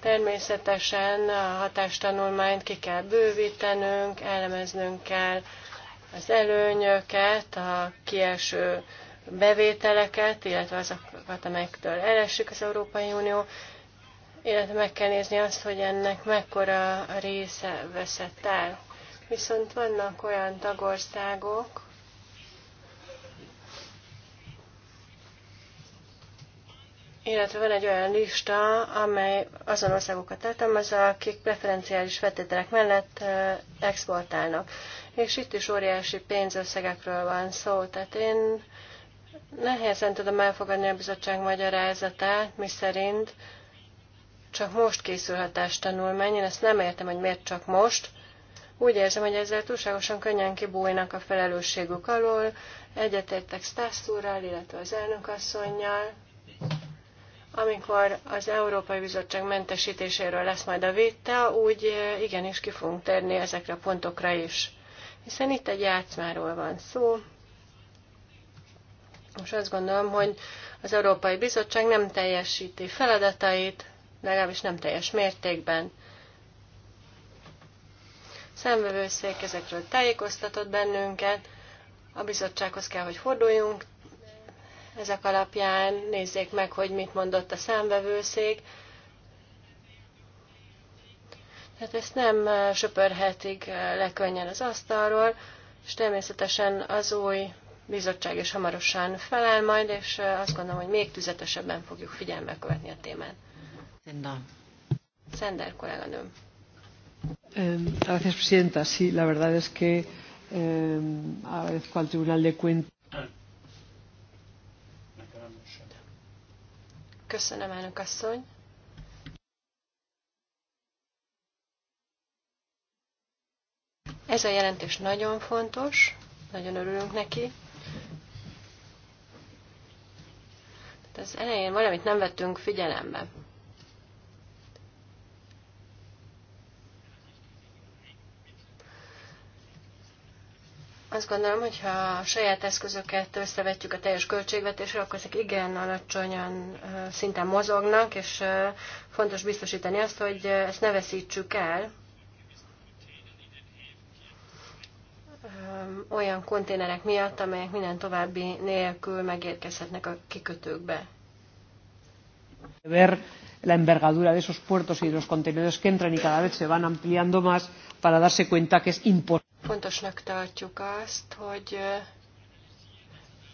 Természetesen a hatástanulmányt ki kell bővítenünk, elemeznünk kell az előnyöket, a kieső bevételeket, illetve azokat, amelyektől elessük az Európai Unió, illetve meg kell nézni azt, hogy ennek mekkora része veszett el. Viszont vannak olyan tagországok, illetve van egy olyan lista, amely azon országokat tartalmazza, akik preferenciális feltételek mellett exportálnak. És itt is óriási pénzösszegekről van szó. Tehát én nehezen tudom elfogadni a bizottság magyarázatát, szerint csak most készül tanulmány. Én ezt nem értem, hogy miért csak most. Úgy érzem, hogy ezzel túlságosan könnyen kibújnak a felelősségük alól. Egyetértek Stászúrral, illetve az elnökasszonynal. Amikor az Európai Bizottság mentesítéséről lesz majd a vita, úgy igenis ki fogunk térni ezekre a pontokra is. Hiszen itt egy játszmáról van szó. Most azt gondolom, hogy az Európai Bizottság nem teljesíti feladatait, legalábbis nem teljes mértékben szemvevőszék ezekről tájékoztatott bennünket, a bizottsághoz kell, hogy forduljunk, ezek alapján nézzék meg, hogy mit mondott a számvevőszék. Tehát ezt nem söpörhetik le könnyen az asztalról, és természetesen az új bizottság is hamarosan felel majd, és azt gondolom, hogy még tüzetesebben fogjuk figyelme követni a témát. Szender. Szender kolléganőm. Gracias, presidenta. Sí, la verdad es que eh, agradezco al Tribunal de Cuentas. Köszönöm, Ez a jelentés nagyon fontos, nagyon örülünk neki. Tehát az elején valamit nem vettünk figyelembe. Azt gondolom, hogy ha a saját eszközöket összevetjük a teljes költségvetésre, akkor ezek igen alacsonyan szinten mozognak, és fontos biztosítani azt, hogy ezt ne veszítsük el. olyan konténerek miatt, amelyek minden további nélkül megérkezhetnek a kikötőkbe. Ver la envergadura de esos puertos y de los contenedores que entran y cada vez se van ampliando más para darse cuenta que es importante Fontosnak tartjuk azt, hogy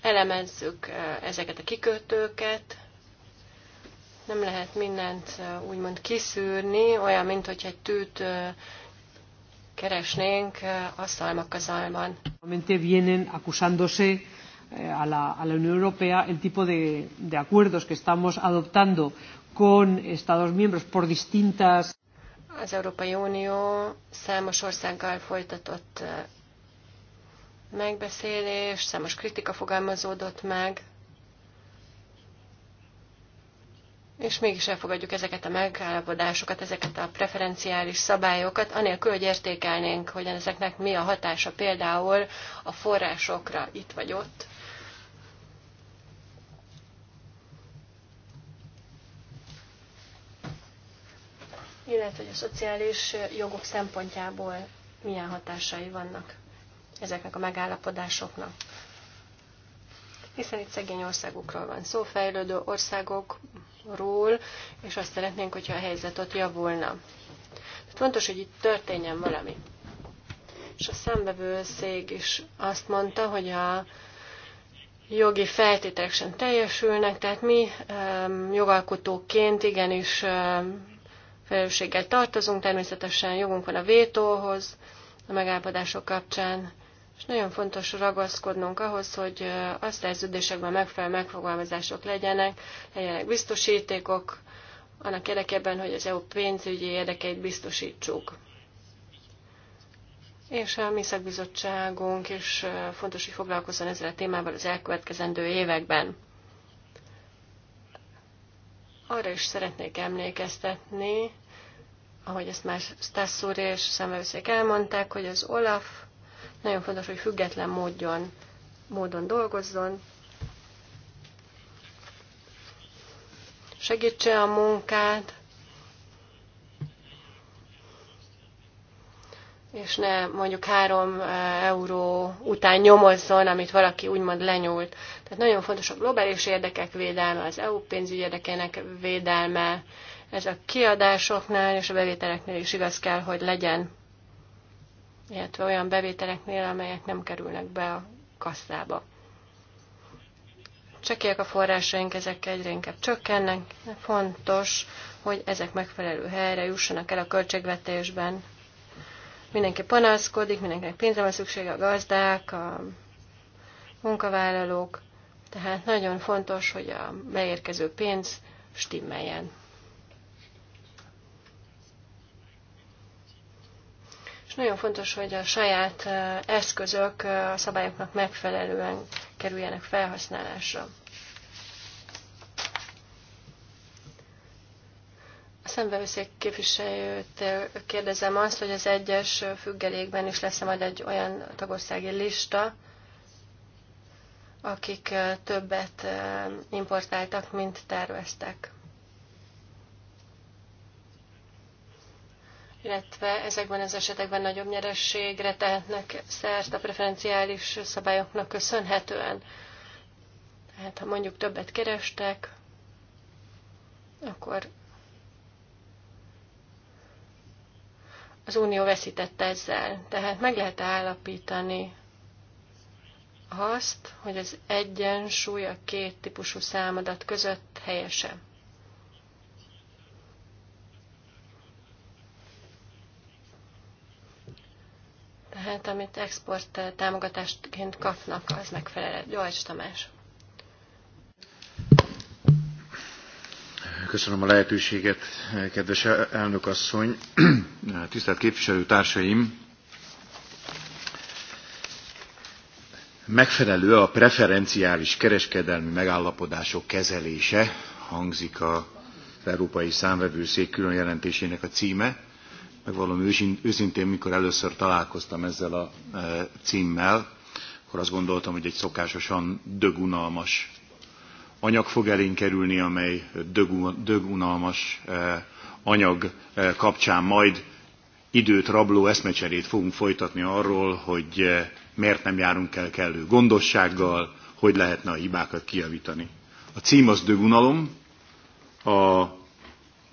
elemezzük ezeket a kikötőket, nem lehet mindent úgymond kiszűrni, olyan, mint hogy egy tűt keresnénk a szalmakazalban. vienen acusándose eh, a la, a la Unión Europea el tipo de, de acuerdos que estamos adoptando con Estados miembros por distintas az Európai Unió számos országgal folytatott megbeszélés, számos kritika fogalmazódott meg, és mégis elfogadjuk ezeket a megállapodásokat, ezeket a preferenciális szabályokat, anélkül, hogy értékelnénk, hogy ezeknek mi a hatása például a forrásokra itt vagy ott. illetve hogy a szociális jogok szempontjából milyen hatásai vannak ezeknek a megállapodásoknak. Hiszen itt szegény országokról van szó, fejlődő országokról, és azt szeretnénk, hogyha a helyzet ott javulna. Tehát fontos, hogy itt történjen valami. És a szég is azt mondta, hogy a jogi feltételek sem teljesülnek, tehát mi jogalkotóként igenis felelősséggel tartozunk, természetesen jogunk van a vétóhoz a megállapodások kapcsán, és nagyon fontos ragaszkodnunk ahhoz, hogy a szerződésekben megfelelő megfogalmazások legyenek, legyenek biztosítékok, annak érdekében, hogy az EU pénzügyi érdekeit biztosítsuk. És a mi szakbizottságunk is fontos, hogy foglalkozzon ezzel a témával az elkövetkezendő években. Arra is szeretnék emlékeztetni, ahogy ezt már Stassz úr és szemvevőszék elmondták, hogy az Olaf nagyon fontos, hogy független módon, módon dolgozzon, segítse a munkát, és ne mondjuk három eh, euró után nyomozzon, amit valaki úgymond lenyúlt. Tehát nagyon fontos a globális érdekek védelme, az EU pénzügyi érdekének védelme, ez a kiadásoknál és a bevételeknél is igaz kell, hogy legyen, illetve olyan bevételeknél, amelyek nem kerülnek be a kasszába. Csekélyek a forrásaink, ezek egyre inkább csökkennek. Fontos, hogy ezek megfelelő helyre jussanak el a költségvetésben. Mindenki panaszkodik, mindenkinek pénzre van szüksége a gazdák, a munkavállalók, tehát nagyon fontos, hogy a beérkező pénz stimmeljen. és nagyon fontos, hogy a saját eszközök a szabályoknak megfelelően kerüljenek felhasználásra. A szembevőszék képviselőt kérdezem azt, hogy az egyes függelékben is lesz majd egy olyan tagországi lista, akik többet importáltak, mint terveztek. illetve ezekben az esetekben nagyobb nyerességre tehetnek szert a preferenciális szabályoknak köszönhetően. Tehát ha mondjuk többet kerestek, akkor az Unió veszített ezzel. Tehát meg lehet állapítani azt, hogy az egyensúly a két típusú számadat között helyesen. Tehát amit export eh, támogatásként kapnak, az megfelel. Gyolcs Tamás. Köszönöm a lehetőséget, kedves elnök asszony, tisztelt képviselőtársaim! Megfelelő a preferenciális kereskedelmi megállapodások kezelése, hangzik az Európai Számvevőszék külön jelentésének a címe megvallom őszintén, mikor először találkoztam ezzel a e, címmel, akkor azt gondoltam, hogy egy szokásosan dögunalmas anyag fog elénk kerülni, amely dögunalmas e, anyag e, kapcsán majd időt rabló eszmecserét fogunk folytatni arról, hogy miért nem járunk el kellő gondossággal, hogy lehetne a hibákat kijavítani. A cím az dögunalom, a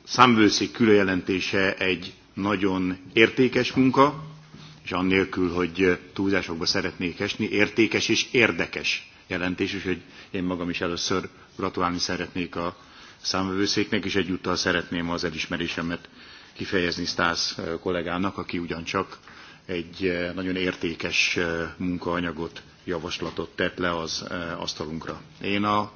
számvőszék külöjelentése egy nagyon értékes munka, és annélkül, hogy túlzásokba szeretnék esni, értékes és érdekes jelentés, úgyhogy én magam is először gratulálni szeretnék a számvevőszéknek, és egyúttal szeretném az elismerésemet kifejezni Stász kollégának, aki ugyancsak egy nagyon értékes munkaanyagot, javaslatot tett le az asztalunkra. Én a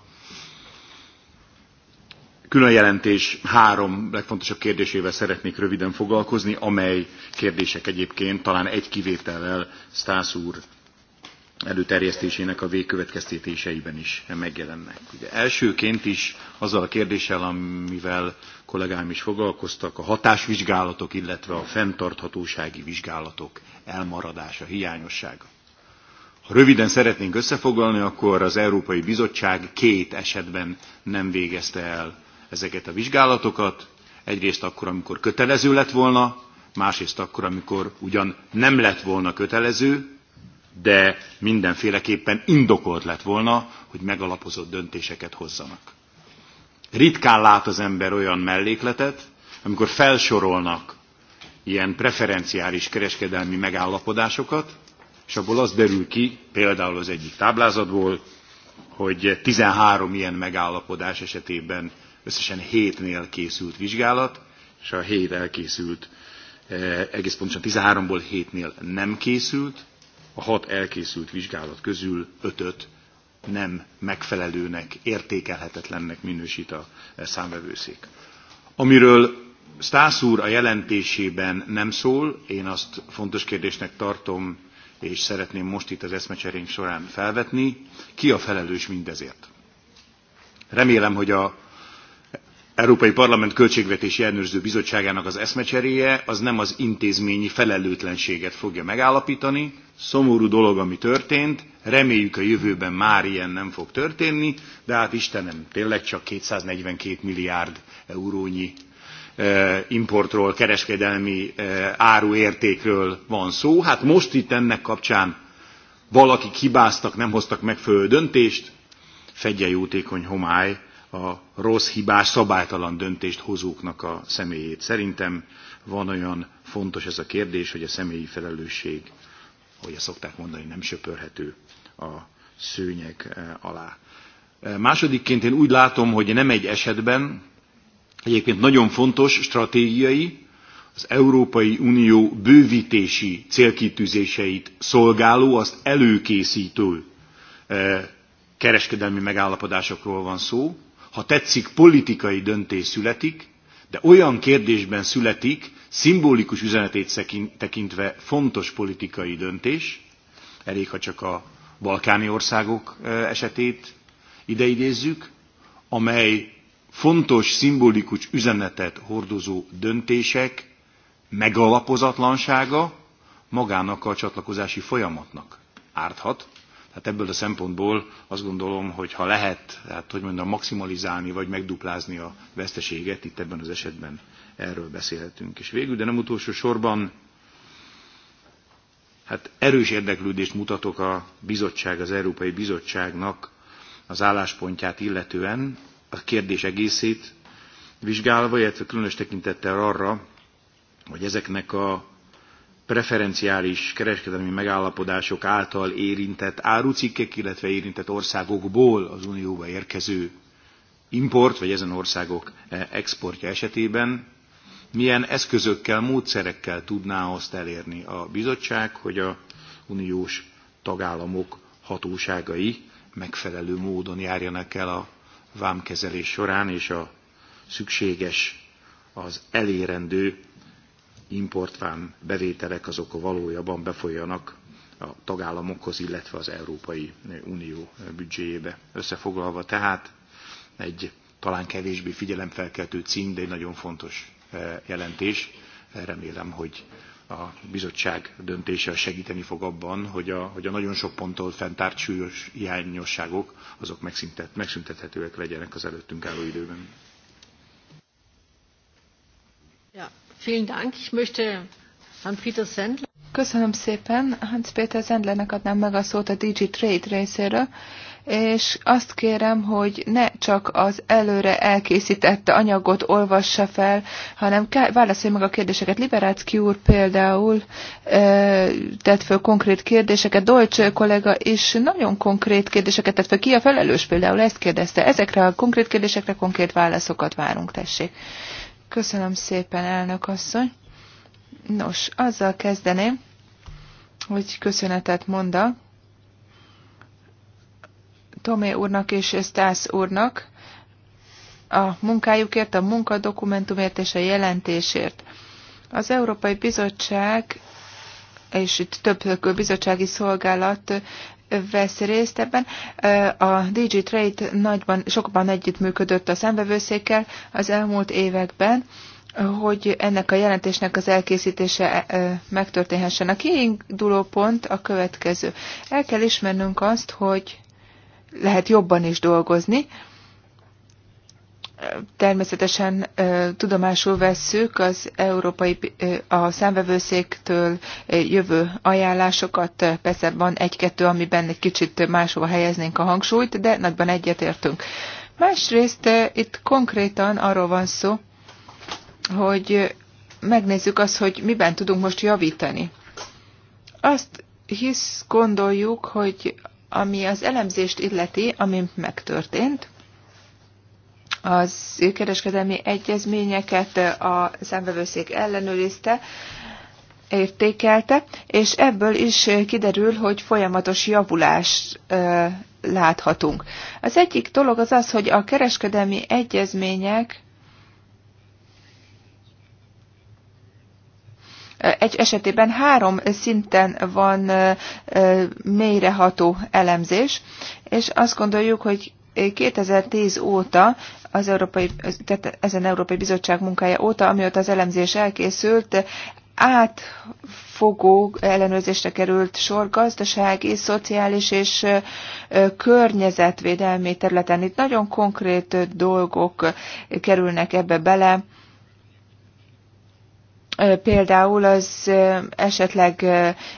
külön jelentés három legfontosabb kérdésével szeretnék röviden foglalkozni, amely kérdések egyébként talán egy kivétellel Stász úr előterjesztésének a végkövetkeztetéseiben is megjelennek. Ugye elsőként is azzal a kérdéssel, amivel kollégáim is foglalkoztak, a hatásvizsgálatok, illetve a fenntarthatósági vizsgálatok elmaradása, hiányossága. Ha röviden szeretnénk összefoglalni, akkor az Európai Bizottság két esetben nem végezte el ezeket a vizsgálatokat, egyrészt akkor, amikor kötelező lett volna, másrészt akkor, amikor ugyan nem lett volna kötelező, de mindenféleképpen indokolt lett volna, hogy megalapozott döntéseket hozzanak. Ritkán lát az ember olyan mellékletet, amikor felsorolnak ilyen preferenciális kereskedelmi megállapodásokat, és abból az derül ki, például az egyik táblázatból, hogy 13 ilyen megállapodás esetében összesen hétnél készült vizsgálat, és a hét elkészült, eh, egész pontosan 13-ból hétnél nem készült, a hat elkészült vizsgálat közül ötöt nem megfelelőnek, értékelhetetlennek minősít a eh, számvevőszék. Amiről Stász úr a jelentésében nem szól, én azt fontos kérdésnek tartom, és szeretném most itt az eszmecserénk során felvetni, ki a felelős mindezért. Remélem, hogy a Európai Parlament Költségvetési Ellenőrző Bizottságának az eszmecseréje az nem az intézményi felelőtlenséget fogja megállapítani. Szomorú dolog, ami történt, reméljük a jövőben már ilyen nem fog történni, de hát Istenem, tényleg csak 242 milliárd eurónyi e, importról, kereskedelmi e, áruértékről van szó. Hát most itt ennek kapcsán valaki hibáztak, nem hoztak megfelelő döntést, fedje jótékony homály a rossz, hibás, szabálytalan döntést hozóknak a személyét. Szerintem van olyan fontos ez a kérdés, hogy a személyi felelősség, ahogy ezt szokták mondani, nem söpörhető a szőnyek eh, alá. Eh, másodikként én úgy látom, hogy nem egy esetben, egyébként nagyon fontos stratégiai, az Európai Unió bővítési célkitűzéseit szolgáló, azt előkészítő eh, kereskedelmi megállapodásokról van szó, ha tetszik, politikai döntés születik, de olyan kérdésben születik, szimbolikus üzenetét tekintve fontos politikai döntés, elég ha csak a balkáni országok esetét ideidézzük, amely fontos, szimbolikus üzenetet hordozó döntések megalapozatlansága magának a csatlakozási folyamatnak árthat, tehát ebből a szempontból azt gondolom, hogy ha lehet, hát hogy mondjam, maximalizálni vagy megduplázni a veszteséget, itt ebben az esetben erről beszélhetünk. És végül, de nem utolsó sorban, hát erős érdeklődést mutatok a bizottság, az Európai Bizottságnak az álláspontját illetően, a kérdés egészét vizsgálva, illetve különös tekintettel arra, hogy ezeknek a preferenciális kereskedelmi megállapodások által érintett árucikkek, illetve érintett országokból az Unióba érkező import, vagy ezen országok eh, exportja esetében milyen eszközökkel, módszerekkel tudná azt elérni a bizottság, hogy a uniós tagállamok hatóságai megfelelő módon járjanak el a vámkezelés során, és a szükséges, az elérendő importvám bevételek azok valójában befolyjanak a tagállamokhoz, illetve az Európai Unió büdzséjébe. Összefoglalva tehát egy talán kevésbé figyelemfelkeltő cím, de egy nagyon fontos eh, jelentés. Remélem, hogy a bizottság döntése segíteni fog abban, hogy a, hogy a nagyon sok ponttól fenntárt súlyos hiányosságok, azok megszüntet, megszüntethetőek legyenek az előttünk álló időben. Ja, Vielen Dank. Ich möchte Herrn Peter Sendler. Köszönöm szépen. Hans Péter Zendlernek adnám meg a szót a DG Trade részéről, és azt kérem, hogy ne csak az előre elkészített anyagot olvassa fel, hanem válaszolj meg a kérdéseket. Liberácki úr például e, tett föl konkrét kérdéseket, Dolcs kollega is nagyon konkrét kérdéseket tett föl. Ki a felelős például ezt kérdezte. Ezekre a konkrét kérdésekre konkrét válaszokat várunk, tessék. Köszönöm szépen, elnök asszony. Nos, azzal kezdeném, hogy köszönetet mondok Tomé úrnak és Stász úrnak a munkájukért, a munkadokumentumért és a jelentésért. Az Európai Bizottság és itt több bizottsági szolgálat vesz részt ebben. A DG Trade nagyban, sokban együttműködött a szembevőszékkel az elmúlt években, hogy ennek a jelentésnek az elkészítése megtörténhessen. A kiinduló pont a következő. El kell ismernünk azt, hogy lehet jobban is dolgozni, természetesen tudomásul vesszük az európai a számvevőszéktől jövő ajánlásokat. Persze van egy-kettő, amiben egy kicsit máshova helyeznénk a hangsúlyt, de nagyban egyetértünk. Másrészt itt konkrétan arról van szó, hogy megnézzük azt, hogy miben tudunk most javítani. Azt hisz, gondoljuk, hogy ami az elemzést illeti, ami megtörtént, az kereskedelmi egyezményeket a szembevőszék ellenőrizte, értékelte, és ebből is kiderül, hogy folyamatos javulás láthatunk. Az egyik dolog az az, hogy a kereskedelmi egyezmények egy esetében három szinten van mélyreható elemzés, és azt gondoljuk, hogy 2010 óta, az Európai, tehát ezen Európai Bizottság munkája óta, amióta az elemzés elkészült, átfogó ellenőrzésre került sor gazdasági, szociális és környezetvédelmi területen. Itt nagyon konkrét dolgok kerülnek ebbe bele. Például az esetleg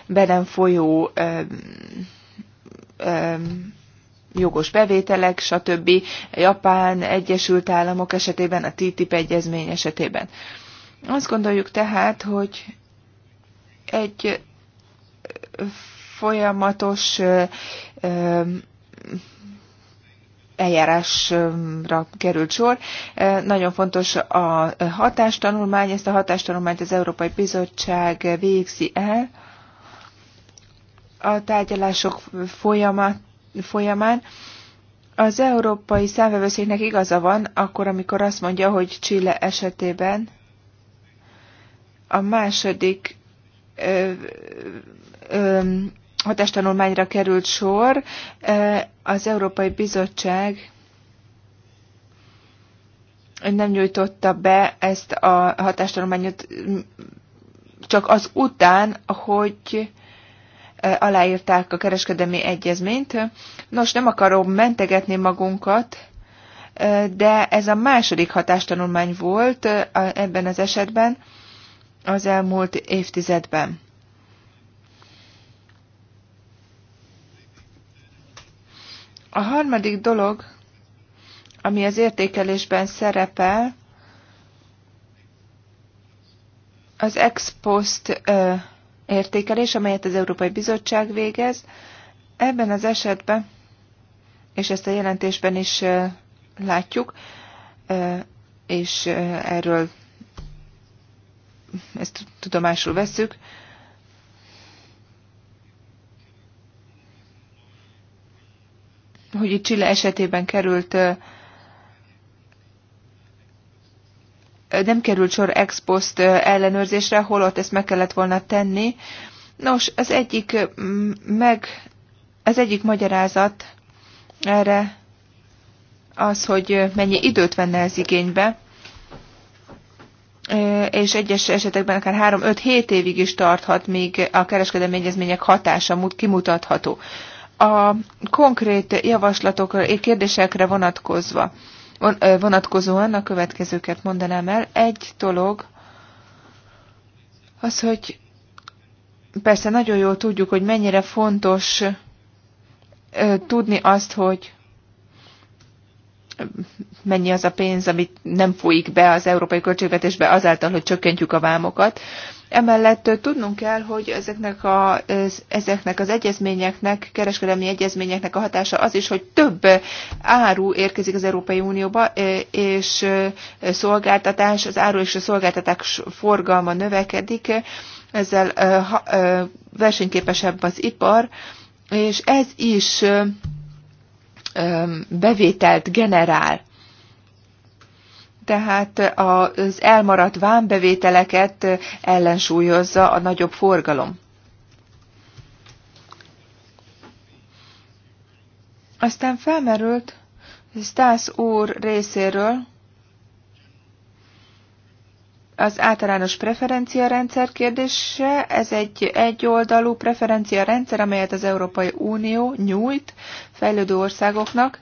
be nem folyó jogos bevételek, stb. Japán, Egyesült Államok esetében, a TTIP egyezmény esetében. Azt gondoljuk tehát, hogy egy folyamatos eljárásra került sor. Nagyon fontos a hatástanulmány, ezt a hatástanulmányt az Európai Bizottság végzi el. A tárgyalások folyamat folyamán. Az európai számvevőszéknek igaza van, akkor, amikor azt mondja, hogy Chile esetében a második ö, ö, hatástanulmányra került sor, az Európai Bizottság nem nyújtotta be ezt a hatástanulmányot csak az után, hogy aláírták a kereskedelmi egyezményt. Nos, nem akarom mentegetni magunkat, de ez a második hatástanulmány volt ebben az esetben az elmúlt évtizedben. A harmadik dolog, ami az értékelésben szerepel, az ex post uh, értékelés, amelyet az Európai Bizottság végez. Ebben az esetben, és ezt a jelentésben is látjuk, és erről ezt tudomásul veszük, hogy itt Csille esetében került nem került sor ex post ellenőrzésre, holott ezt meg kellett volna tenni. Nos, az egyik mm, meg, az egyik magyarázat erre az, hogy mennyi időt venne ez igénybe, és egyes esetekben akár 3-5-7 évig is tarthat, míg a kereskedelmi hatása kimutatható. A konkrét javaslatokra, kérdésekre vonatkozva vonatkozóan a következőket mondanám el. Egy dolog az, hogy persze nagyon jól tudjuk, hogy mennyire fontos tudni azt, hogy mennyi az a pénz, amit nem folyik be az európai költségvetésbe azáltal, hogy csökkentjük a vámokat. Emellett tudnunk kell, hogy ezeknek, a, ezeknek az egyezményeknek, kereskedelmi egyezményeknek a hatása az is, hogy több áru érkezik az Európai Unióba, és szolgáltatás, az áru és a szolgáltatás forgalma növekedik, ezzel versenyképesebb az ipar, és ez is bevételt generál tehát az elmaradt vámbevételeket ellensúlyozza a nagyobb forgalom. Aztán felmerült Stász úr részéről az általános preferenciarendszer kérdése. Ez egy egyoldalú preferenciarendszer, amelyet az Európai Unió nyújt fejlődő országoknak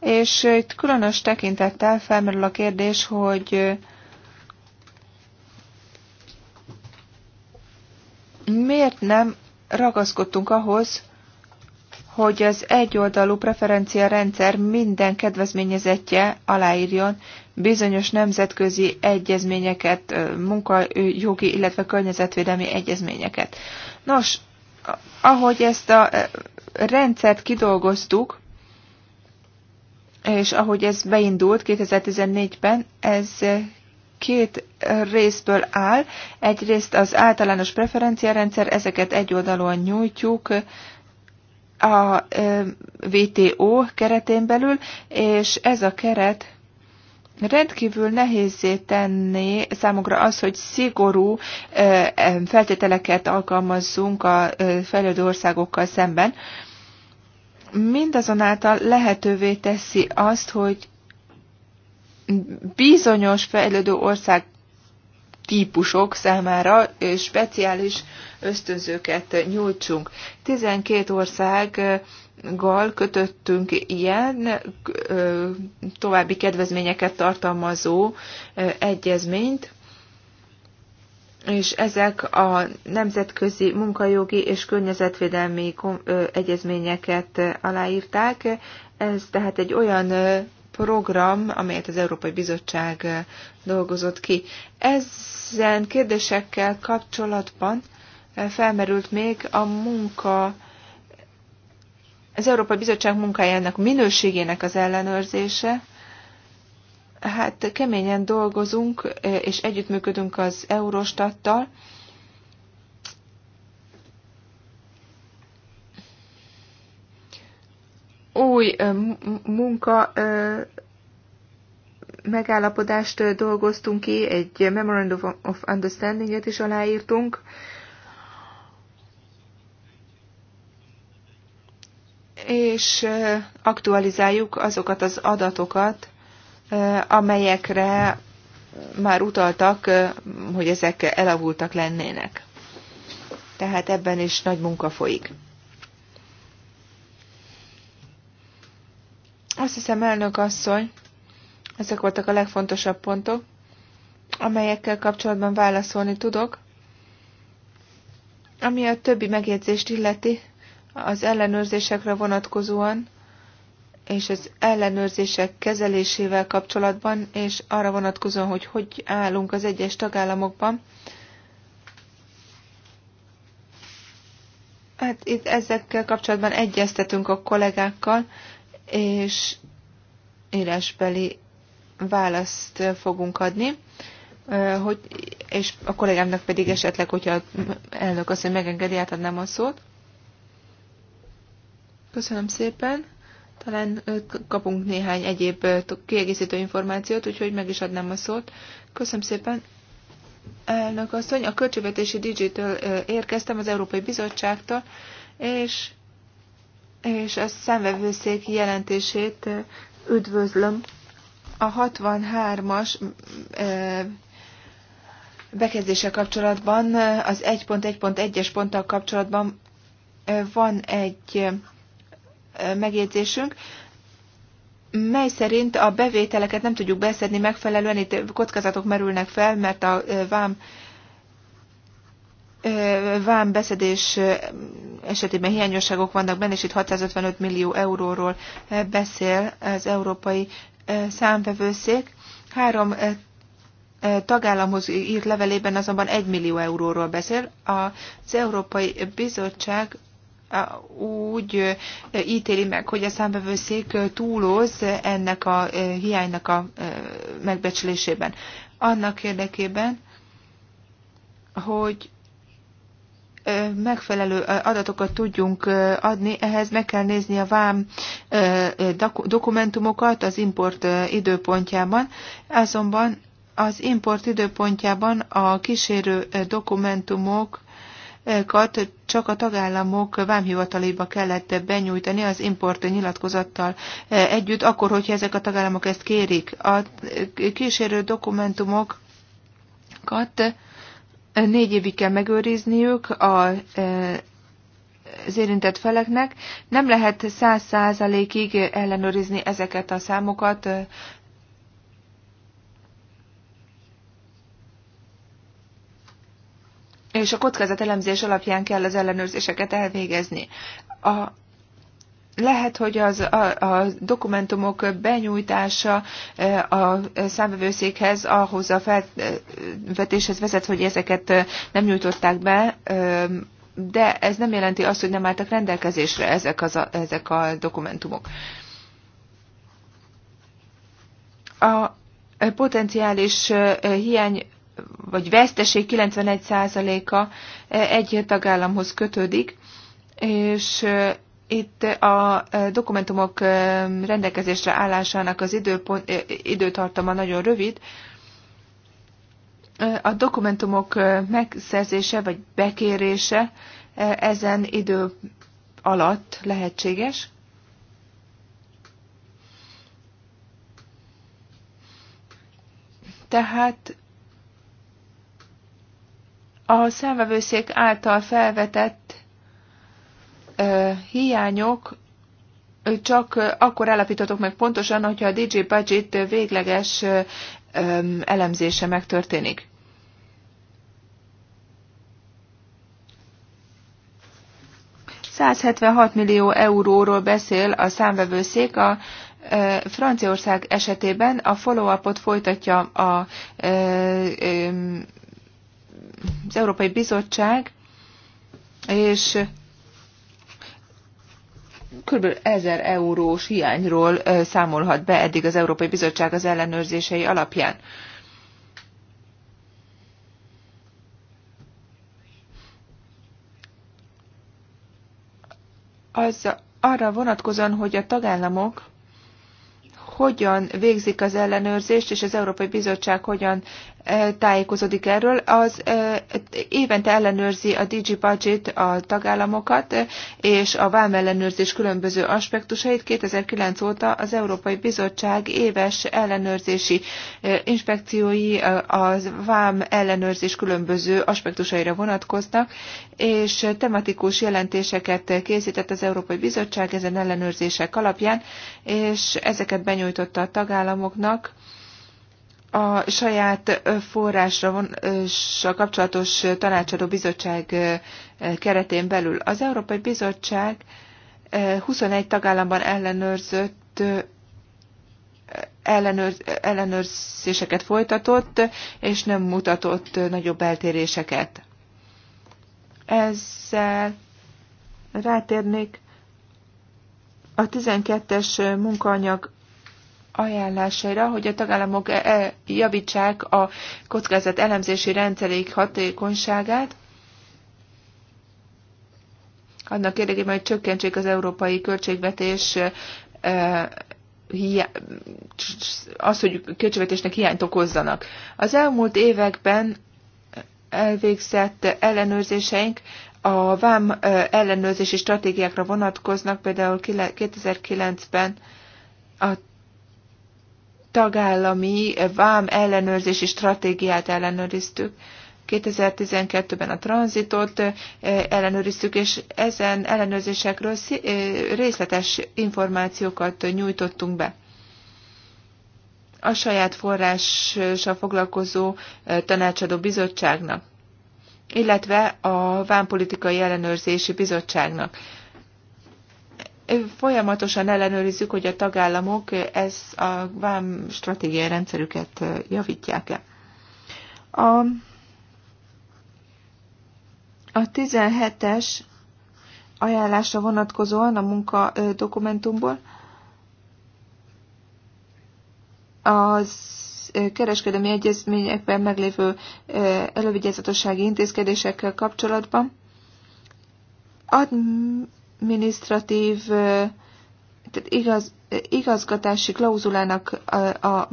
és itt különös tekintettel felmerül a kérdés, hogy miért nem ragaszkodtunk ahhoz, hogy az egyoldalú preferencia rendszer minden kedvezményezettje aláírjon bizonyos nemzetközi egyezményeket, munkajogi, illetve környezetvédelmi egyezményeket. Nos, ahogy ezt a rendszert kidolgoztuk, és ahogy ez beindult 2014-ben, ez két részből áll. Egyrészt az általános preferenciarendszer, ezeket egyoldalúan nyújtjuk a VTO keretén belül, és ez a keret rendkívül nehézé tenni számukra az, hogy szigorú feltételeket alkalmazzunk a fejlődő országokkal szemben mindazonáltal lehetővé teszi azt, hogy bizonyos fejlődő ország típusok számára speciális ösztönzőket nyújtsunk. 12 országgal kötöttünk ilyen további kedvezményeket tartalmazó egyezményt, és ezek a nemzetközi munkajogi és környezetvédelmi egyezményeket aláírták. Ez tehát egy olyan program, amelyet az Európai Bizottság dolgozott ki. Ezen kérdésekkel kapcsolatban felmerült még a munka, az Európai Bizottság munkájának minőségének az ellenőrzése, Hát keményen dolgozunk, e, és együttműködünk az Eurostattal. Új e, munka e, megállapodást dolgoztunk ki, egy Memorandum of Understanding-et is aláírtunk. És aktualizáljuk azokat az adatokat, amelyekre már utaltak, hogy ezek elavultak lennének. Tehát ebben is nagy munka folyik. Azt hiszem, elnök asszony, ezek voltak a legfontosabb pontok, amelyekkel kapcsolatban válaszolni tudok. Ami a többi megjegyzést illeti, az ellenőrzésekre vonatkozóan, és az ellenőrzések kezelésével kapcsolatban, és arra vonatkozóan, hogy hogy állunk az egyes tagállamokban. Hát itt ezekkel kapcsolatban egyeztetünk a kollégákkal, és írásbeli választ fogunk adni, hogy, és a kollégámnak pedig esetleg, hogyha elnök azt, hogy megengedi, átadnám a szót. Köszönöm szépen. Talán kapunk néhány egyéb kiegészítő információt, úgyhogy meg is adnám a szót. Köszönöm szépen. Elnök asszony, a Költségvetési Digitől érkeztem az Európai Bizottságtól, és, és a számvevőszék jelentését üdvözlöm. A 63-as bekezdése kapcsolatban, az 1.1.1-es ponttal kapcsolatban van egy megjegyzésünk, mely szerint a bevételeket nem tudjuk beszedni megfelelően, itt kockázatok merülnek fel, mert a vám vámbeszedés esetében hiányosságok vannak benne, és itt 655 millió euróról beszél az Európai Számvevőszék. Három tagállamhoz írt levelében azonban 1 millió euróról beszél. Az Európai Bizottság úgy ítéli meg, hogy a számbevőszék túloz ennek a hiánynak a megbecsülésében. Annak érdekében, hogy megfelelő adatokat tudjunk adni, ehhez meg kell nézni a vám dokumentumokat az import időpontjában, azonban az import időpontjában a kísérő dokumentumok kat csak a tagállamok vámhivataléba kellett benyújtani az import nyilatkozattal eh, együtt, akkor, hogyha ezek a tagállamok ezt kérik. A eh, kísérő dokumentumokat eh, négy évig kell megőrizniük a az érintett feleknek. Nem lehet száz százalékig ellenőrizni ezeket a számokat és a kockázat elemzés alapján kell az ellenőrzéseket elvégezni. A, lehet, hogy az, a, a dokumentumok benyújtása e, a számvevőszékhez, ahhoz a felvetéshez vezet, hogy ezeket e, nem nyújtották be, e, de ez nem jelenti azt, hogy nem álltak rendelkezésre ezek, az a, ezek a dokumentumok. A potenciális hiány vagy veszteség 91%-a eh, egy tagállamhoz kötődik, és eh, itt a eh, dokumentumok rendelkezésre állásának az időpont, időtartama nagyon rövid. A dokumentumok megszerzése vagy bekérése ezen idő alatt lehetséges. Tehát a számvevőszék által felvetett ö, hiányok csak akkor állapítotok meg pontosan, hogyha a DJ Budget végleges ö, ö, elemzése megtörténik. ...176 millió euróról beszél a számvevőszék, a Franciaország esetében a follow-upot folytatja a az Európai Bizottság, és kb. 1000 eurós hiányról számolhat be eddig az Európai Bizottság az ellenőrzései alapján. Az arra vonatkozóan, hogy a tagállamok hogyan végzik az ellenőrzést, és az Európai Bizottság hogyan tájékozódik erről. Az évente ellenőrzi a DG Budget a tagállamokat és a vámellenőrzés különböző aspektusait. 2009 óta az Európai Bizottság éves ellenőrzési inspekciói a vám ellenőrzés különböző aspektusaira vonatkoznak, és tematikus jelentéseket készített az Európai Bizottság ezen ellenőrzések alapján, és ezeket benyújtotta a tagállamoknak a saját forrásra von, kapcsolatos tanácsadó bizottság keretén belül. Az Európai Bizottság 21 tagállamban ellenőrzött ellenőrzéseket folytatott, és nem mutatott nagyobb eltéréseket. Ezzel rátérnék a 12-es munkaanyag ajánlásaira, hogy a tagállamok e, e, javítsák a kockázat elemzési rendszerék hatékonyságát, annak érdekében, hogy csökkentsék az európai költségvetés e, az, hogy költségvetésnek hiányt okozzanak. Az elmúlt években elvégzett ellenőrzéseink a vám ellenőrzési stratégiákra vonatkoznak, például 2009-ben a tagállami vám ellenőrzési stratégiát ellenőriztük. 2012-ben a tranzitot eh, ellenőriztük, és ezen ellenőrzésekről eh, részletes információkat nyújtottunk be. A saját forrással foglalkozó eh, tanácsadó bizottságnak, illetve a Vámpolitikai Ellenőrzési Bizottságnak. Folyamatosan ellenőrizzük, hogy a tagállamok ezt a vám stratégiai rendszerüket javítják-e. A, a 17-es ajánlásra vonatkozóan a munka dokumentumból az kereskedelmi egyezményekben meglévő elővigyázatossági intézkedésekkel kapcsolatban ad administratív tehát igaz, igazgatási klauzulának a, a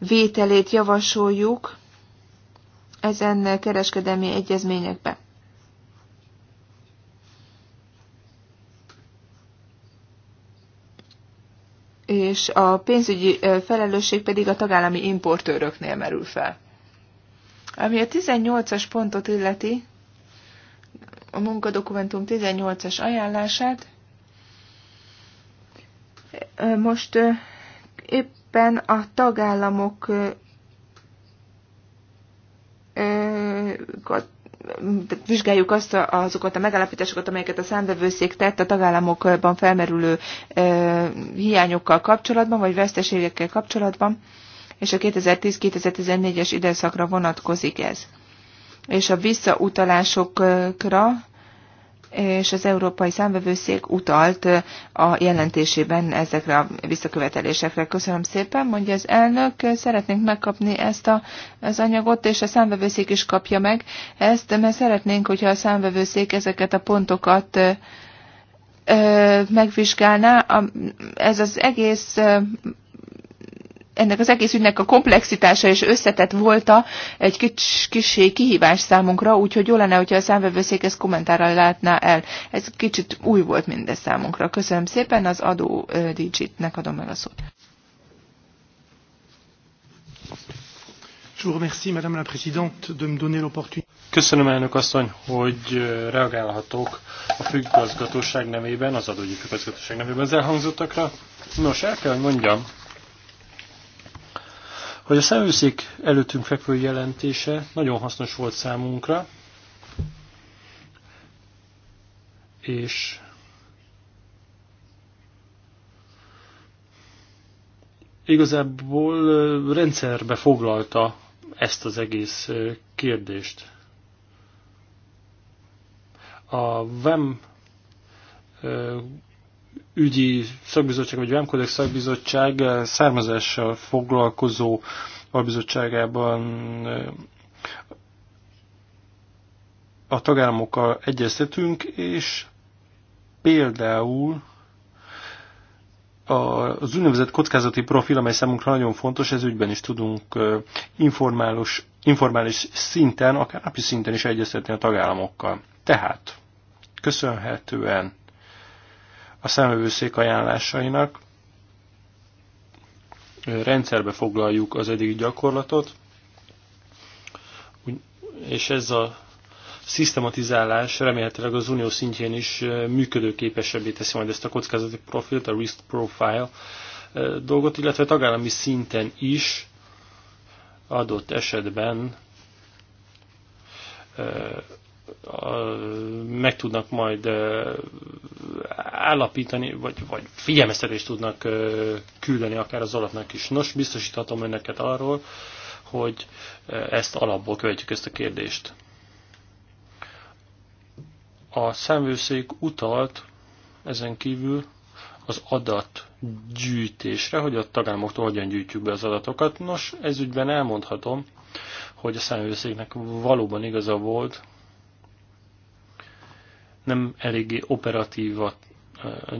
bevételét javasoljuk ezen kereskedelmi egyezményekbe. és a pénzügyi felelősség pedig a tagállami importőröknél merül fel. Ami a 18-as pontot illeti, a munkadokumentum 18-as ajánlását. Most éppen a tagállamok vizsgáljuk azt azokat a megállapításokat, amelyeket a számvevőszék tett a tagállamokban felmerülő hiányokkal kapcsolatban, vagy veszteségekkel kapcsolatban, és a 2010-2014-es időszakra vonatkozik ez és a visszautalásokra, és az Európai Számvevőszék utalt a jelentésében ezekre a visszakövetelésekre. Köszönöm szépen, mondja az elnök, szeretnénk megkapni ezt a, az anyagot, és a számvevőszék is kapja meg ezt, mert szeretnénk, hogyha a számvevőszék ezeket a pontokat megvizsgálná. Ez az egész ennek az egész ügynek a komplexitása és összetett volta egy kis, kis kihívás számunkra, úgyhogy jó lenne, hogyha a számvevőszék ezt kommentárral látná el. Ez kicsit új volt mindez számunkra. Köszönöm szépen, az adó DJ-nek adom meg a szót. Köszönöm elnök asszony, hogy reagálhatok a függazgatóság nevében, az adógyi függazgatóság nevében az elhangzottakra. Nos, el kell, hogy mondjam, hogy a szemőszék előttünk fekvő jelentése nagyon hasznos volt számunkra, és igazából rendszerbe foglalta ezt az egész kérdést. A VEM ügyi szakbizottság, vagy Vámkodex szakbizottság eh, származással foglalkozó albizottságában eh, a tagállamokkal egyeztetünk, és például az úgynevezett kockázati profil, amely számunkra nagyon fontos, ez ügyben is tudunk eh, informális, informális szinten, akár napi szinten is egyeztetni a tagállamokkal. Tehát köszönhetően a szemövőszék ajánlásainak. Rendszerbe foglaljuk az eddigi gyakorlatot, és ez a szisztematizálás remélhetőleg az unió szintjén is működőképesebbé teszi majd ezt a kockázati profilt, a risk profile dolgot, illetve tagállami szinten is adott esetben meg tudnak majd állapítani, vagy, vagy figyelmeztetést tudnak küldeni akár az alapnak is. Nos, biztosíthatom önöket arról, hogy ezt alapból követjük ezt a kérdést. A számvőszék utalt ezen kívül az adatgyűjtésre, hogy a tagállamoktól hogyan gyűjtjük be az adatokat. Nos, ezügyben elmondhatom, hogy a számvőszéknek valóban igaza volt, nem eléggé operatívat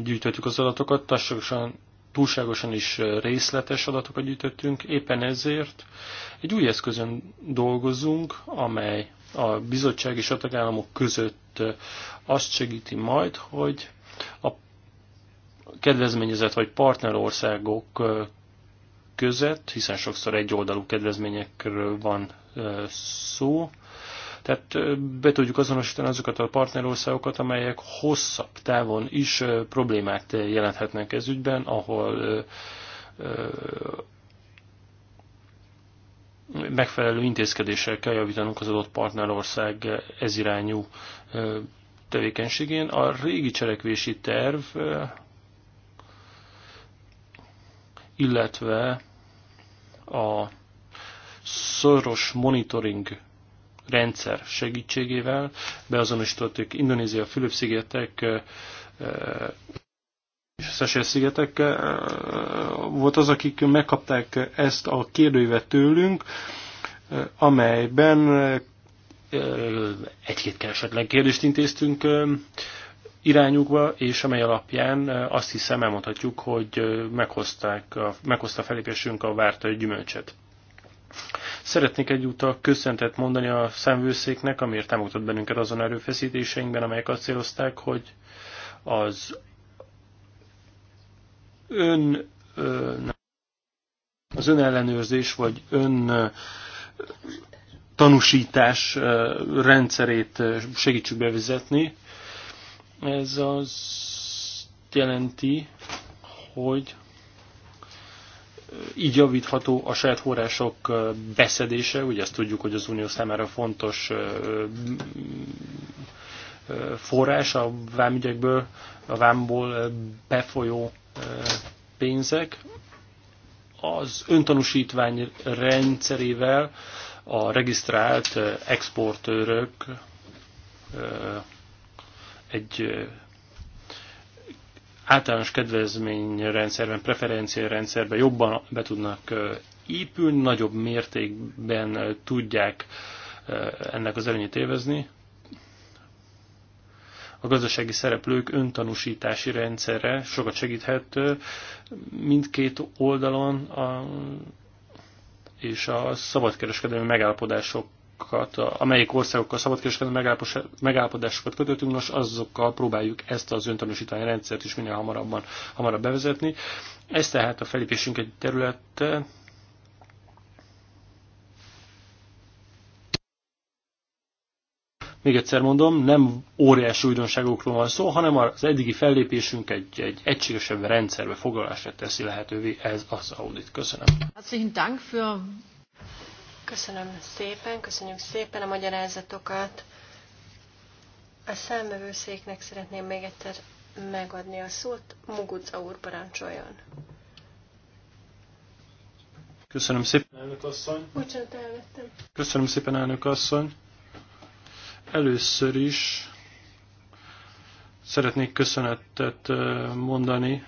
gyűjtöttük az adatokat, tassosan túlságosan is részletes adatokat gyűjtöttünk, éppen ezért egy új eszközön dolgozunk, amely a bizottság és a tagállamok között azt segíti majd, hogy a kedvezményezett vagy partnerországok között, hiszen sokszor egy oldalú kedvezményekről van szó, tehát be tudjuk azonosítani azokat a partnerországokat, amelyek hosszabb távon is problémát jelenthetnek ez ügyben, ahol megfelelő intézkedéssel kell javítanunk az adott partnerország ezirányú tevékenységén. A régi cselekvési terv, illetve a szoros monitoring rendszer segítségével beazonosították Indonézia, Fülöp-szigetek és a Szesel-szigetek volt az, akik megkapták ezt a kérdőívet tőlünk, amelyben egy-két keresetlen kérdést intéztünk irányukba, és amely alapján azt hiszem elmondhatjuk, hogy meghozták, meghozta a felépésünk a várta gyümölcset. Szeretnék egyúttal köszöntet mondani a szemvőszéknek, amiért támogatott bennünket azon erőfeszítéseinkben, amelyek azt célozták, hogy az ön, az önellenőrzés vagy ön tanúsítás rendszerét segítsük bevezetni. Ez az jelenti, hogy így javítható a saját források beszedése, ugye ezt tudjuk, hogy az unió számára fontos forrás a vámügyekből, a vámból befolyó pénzek. Az öntanúsítvány rendszerével a regisztrált exportőrök egy általános kedvezményrendszerben, preferenciarendszerben jobban be tudnak épülni, nagyobb mértékben tudják ennek az előnyét évezni. A gazdasági szereplők öntanúsítási rendszere sokat segíthet mindkét oldalon, a, és a szabadkereskedelmi megállapodások országokat, amelyik országokkal szabadkereskedelmi megállapodásokat kötöttünk, nos azokkal próbáljuk ezt az öntanúsítvány rendszert is minél hamarabban, hamarabb bevezetni. Ez tehát a felépésünk egy területe, még egyszer mondom, nem óriási újdonságokról van szó, hanem az eddigi fellépésünk egy, egy egységesebb rendszerbe foglalásra teszi lehetővé ez az audit. Köszönöm. Köszönöm szépen, köszönjük szépen a magyarázatokat. A számövőszéknek szeretném még egyszer megadni a szót. Muguca úr parancsoljon. Köszönöm szépen, elnök asszony. Bocsánat, elvettem. Köszönöm szépen, elnök asszony. Először is szeretnék köszönetet eh, mondani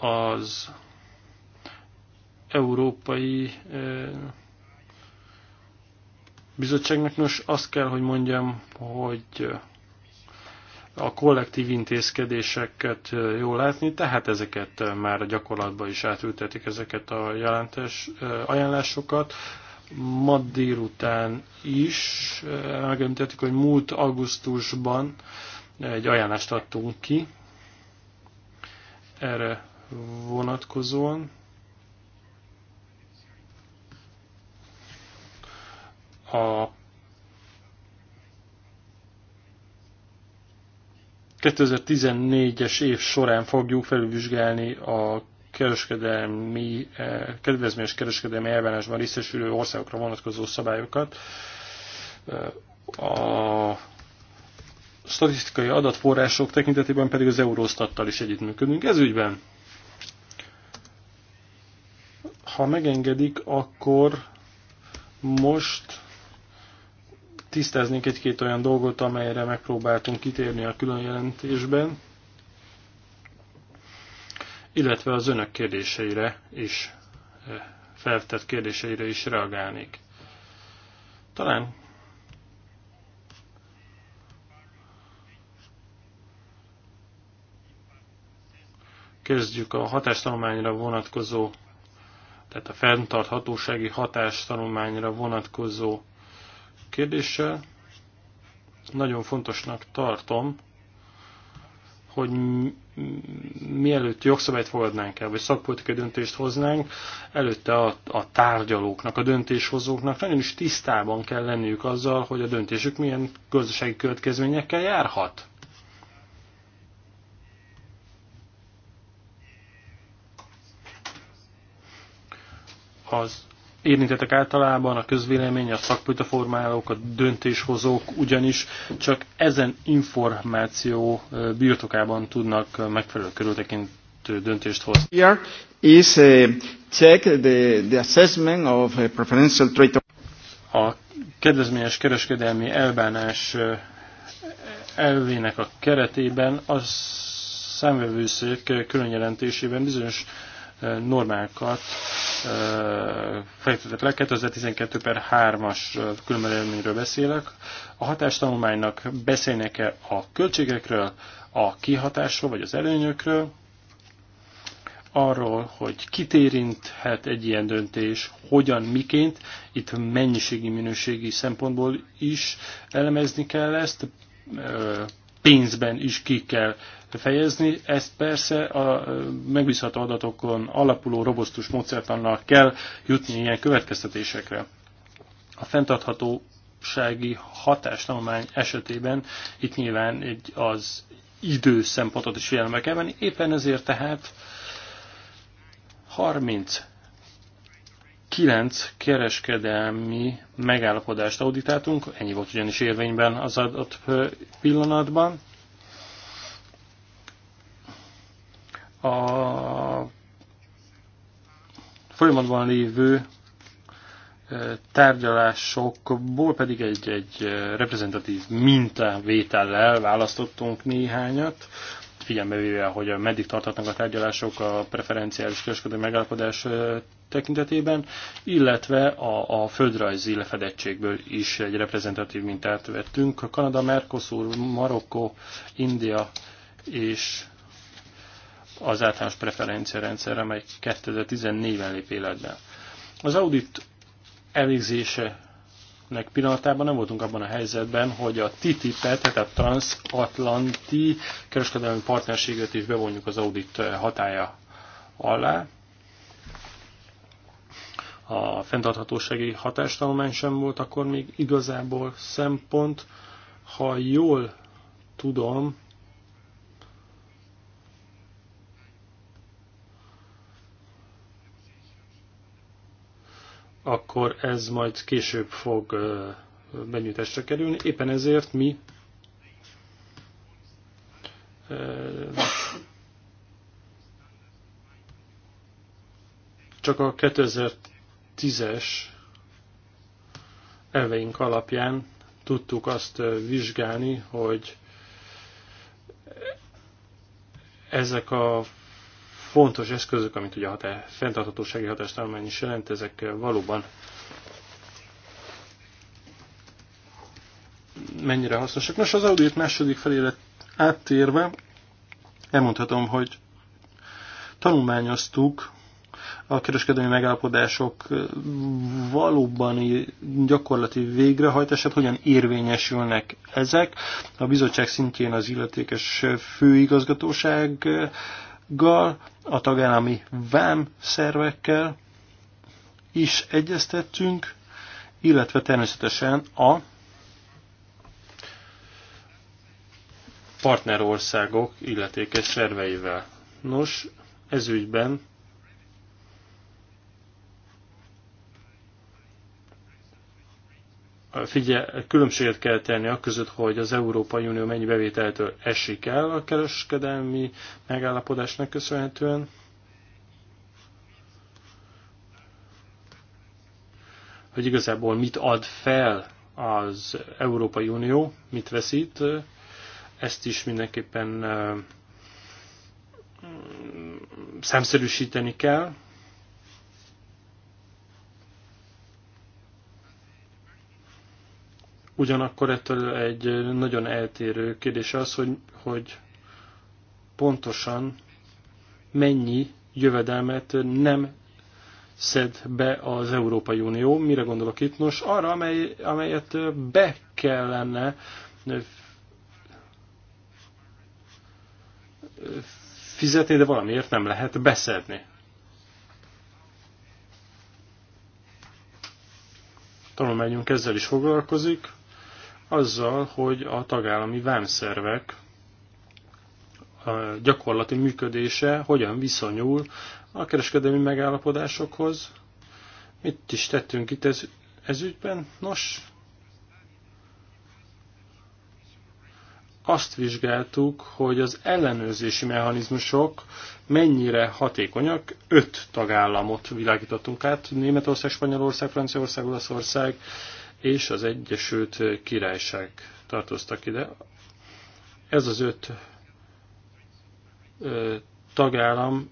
az Európai Bizottságnak. Nos, azt kell, hogy mondjam, hogy a kollektív intézkedéseket jól látni, tehát ezeket már a gyakorlatban is átültetik ezeket a jelentés ajánlásokat. Ma délután is megemlítettük, hogy múlt augusztusban egy ajánlást adtunk ki erre vonatkozóan. A 2014-es év során fogjuk felülvizsgálni a kereskedelmi, eh, kedvezményes kereskedelmi elvárásban részesülő országokra vonatkozó szabályokat. Eh, a statisztikai adatforrások tekintetében pedig az Eurostattal is együttműködünk. Ez ügyben, ha megengedik, akkor most tisztáznék egy-két olyan dolgot, amelyre megpróbáltunk kitérni a külön jelentésben, illetve az önök kérdéseire is, eh, feltett kérdéseire is reagálnék. Talán kezdjük a hatástanulmányra vonatkozó, tehát a fenntarthatósági hatástanulmányra vonatkozó kérdéssel. Nagyon fontosnak tartom, hogy mielőtt jogszabályt fogadnánk el, vagy szakpolitikai döntést hoznánk, előtte a, a tárgyalóknak, a döntéshozóknak nagyon is tisztában kell lenniük azzal, hogy a döntésük milyen gazdasági következményekkel járhat. Az érintettek általában, a közvélemény, a szakpolitaformálók, a döntéshozók ugyanis csak ezen információ birtokában tudnak megfelelő körültekintő döntést hozni. Here is a check the, the assessment of a preferential trade a kedvezményes kereskedelmi elbánás elvének a keretében az számvevőszék különjelentésében bizonyos normákat fejtetett le. 2012 per 3-as különbözőményről beszélek. A hatástanulmánynak beszélnek-e a költségekről, a kihatásról vagy az előnyökről, arról, hogy kit érinthet egy ilyen döntés, hogyan, miként, itt mennyiségi, minőségi szempontból is elemezni kell ezt, pénzben is ki kell fejezni. Ezt persze a megbízható adatokon alapuló robosztus módszertannal kell jutni ilyen következtetésekre. A fenntarthatósági hatástanulmány esetében itt nyilván egy az idő szempontot is figyelembe kell venni. Éppen ezért tehát 30 kilenc kereskedelmi megállapodást auditáltunk, ennyi volt ugyanis érvényben az adott pillanatban. A folyamatban lévő tárgyalásokból pedig egy, egy reprezentatív mintavétellel választottunk néhányat figyelme véve, hogy meddig tartatnak a tárgyalások a preferenciális kereskedelmi megállapodás tekintetében, illetve a, a földrajzi lefedettségből is egy reprezentatív mintát vettünk. Kanada, Mercosur, Marokko, India és az általános rendszer, amely 2014-ben lép életbe. Az audit elvégzése Nek pillanatában nem voltunk abban a helyzetben, hogy a TTIP-et, tehát a transatlanti kereskedelmi partnerséget is bevonjuk az audit hatája alá. A fenntarthatósági hatástanulmány sem volt akkor még igazából szempont. Ha jól tudom, akkor ez majd később fog benyújtásra kerülni. Éppen ezért mi csak a 2010-es elveink alapján tudtuk azt vizsgálni, hogy ezek a fontos eszközök, amit ugye a hatá fenntarthatósági hatástalmány is jelent, ezek eh, valóban mennyire hasznosak. Nos, az audit második felére áttérve elmondhatom, hogy tanulmányoztuk a kereskedelmi megállapodások eh, valóban gyakorlati végrehajtását, hogyan érvényesülnek ezek. A bizottság szintjén az illetékes főigazgatóság eh, gal, a tagállami vám szervekkel is egyeztettünk, illetve természetesen a partnerországok illetékes szerveivel. Nos, ezügyben figye, különbséget kell tenni a között, hogy az Európai Unió mennyi bevételtől esik el a kereskedelmi megállapodásnak köszönhetően. Hogy igazából mit ad fel az Európai Unió, mit veszít, ezt is mindenképpen számszerűsíteni kell, Ugyanakkor ettől egy nagyon eltérő kérdés az, hogy, hogy pontosan mennyi jövedelmet nem szed be az Európai Unió. Mire gondolok itt? Nos, arra, amely, amelyet be kellene fizetni, de valamiért nem lehet beszedni. Tanulmányunk ezzel is foglalkozik azzal, hogy a tagállami vámszervek gyakorlati működése hogyan viszonyul a kereskedelmi megállapodásokhoz. Mit is tettünk itt ez, ez ügyben? Nos, azt vizsgáltuk, hogy az ellenőrzési mechanizmusok mennyire hatékonyak. Öt tagállamot világítottunk át, Németország, Spanyolország, Franciaország, Olaszország, és az Egyesült Királyság tartoztak ide. Ez az öt tagállam,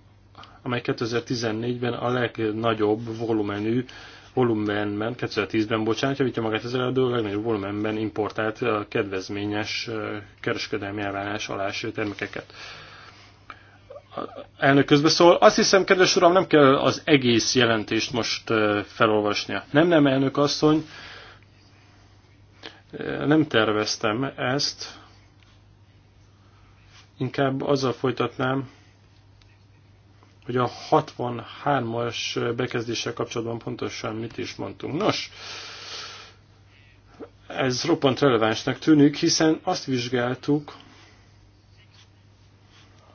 amely 2014-ben a legnagyobb volumenű, volumenben, 2010-ben, bocsánat, javítja magát az előadó, a legnagyobb volumenben importált a kedvezményes kereskedelmi elvárás alá eső termékeket. Elnök közbeszól. Azt hiszem, kedves uram, nem kell az egész jelentést most felolvasnia. Nem, nem, elnök asszony, nem terveztem ezt, inkább azzal folytatnám, hogy a 63-as bekezdéssel kapcsolatban pontosan mit is mondtunk. Nos, ez roppant relevánsnak tűnik, hiszen azt vizsgáltuk,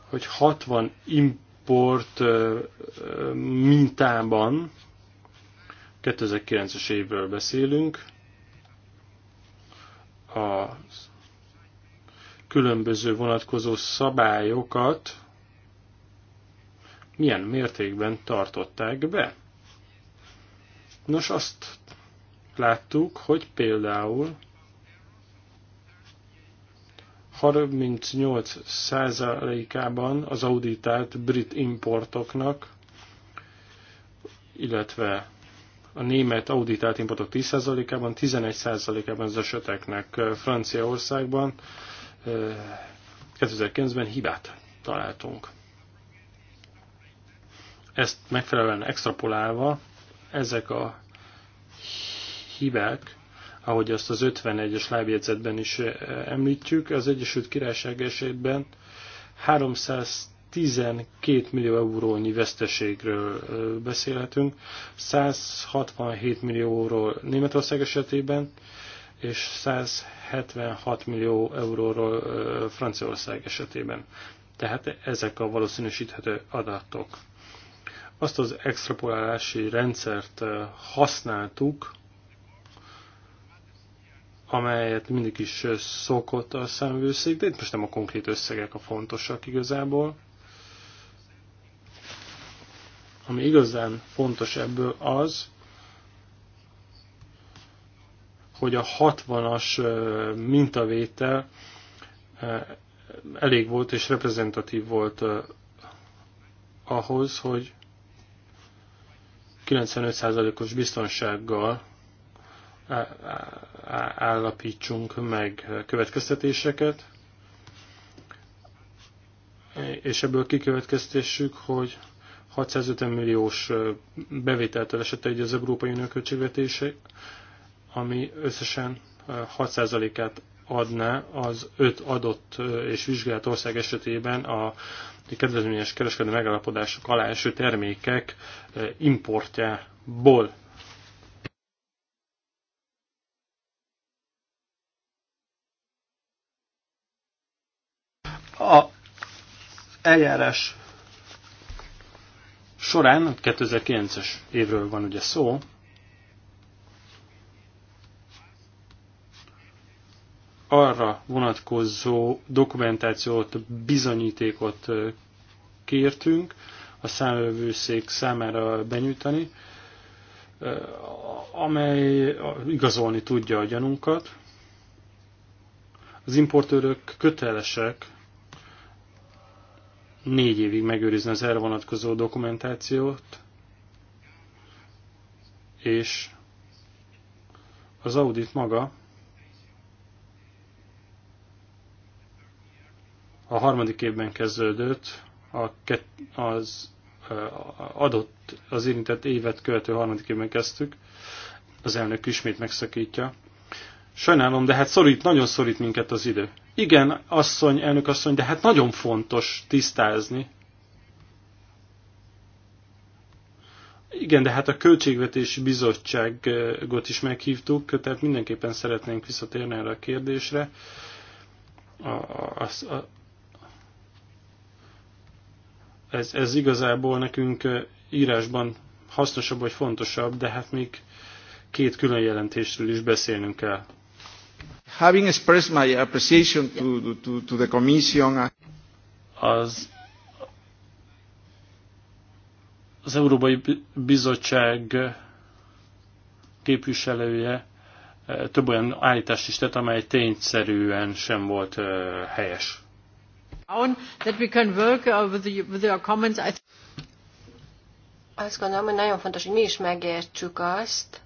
hogy 60 import mintában, 2009-es évről beszélünk, a különböző vonatkozó szabályokat milyen mértékben tartották be. Nos, azt láttuk, hogy például 38%-ában az auditált brit importoknak, illetve a német auditált importok 10%-ában, 11%-ában az eseteknek Franciaországban 2009-ben hibát találtunk. Ezt megfelelően extrapolálva ezek a hibák, ahogy azt az 51-es lábjegyzetben is említjük, az Egyesült Királyság esetben 300 12 millió eurónyi veszteségről beszélhetünk, 167 millió euróról Németország esetében, és 176 millió euróról Franciaország esetében. Tehát ezek a valószínűsíthető adatok. Azt az extrapolálási rendszert használtuk, amelyet mindig is szokott a számvőszék, de itt most nem a konkrét összegek a fontosak igazából. Ami igazán fontos ebből az, hogy a 60-as mintavétel elég volt és reprezentatív volt ahhoz, hogy 95%-os biztonsággal állapítsunk meg következtetéseket, és ebből kikövetkeztessük, hogy 650 milliós bevételtől esett egy az Európai Unió költségvetése, ami összesen 6%-át adná az öt adott és vizsgált ország esetében a kedvezményes kereskedő megállapodások alá eső termékek importjából. A eljárás során, 2009-es évről van ugye szó, arra vonatkozó dokumentációt, bizonyítékot kértünk a számövőszék számára benyújtani, amely igazolni tudja a gyanunkat. Az importőrök kötelesek négy évig megőrizni az erre vonatkozó dokumentációt, és az audit maga a harmadik évben kezdődött, a az adott, az érintett évet követő harmadik évben kezdtük, az elnök ismét megszakítja. Sajnálom, de hát szorít, nagyon szorít minket az idő. Igen, asszony, elnök asszony, de hát nagyon fontos tisztázni. Igen, de hát a Költségvetési Bizottságot is meghívtuk, tehát mindenképpen szeretnénk visszatérni erre a kérdésre. A, a, a, ez, ez igazából nekünk írásban hasznosabb vagy fontosabb, de hát még két külön jelentésről is beszélnünk kell having expressed my appreciation to, to, to the Commission, az, az Európai Bizottság képviselője eh, több olyan állítást is tett, amely tényszerűen sem volt eh, helyes. That we can work uh, with, your comments. Azt gondolom, hogy nagyon fontos, hogy mi is megértsük azt,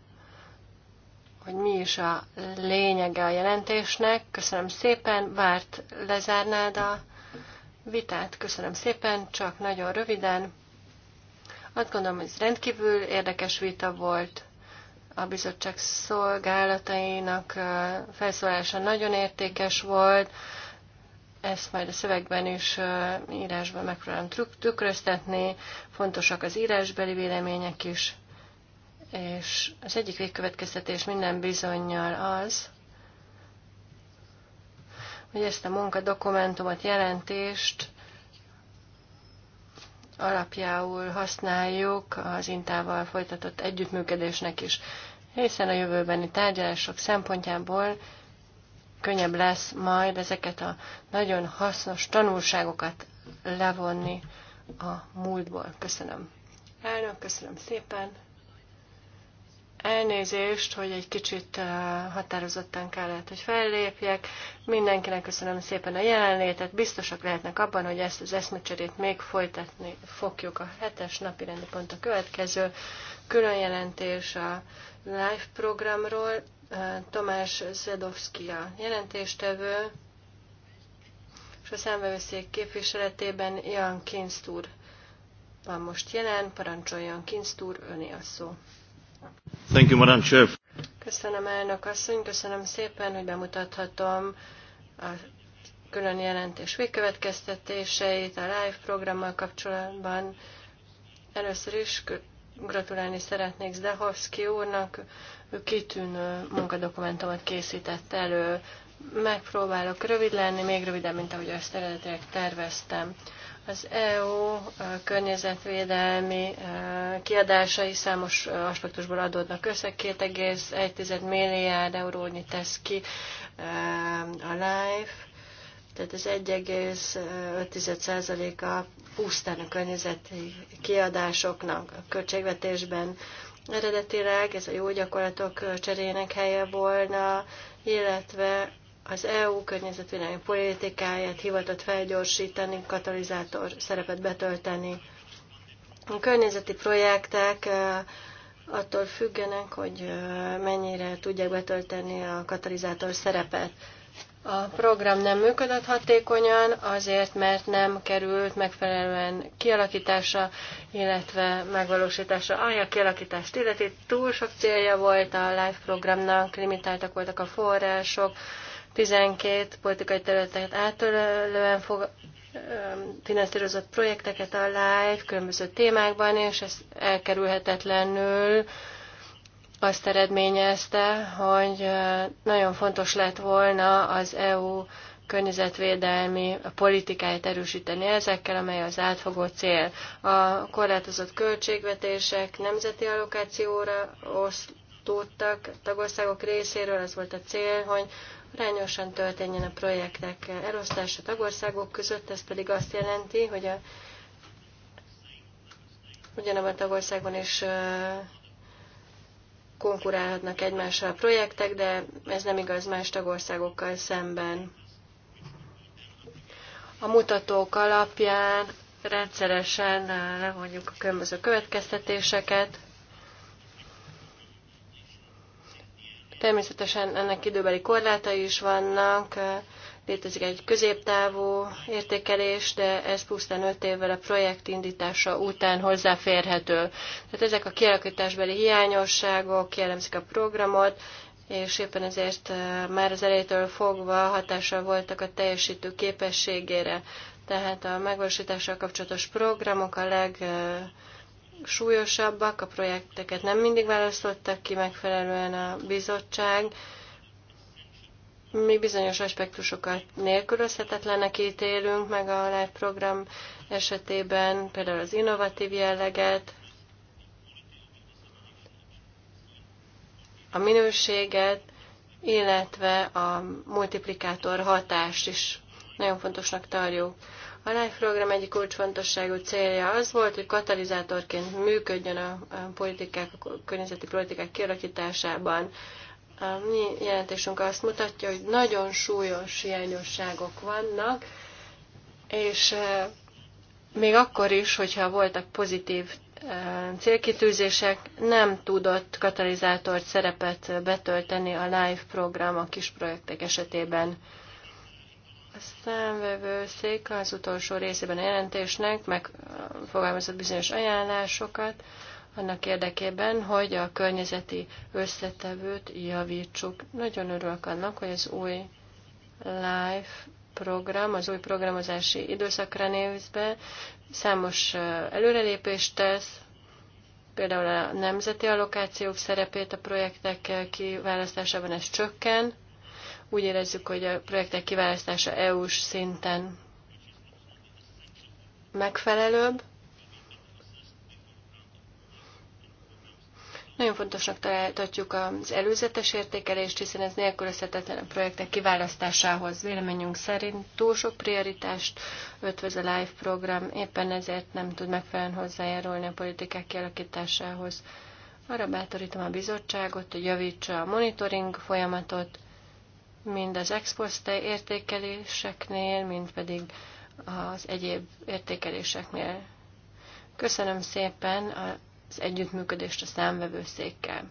hogy mi is a lényege a jelentésnek. Köszönöm szépen, Várt, lezárnád a vitát. Köszönöm szépen, csak nagyon röviden. Azt gondolom, hogy ez rendkívül érdekes vita volt. A bizottság szolgálatainak felszólása nagyon értékes volt. Ezt majd a szövegben is írásban megpróbálom tükröztetni. Fontosak az írásbeli vélemények is. És az egyik végkövetkeztetés minden bizonyal az, hogy ezt a munkadokumentumot, jelentést alapjául használjuk az Intával folytatott együttműködésnek is, hiszen a jövőbeni tárgyalások szempontjából könnyebb lesz majd ezeket a nagyon hasznos tanulságokat levonni a múltból. Köszönöm. Elnök, köszönöm szépen. Elnézést, hogy egy kicsit eh, határozottan kellett, hogy fellépjek. Mindenkinek köszönöm szépen a jelenlétet. Biztosak lehetnek abban, hogy ezt az eszmecserét még folytatni fogjuk. A hetes napi rendi pont a következő. Külön jelentés a live programról. Eh, Tomás Zedowski a jelentéstevő, és a számbevőszék képviseletében Jan Kinst úr van most jelen. Parancsoljon Kinst úr, öné a szó. Thank you, Madam Chair. Köszönöm, elnök asszony, köszönöm szépen, hogy bemutathatom a külön jelentés végkövetkeztetéseit a live programmal kapcsolatban. Először is gratulálni szeretnék Zdehovszki úrnak, ő kitűnő munkadokumentumot készített elő. Megpróbálok rövid lenni, még rövidebb, mint ahogy azt eredetileg terveztem. Az EU környezetvédelmi kiadásai számos aspektusból adódnak össze. 2,1 milliárd eurónyi tesz ki a LIFE, tehát ez 1,5%-a pusztán a környezeti kiadásoknak a költségvetésben eredetileg, ez a jó gyakorlatok cserének helye volna, illetve az EU környezetvédelmi politikáját hivatott felgyorsítani, katalizátor szerepet betölteni. A környezeti projektek e, attól függenek, hogy e, mennyire tudják betölteni a katalizátor szerepet. A program nem működött hatékonyan, azért, mert nem került megfelelően kialakítása, illetve megvalósítása. Ami a kialakítást illeti, túl sok célja volt a live programnak, limitáltak voltak a források, 12 politikai területet átölően fog finanszírozott projekteket a live különböző témákban, és ez elkerülhetetlenül azt eredményezte, hogy nagyon fontos lett volna az EU környezetvédelmi politikáját erősíteni ezekkel, amely az átfogó cél. A korlátozott költségvetések nemzeti allokációra osztódtak tagországok részéről, az volt a cél, hogy arányosan történjen a projektek elosztása tagországok között, ez pedig azt jelenti, hogy a, ugyanabban a tagországban is konkurálhatnak egymással a projektek, de ez nem igaz más tagországokkal szemben. A mutatók alapján rendszeresen levonjuk a különböző következtetéseket, Természetesen ennek időbeli korlátai is vannak, létezik egy középtávú értékelés, de ez pusztán 5 évvel a projekt indítása után hozzáférhető. Tehát ezek a kialakításbeli hiányosságok jellemzik a programot, és éppen ezért már az elejétől fogva hatással voltak a teljesítő képességére. Tehát a megvalósítással kapcsolatos programok a leg súlyosabbak, a projekteket nem mindig választották ki megfelelően a bizottság, mi bizonyos aspektusokat nélkülözhetetlenek ítélünk meg a LIFE program esetében, például az innovatív jelleget, a minőséget, illetve a multiplikátor hatást is nagyon fontosnak tarjuk. A LIFE program egyik kulcsfontosságú célja az volt, hogy katalizátorként működjön a politikák, a környezeti politikák kialakításában. A mi jelentésünk azt mutatja, hogy nagyon súlyos hiányosságok vannak, és e, még akkor is, hogyha voltak pozitív e, célkitűzések, nem tudott katalizátort szerepet betölteni a LIFE program a kis projektek esetében. A számvevőszék az utolsó részében a jelentésnek megfogalmazott bizonyos ajánlásokat annak érdekében, hogy a környezeti összetevőt javítsuk. Nagyon örülök annak, hogy az új LIFE program, az új programozási időszakra nézve számos előrelépést tesz, például a nemzeti allokációk szerepét a projektek kiválasztásában ez csökken, úgy érezzük, hogy a projektek kiválasztása EU-s szinten megfelelőbb. Nagyon fontosnak találhatjuk az előzetes értékelést, hiszen ez nélkülözhetetlen a projektek kiválasztásához. Véleményünk szerint túl sok prioritást ötvöz a LIFE program, éppen ezért nem tud megfelelően hozzájárulni a politikák kialakításához. Arra bátorítom a bizottságot, hogy javítsa a monitoring folyamatot, mind az exposzte értékeléseknél, mind pedig az egyéb értékeléseknél. Köszönöm szépen az együttműködést a számvevőszékkel.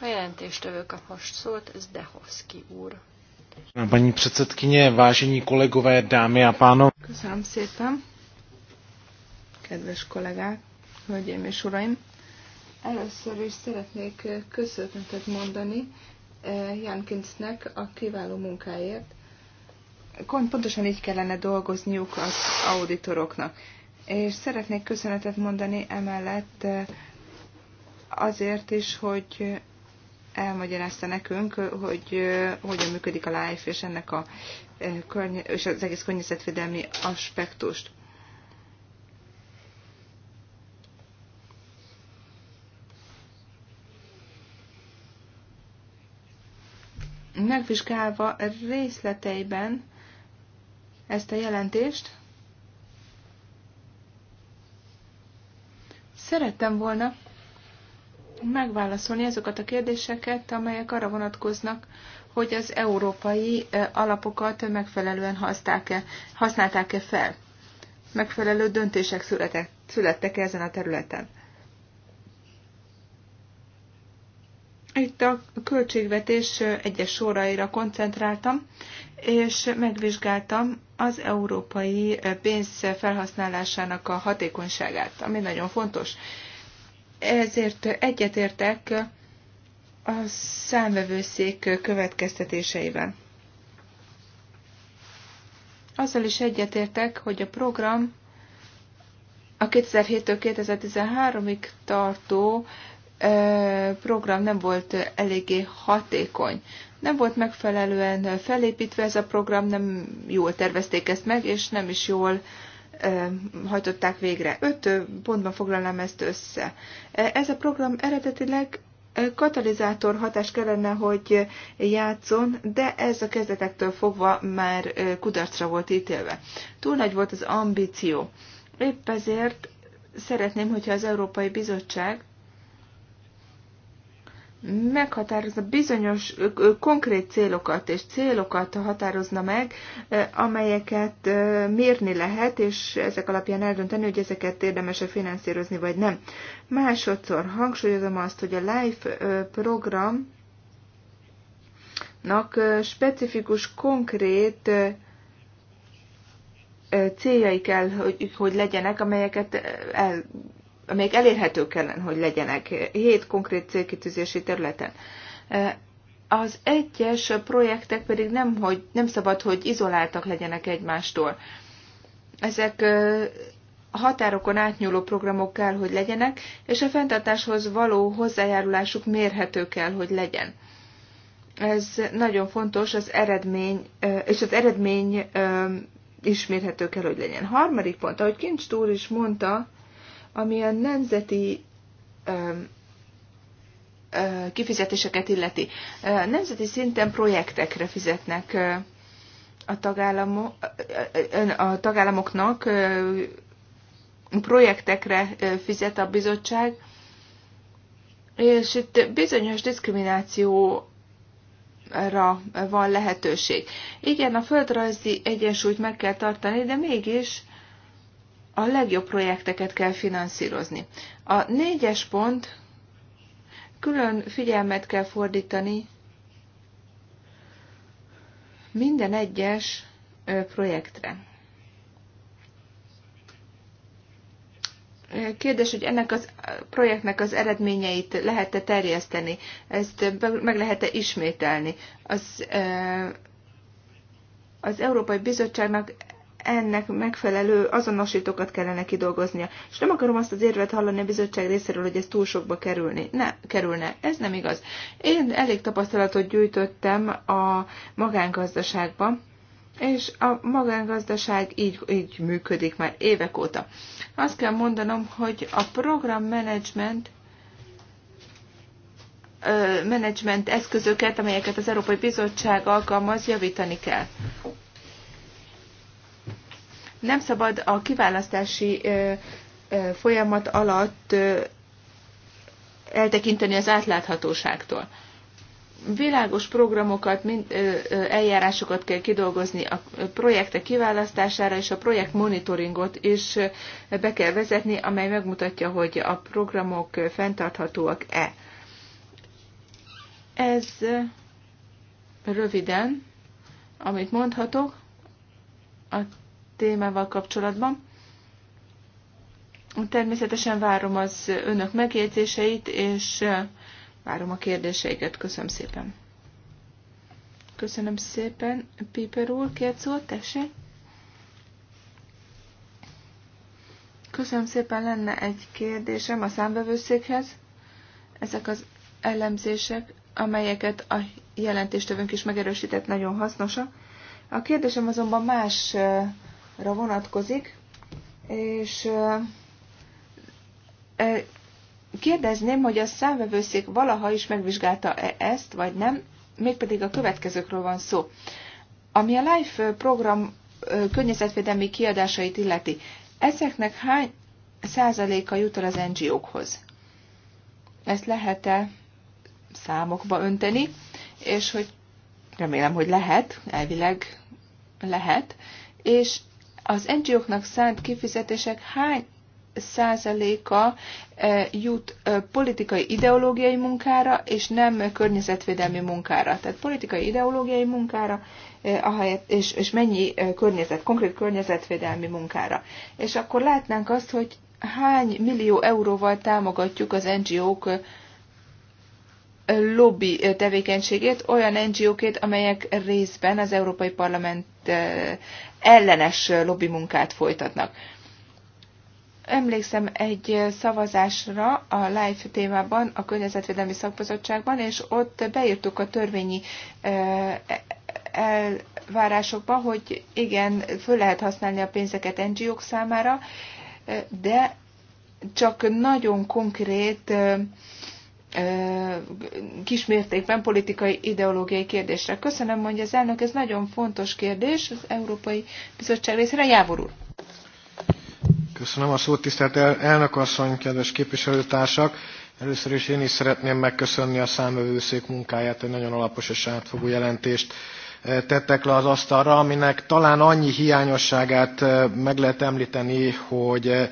A jelentéstövő kap most szólt, ez Dehovszki úr. Pani předsedkyně, vážení kolegové, dámy a pánové. Köszönöm szépen, kedves kollégák, hölgyeim és uraim. Először is szeretnék köszönetet mondani eh, Jankinsnek a kiváló munkáért. Pontosan így kellene dolgozniuk az auditoroknak. És szeretnék köszönetet mondani emellett eh, azért is, hogy elmagyarázta nekünk, hogy eh, hogyan működik a LIFE és ennek a és az egész környezetvédelmi aspektust. megvizsgálva részleteiben ezt a jelentést, szerettem volna megválaszolni azokat a kérdéseket, amelyek arra vonatkoznak, hogy az európai alapokat megfelelően használták-e, használták-e fel. Megfelelő döntések születtek, születtek -e ezen a területen. Itt a költségvetés egyes soraira koncentráltam, és megvizsgáltam az európai pénz felhasználásának a hatékonyságát, ami nagyon fontos. Ezért egyetértek a számvevőszék következtetéseivel. Azzal is egyetértek, hogy a program a 2007-től 2013-ig tartó program nem volt eléggé hatékony. Nem volt megfelelően felépítve ez a program, nem jól tervezték ezt meg, és nem is jól hajtották végre. Öt pontban foglalnám ezt össze. Ez a program eredetileg katalizátor hatás kellene, hogy játszon, de ez a kezdetektől fogva már kudarcra volt ítélve. Túl nagy volt az ambíció. Épp ezért szeretném, hogyha az Európai Bizottság meghatározza bizonyos konkrét célokat, és célokat határozna meg, amelyeket mérni lehet, és ezek alapján eldönteni, hogy ezeket érdemes-e finanszírozni, vagy nem. Másodszor hangsúlyozom azt, hogy a LIFE programnak specifikus, konkrét céljai kell, hogy, hogy legyenek, amelyeket el amelyek elérhetők kellene, hogy legyenek hét konkrét célkitűzési területen. Az egyes projektek pedig nem, hogy, nem szabad, hogy izoláltak legyenek egymástól. Ezek határokon átnyúló programok kell, hogy legyenek, és a fenntartáshoz való hozzájárulásuk mérhető kell, hogy legyen. Ez nagyon fontos, az eredmény, és az eredmény is mérhető kell, hogy legyen. Harmadik pont, ahogy Kincs Túr is mondta, ami a nemzeti kifizetéseket illeti. Nemzeti szinten projektekre fizetnek a, tagállamok, a tagállamoknak, projektekre fizet a bizottság, és itt bizonyos diszkrimináció van lehetőség. Igen, a földrajzi egyensúlyt meg kell tartani, de mégis a legjobb projekteket kell finanszírozni. A négyes pont külön figyelmet kell fordítani minden egyes projektre. Kérdés, hogy ennek a projektnek az eredményeit lehet-e terjeszteni, ezt meg lehet-e ismételni. Az, az Európai Bizottságnak ennek megfelelő azonosítókat kellene kidolgoznia. És nem akarom azt az érvet hallani a bizottság részéről, hogy ez túl sokba kerülni. Ne, kerülne. Ez nem igaz. Én elég tapasztalatot gyűjtöttem a magángazdaságba, és a magángazdaság így, így működik már évek óta. Azt kell mondanom, hogy a programmenedzsment menedzsment eszközöket, amelyeket az Európai Bizottság alkalmaz, javítani kell. Nem szabad a kiválasztási folyamat alatt eltekinteni az átláthatóságtól. Világos programokat, eljárásokat kell kidolgozni a projektek kiválasztására, és a projekt monitoringot is be kell vezetni, amely megmutatja, hogy a programok fenntarthatóak-e. Ez röviden, amit mondhatok, a témával kapcsolatban. Természetesen várom az önök megjegyzéseit, és várom a kérdéseiket. Köszönöm szépen. Köszönöm szépen. Piper úr, két szót, tessék. Köszönöm szépen, lenne egy kérdésem a számbevőszékhez. Ezek az elemzések, amelyeket a jelentéstövünk is megerősített, nagyon hasznosak. A kérdésem azonban más ra vonatkozik, és kérdezném, hogy a számvevőszék valaha is megvizsgálta -e ezt, vagy nem, mégpedig a következőkről van szó. Ami a LIFE program környezetvédelmi kiadásait illeti, ezeknek hány százaléka jut el az NGO-khoz? Ezt lehet-e számokba önteni, és hogy remélem, hogy lehet, elvileg lehet, és az NGO-knak szánt kifizetések hány százaléka e, jut e, politikai ideológiai munkára, és nem környezetvédelmi munkára. Tehát politikai ideológiai munkára, e, ahelyett, és, és mennyi környezet, konkrét környezetvédelmi munkára. És akkor látnánk azt, hogy hány millió euróval támogatjuk az NGO-k lobby eh, tevékenységét olyan NGO-két, amelyek részben az Európai Parlament eh, ellenes eh, lobby munkát folytatnak. Emlékszem egy szavazásra a LIFE témában, a Környezetvédelmi Szakbizottságban, és ott beírtuk a törvényi e-, elvárásokba, hogy igen, föl lehet használni a pénzeket NGO-k számára, de csak nagyon konkrét kismértékben politikai ideológiai kérdésre. Köszönöm, mondja az elnök, ez nagyon fontos kérdés az Európai Bizottság részére. Jávor úr. Köszönöm a szót, tisztelt elnök asszony, kedves képviselőtársak! Először is én is szeretném megköszönni a számövőszék munkáját, egy nagyon alapos és átfogó jelentést tettek le az asztalra, aminek talán annyi hiányosságát meg lehet említeni, hogy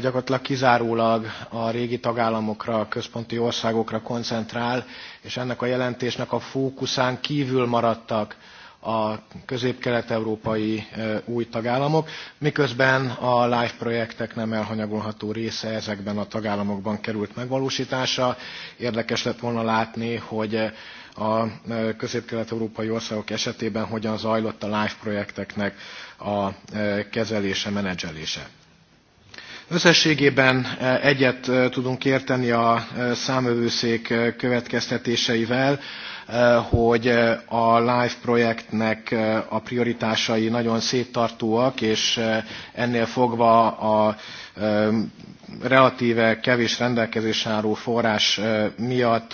gyakorlatilag kizárólag a régi tagállamokra, a központi országokra koncentrál, és ennek a jelentésnek a fókuszán kívül maradtak a közép-kelet-európai új tagállamok, miközben a LIFE projektek nem elhanyagolható része ezekben a tagállamokban került megvalósítása Érdekes lett volna látni, hogy a közép-kelet-európai országok esetében hogyan zajlott a LIFE projekteknek a kezelése, menedzselése. Összességében eh, egyet eh, tudunk érteni a eh, számövőszék következtetéseivel, hogy a LIFE projektnek a prioritásai nagyon széttartóak, és ennél fogva a relatíve kevés rendelkezés álló forrás miatt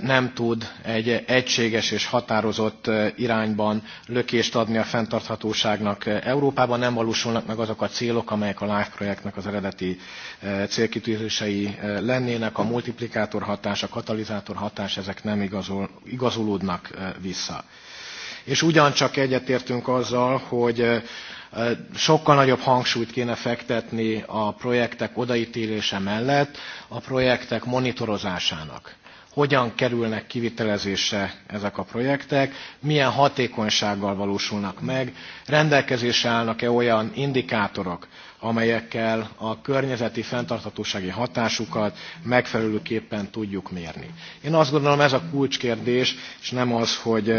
nem tud egy egységes és határozott irányban lökést adni a fenntarthatóságnak Európában, nem valósulnak meg azok a célok, amelyek a LIFE projektnek az eredeti célkitűzései lennének, a multiplikátor hatás, a katalizátor hatás, ezek nem igazol, igazolódnak vissza és ugyancsak egyetértünk azzal, hogy sokkal nagyobb hangsúlyt kéne fektetni a projektek odaítélése mellett a projektek monitorozásának hogyan kerülnek kivitelezésre ezek a projektek, milyen hatékonysággal valósulnak meg, rendelkezésre állnak-e olyan indikátorok, amelyekkel a környezeti fenntarthatósági hatásukat megfelelőképpen tudjuk mérni. Én azt gondolom ez a kulcskérdés, és nem az, hogy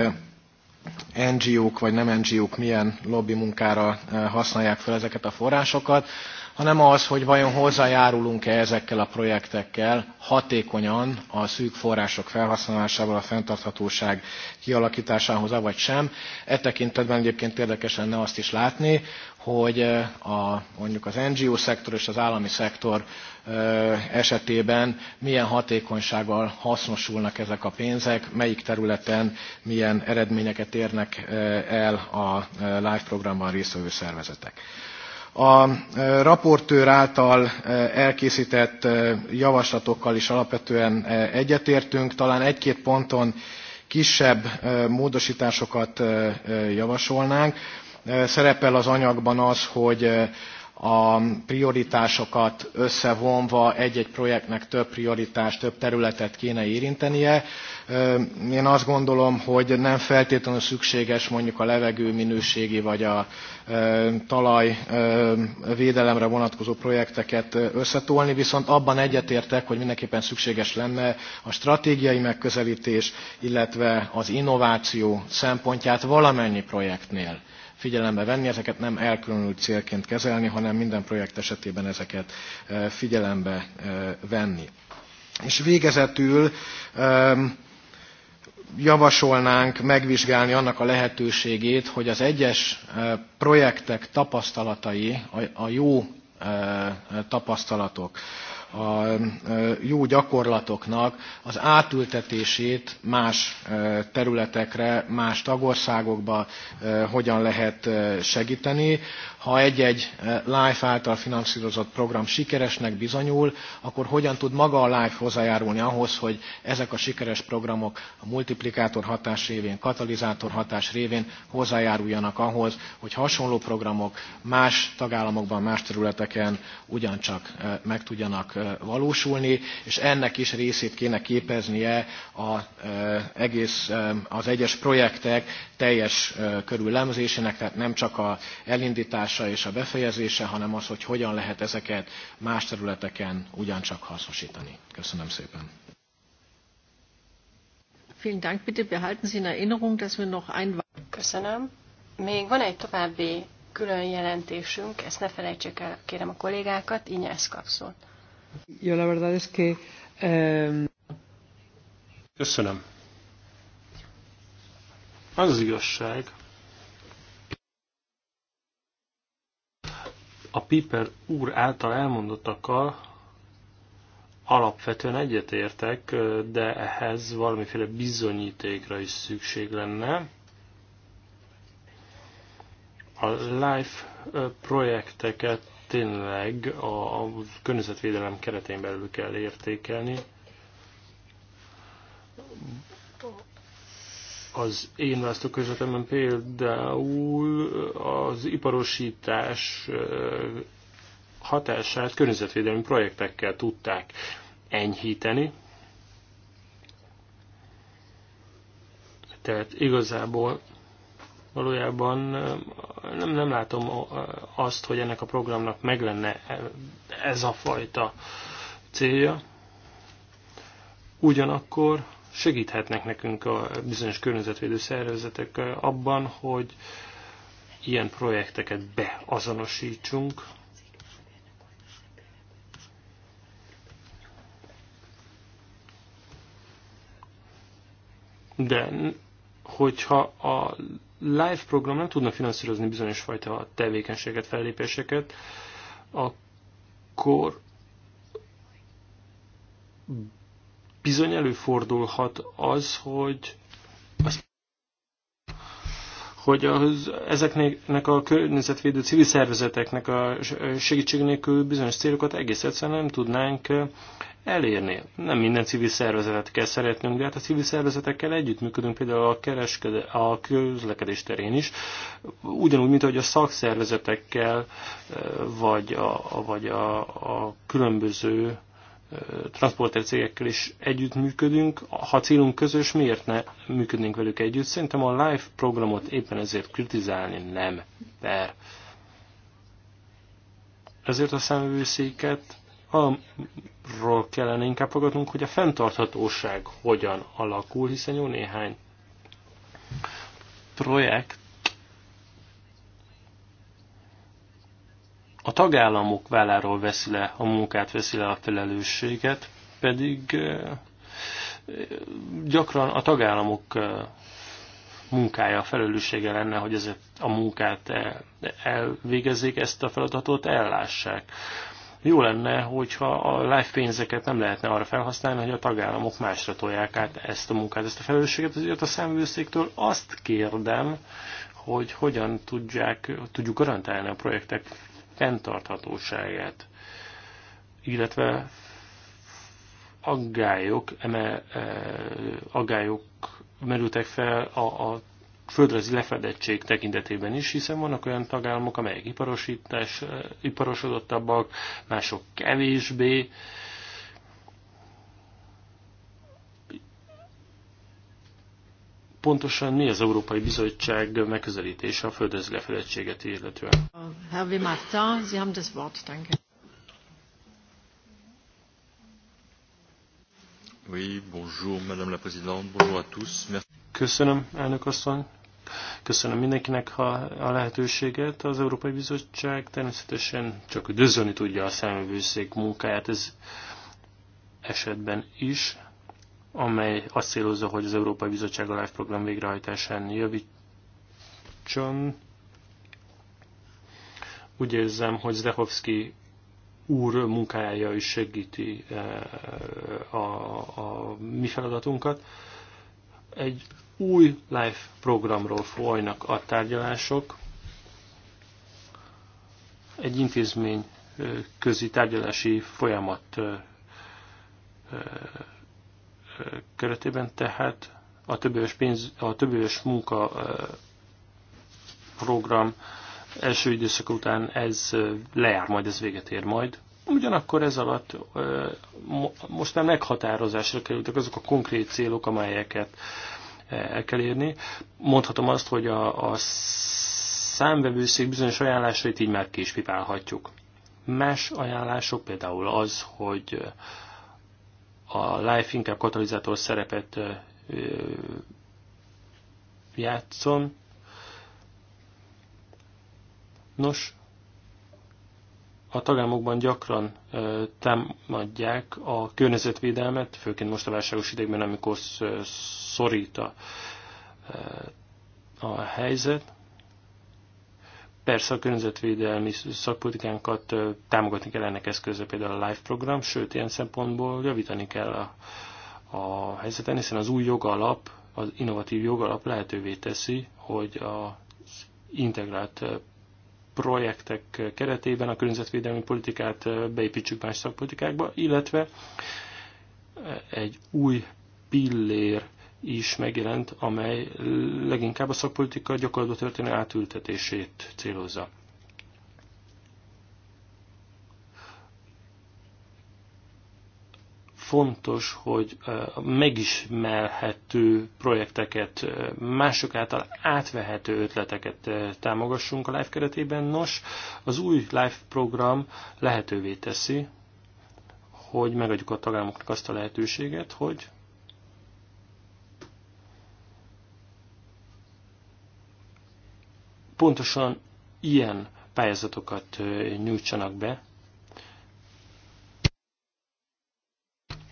NGO-k vagy nem NGO-k milyen lobby munkára eh, használják fel ezeket a forrásokat, hanem az, hogy vajon hozzájárulunk-e ezekkel a projektekkel hatékonyan a szűk források felhasználásával a fenntarthatóság kialakításához, avagy sem. E tekintetben egyébként érdekes lenne azt is látni, hogy a, mondjuk az NGO szektor és az állami szektor esetében milyen hatékonysággal hasznosulnak ezek a pénzek, melyik területen milyen eredményeket érnek el a live programban résztvevő szervezetek. A raportőr által elkészített javaslatokkal is alapvetően egyetértünk, talán egy-két ponton kisebb módosításokat javasolnánk. Szerepel az anyagban az, hogy a prioritásokat összevonva egy-egy projektnek több prioritást, több területet kéne érintenie. Én azt gondolom, hogy nem feltétlenül szükséges mondjuk a levegő minőségi vagy a talaj védelemre vonatkozó projekteket összetolni, viszont abban egyetértek, hogy mindenképpen szükséges lenne a stratégiai megközelítés, illetve az innováció szempontját valamennyi projektnél figyelembe venni, ezeket nem elkülönült célként kezelni, hanem minden projekt esetében ezeket e, figyelembe e, venni. És végezetül e, javasolnánk megvizsgálni annak a lehetőségét, hogy az egyes projektek tapasztalatai, a jó tapasztalatok, a jó gyakorlatoknak az átültetését más területekre, más tagországokba hogyan lehet segíteni ha egy-egy eh, LIFE által finanszírozott program sikeresnek bizonyul, akkor hogyan tud maga a LIFE hozzájárulni ahhoz, hogy ezek a sikeres programok a multiplikátor hatás révén, katalizátor hatás révén hozzájáruljanak ahhoz, hogy hasonló programok más tagállamokban, más területeken ugyancsak eh, meg tudjanak eh, valósulni, és ennek is részét kéne képeznie az egész, az egyes projektek teljes körüllemzésének, tehát nem csak a elindítás, megnyitvatása és a befejezése, hanem az, hogy hogyan lehet ezeket más területeken ugyancsak hasznosítani. Köszönöm szépen. Vielen Dank. Bitte Köszönöm. Még van egy további külön jelentésünk, ezt ne felejtsék el, kérem a kollégákat, így ezt kapszol. Jó, la verdad es que... Um... Köszönöm. Az, az igazság, a Piper úr által elmondottakkal alapvetően egyetértek, de ehhez valamiféle bizonyítékra is szükség lenne. A LIFE projekteket tényleg a környezetvédelem keretén belül kell értékelni az én választókörzetemben például az iparosítás hatását környezetvédelmi projektekkel tudták enyhíteni. Tehát igazából valójában nem, nem látom azt, hogy ennek a programnak meg lenne e, ez a fajta célja. Ugyanakkor segíthetnek nekünk a bizonyos környezetvédő szervezetek abban, hogy ilyen projekteket beazonosítsunk, de hogyha a live program nem tudna finanszírozni bizonyos fajta tevékenységet, fellépéseket, akkor bizony előfordulhat az, hogy az, hogy az, ezeknek a környezetvédő civil szervezeteknek a segítség nélkül bizonyos célokat egész egyszerűen nem tudnánk eh, elérni. Nem minden civil szervezetet kell szeretnünk, de hát a civil szervezetekkel együttműködünk például a, kereskede, a közlekedés terén is, ugyanúgy, mint ahogy a szakszervezetekkel, eh, vagy a, vagy a, a különböző transporter cégekkel is együttműködünk. Ha célunk közös, miért ne működnénk velük együtt? Szerintem a live programot éppen ezért kritizálni nem per. Ezért a számvőszéket arról kellene inkább fogadnunk, hogy a fenntarthatóság hogyan alakul, hiszen jó néhány projekt a tagállamok válláról veszi le a munkát, veszi le a felelősséget, pedig gyakran a tagállamok munkája, felelőssége lenne, hogy ezért a munkát e, elvégezzék, ezt a feladatot ellássák. Jó lenne, hogyha a life pénzeket nem lehetne arra felhasználni, hogy a tagállamok másra tolják át ezt a munkát, ezt a felelősséget. Ezért a számvőszéktől azt kérdem, hogy hogyan tudják, tudjuk garantálni a projektek fenntarthatóságát, illetve aggályok, eme, e, aggályok merültek fel a, a földrajzi lefedettség tekintetében is, hiszen vannak olyan tagállamok, amelyek iparosítás, e, iparosodottabbak, mások kevésbé, pontosan mi az Európai Bizottság megközelítése a földhöz lefedettséget illetően? Herr Wimarta, Sie haben das Wort, danke. Oui, bonjour, Madame la Présidente, bonjour à tous. Merci. Köszönöm, elnök asszony. Köszönöm mindenkinek a, a lehetőséget. Az Európai Bizottság természetesen csak üdvözölni tudja a számövőszék munkáját ez esetben is amely azt célozza, hogy az Európai Bizottság a LIFE program végrehajtásán javítson. Úgy érzem, hogy Zdechovszki úr munkája is segíti eh, a, a mi feladatunkat. Egy új Life programról folynak a tárgyalások. Egy intézmény eh, közi tárgyalási folyamat eh, keretében, tehát a többéves, pénz, a többéves munka program első időszak után ez lejár majd, ez véget ér majd. Ugyanakkor ez alatt most már meghatározásra kerültek azok a konkrét célok, amelyeket el kell érni. Mondhatom azt, hogy a, a számvevőszék bizonyos ajánlásait így már kispipálhatjuk. Más ajánlások például az, hogy a Life inkább katalizátor szerepet játszon. Nos, a tagállamokban gyakran támadják a környezetvédelmet, főként most a válságos idegben, amikor szorít a, a helyzet. Persze a környezetvédelmi szakpolitikánkat támogatni kell ennek eszköze, például a LIFE program, sőt, ilyen szempontból javítani kell a, a helyzeten, hiszen az új jogalap, az innovatív jogalap lehetővé teszi, hogy az integrált projektek keretében a környezetvédelmi politikát beépítsük más szakpolitikákba, illetve egy új pillér is megjelent, amely leginkább a szakpolitika gyakorlatba történő átültetését célozza. Fontos, hogy megismerhető projekteket, mások által átvehető ötleteket támogassunk a LIFE keretében. Nos, az új LIFE program lehetővé teszi, hogy megadjuk a tagállamoknak azt a lehetőséget, hogy pontosan ilyen pályázatokat nyújtsanak be.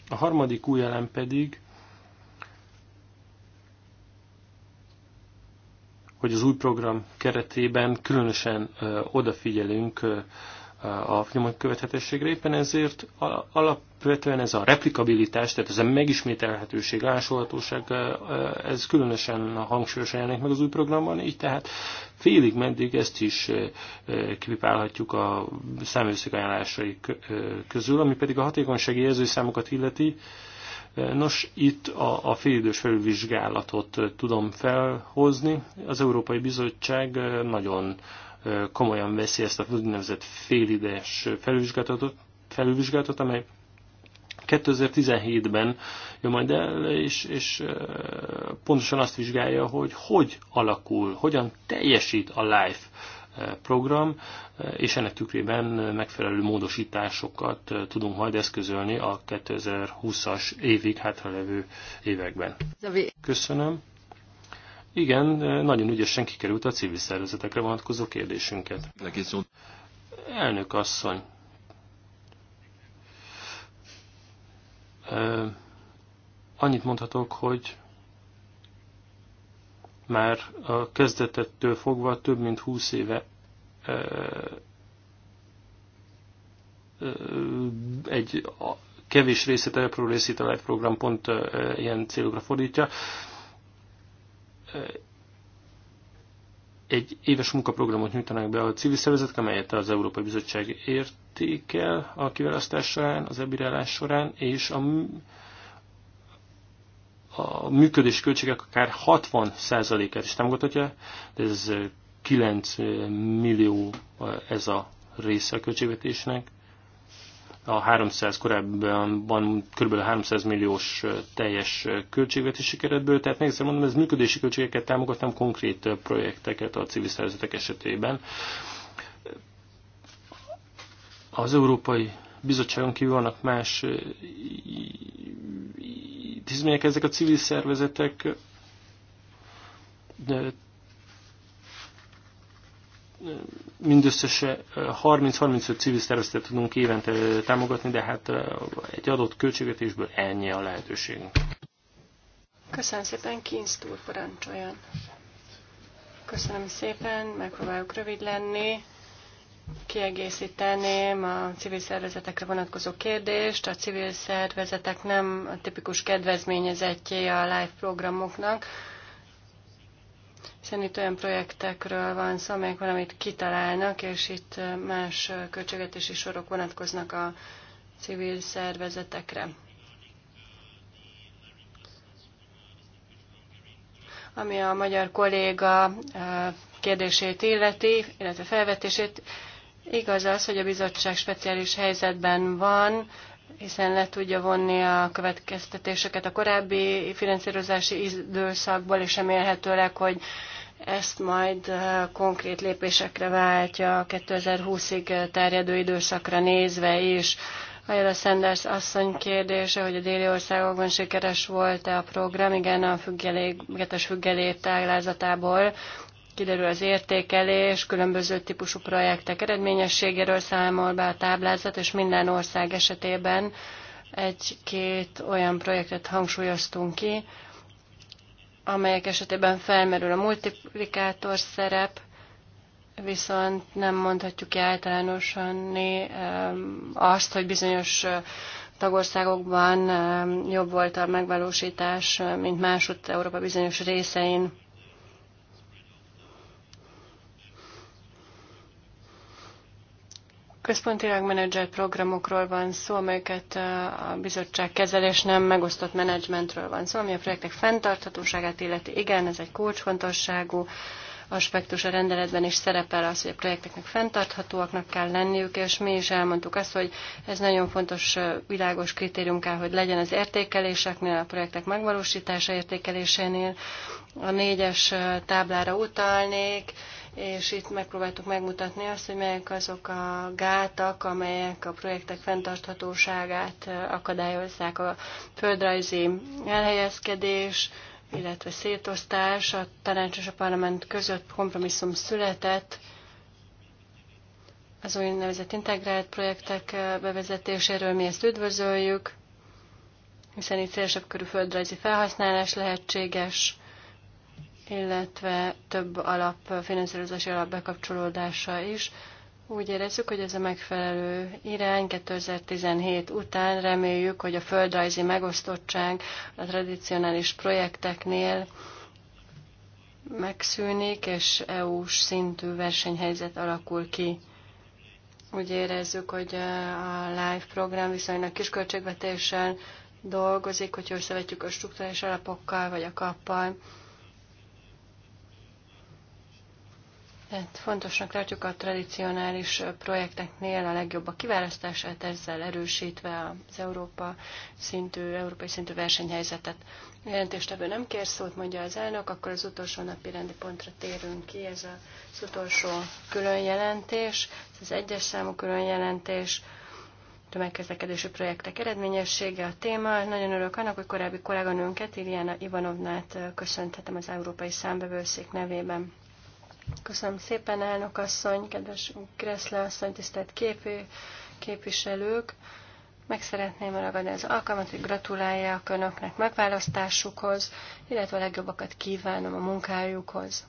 A harmadik új elem pedig, hogy az új program keretében különösen odafigyelünk a nyomon követhetőségre. Éppen ezért alapvetően ez a replikabilitás, tehát ez a megismételhetőség, lásolhatóság, ez különösen hangsúlyosan jelenik meg az új programban, így tehát félig meddig ezt is kipipálhatjuk a számőszög ajánlásai közül, ami pedig a hatékonysági jelzőszámokat illeti, Nos, itt a, a félidős felülvizsgálatot tudom felhozni. Az Európai Bizottság nagyon komolyan veszi ezt a úgynevezett félides felvizsgáltatot, felvizsgálatot amely 2017-ben jön majd el, és, és pontosan azt vizsgálja, hogy hogy alakul, hogyan teljesít a LIFE program, és ennek tükrében megfelelő módosításokat tudunk majd eszközölni a 2020-as évig hátralevő években. Köszönöm. Igen, nagyon ügyesen kikerült a civil szervezetekre vonatkozó kérdésünket. Elnök asszony. Annyit mondhatok, hogy már a kezdetettől fogva több mint húsz éve egy kevés részét a Pro program pont ilyen célokra fordítja egy éves munkaprogramot nyújtanak be a civil szervezetek, amelyet az Európai Bizottság értékel a kiválasztás során, az ebirálás során, és a, a működés költségek akár 60%-át is támogatja, de ez 9 millió ez a része a költségvetésnek a 300 korábban kb. 300 milliós teljes költségvetési keretből, tehát még egyszer mondom, ez működési költségeket nem konkrét projekteket a civil szervezetek esetében. Az Európai Bizottságon kívül vannak más intézmények, ezek a civil szervezetek de mindösszesen 30-35 civil szervezetet tudunk évente támogatni, de hát egy adott költségvetésből ennyi a lehetőségünk. Köszönöm szépen, Kinsztúr parancsoljon. Köszönöm szépen, megpróbálok rövid lenni. Kiegészíteném a civil szervezetekre vonatkozó kérdést. A civil szervezetek nem a tipikus kedvezményezettjé a live programoknak, hiszen itt olyan projektekről van szó, amelyek valamit kitalálnak, és itt más költségetési sorok vonatkoznak a civil szervezetekre. Ami a magyar kolléga kérdését illeti, illetve felvetését, igaz az, hogy a bizottság speciális helyzetben van, hiszen le tudja vonni a következtetéseket a korábbi finanszírozási időszakból, és remélhetőleg, hogy ezt majd eh, konkrét lépésekre váltja 2020-ig eh, terjedő időszakra nézve is. Ajala Sanders asszony kérdése, hogy a déli országokban sikeres volt-e a program, igen, a függelék, függelék táglázatából kiderül az értékelés, különböző típusú projektek eredményességéről számol be a táblázat, és minden ország esetében egy-két olyan projektet hangsúlyoztunk ki, amelyek esetében felmerül a multiplikátor szerep, viszont nem mondhatjuk ki általánosan azt, hogy bizonyos tagországokban jobb volt a megvalósítás, mint másutt Európa bizonyos részein. Központilag menedzser programokról van szó, amelyeket eh, a bizottság kezelés nem megosztott menedzsmentről van szó, ami a projektek fenntarthatóságát illeti. Igen, ez egy kulcsfontosságú aspektus a rendeletben is szerepel az, hogy a projekteknek fenntarthatóaknak kell lenniük, és mi is elmondtuk azt, hogy ez nagyon fontos eh, világos kritérium kell, hogy legyen az értékeléseknél, a projektek megvalósítása értékelésénél. A négyes eh, táblára utalnék, és itt megpróbáltuk megmutatni azt, hogy melyek azok a gátak, amelyek a projektek fenntarthatóságát akadályozzák a földrajzi elhelyezkedés, illetve szétosztás a tanács és a parlament között kompromisszum született, az úgynevezett integrált projektek bevezetéséről mi ezt üdvözöljük, hiszen itt szélesebb körű földrajzi felhasználás lehetséges, illetve több alap, finanszírozási alap bekapcsolódása is. Úgy érezzük, hogy ez a megfelelő irány 2017 után. Reméljük, hogy a földrajzi megosztottság a tradicionális projekteknél megszűnik, és EU-s szintű versenyhelyzet alakul ki. Úgy érezzük, hogy a live program viszonylag kis dolgozik, hogyha összevetjük a struktúrális alapokkal vagy a kappal. Hát fontosnak tartjuk a tradicionális projekteknél a legjobb a kiválasztását, ezzel erősítve az Európa szintű, európai szintű versenyhelyzetet. A jelentéstevő nem kér szót, mondja az elnök, akkor az utolsó napi rendi pontra térünk ki, ez az utolsó különjelentés, ez az egyes számú különjelentés, tömegközlekedési projektek eredményessége a téma. Nagyon örülök annak, hogy korábbi kolléganőnket, Iliana Ivanovnát köszönthetem az Európai Számbevőszék nevében. Köszönöm szépen, elnök asszony, kedves Kreszle asszony, tisztelt képű, képviselők. Meg szeretném ragadni az alkalmat, hogy gratuláljak Önöknek megválasztásukhoz, illetve a legjobbakat kívánom a munkájukhoz.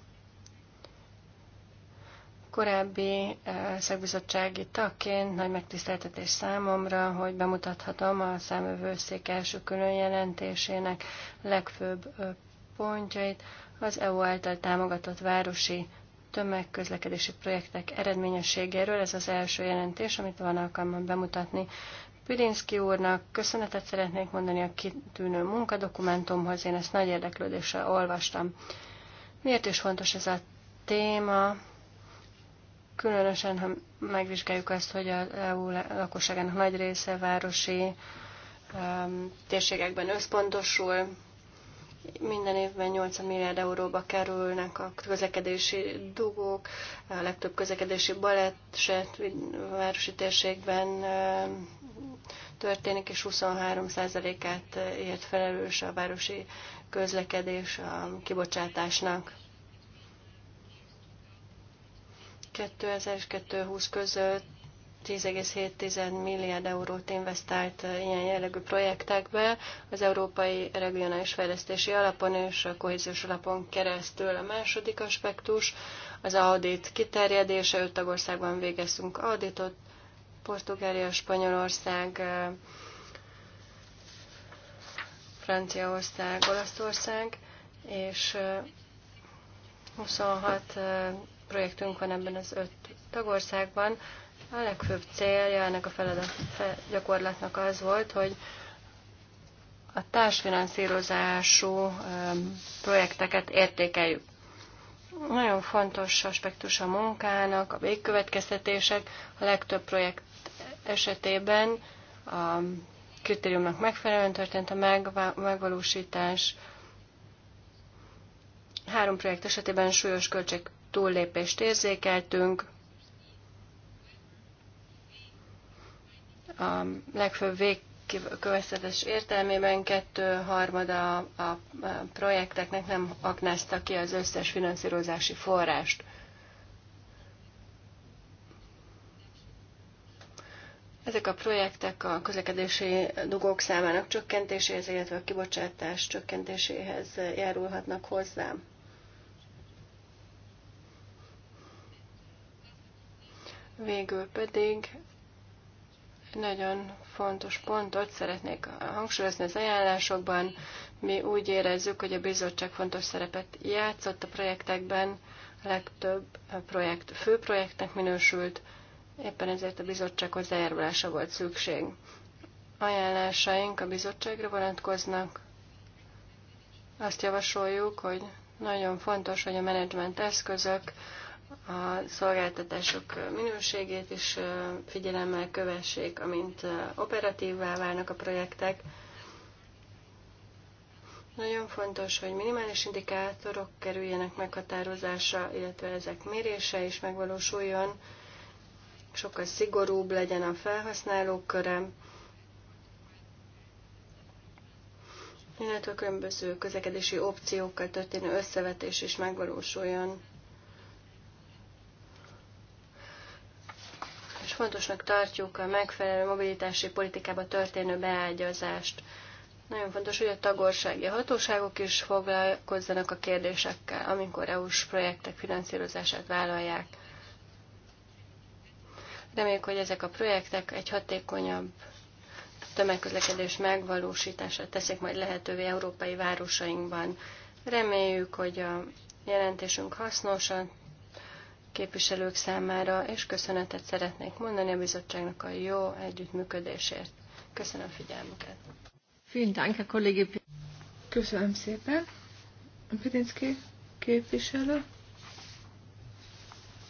Korábbi eh, szakbizottsági tagként nagy megtiszteltetés számomra, hogy bemutathatom a számövőszék első külön jelentésének legfőbb eh, pontjait, az EU által támogatott városi tömegközlekedési projektek eredményességéről. Ez az első jelentés, amit van alkalmam bemutatni. Pirinszki úrnak köszönetet szeretnék mondani a kitűnő munkadokumentumhoz, én ezt nagy érdeklődéssel olvastam. Miért is fontos ez a téma? Különösen, ha megvizsgáljuk azt, hogy a EU lakosságának nagy része városi um, térségekben összpontosul, minden évben 80 milliárd euróba kerülnek a közlekedési dugók, a legtöbb közlekedési baleset városi térségben történik, és 23%-át ért felelős a városi közlekedés a kibocsátásnak. 2000 és 2020 között 10,7 milliárd eurót investált ilyen jellegű projektekbe az Európai Regionális Fejlesztési Alapon és a Kohéziós Alapon keresztül. A második aspektus az audit kiterjedése. Öt tagországban végeztünk auditot, Portugália, Spanyolország, Franciaország, Olaszország, és 26 projektünk van ebben az öt tagországban. A legfőbb célja ennek a feladat gyakorlatnak az volt, hogy a társfinanszírozású projekteket értékeljük. Nagyon fontos aspektus a munkának, a végkövetkeztetések. A legtöbb projekt esetében a kritériumnak megfelelően történt a megvalósítás. Három projekt esetében súlyos költség túllépést érzékeltünk, a legfőbb végkövetkezés értelmében kettő harmada a, a projekteknek nem aknázta ki az összes finanszírozási forrást. Ezek a projektek a közlekedési dugók számának csökkentéséhez, illetve a kibocsátás csökkentéséhez járulhatnak hozzá. Végül pedig nagyon fontos pontot szeretnék hangsúlyozni az ajánlásokban. Mi úgy érezzük, hogy a bizottság fontos szerepet játszott a projektekben, a legtöbb projekt főprojektnek minősült, éppen ezért a bizottság hozzájárulása volt szükség. Ajánlásaink a bizottságra vonatkoznak. Azt javasoljuk, hogy nagyon fontos, hogy a menedzsment eszközök a szolgáltatások minőségét is figyelemmel kövessék, amint operatívvá válnak a projektek. Nagyon fontos, hogy minimális indikátorok kerüljenek meghatározása illetve ezek mérése is megvalósuljon, sokkal szigorúbb legyen a felhasználók köre, illetve a különböző közlekedési opciókkal történő összevetés is megvalósuljon. és fontosnak tartjuk a megfelelő mobilitási politikába történő beágyazást. Nagyon fontos, hogy a tagországi hatóságok is foglalkozzanak a kérdésekkel, amikor EU-s projektek finanszírozását vállalják. Reméljük, hogy ezek a projektek egy hatékonyabb tömegközlekedés megvalósítását teszik majd lehetővé európai városainkban. Reméljük, hogy a jelentésünk hasznosan képviselők számára, és köszönetet szeretnék mondani a bizottságnak a jó együttműködésért. Köszönöm figyelmüket. Köszönöm szépen. Pedinszki képviselő.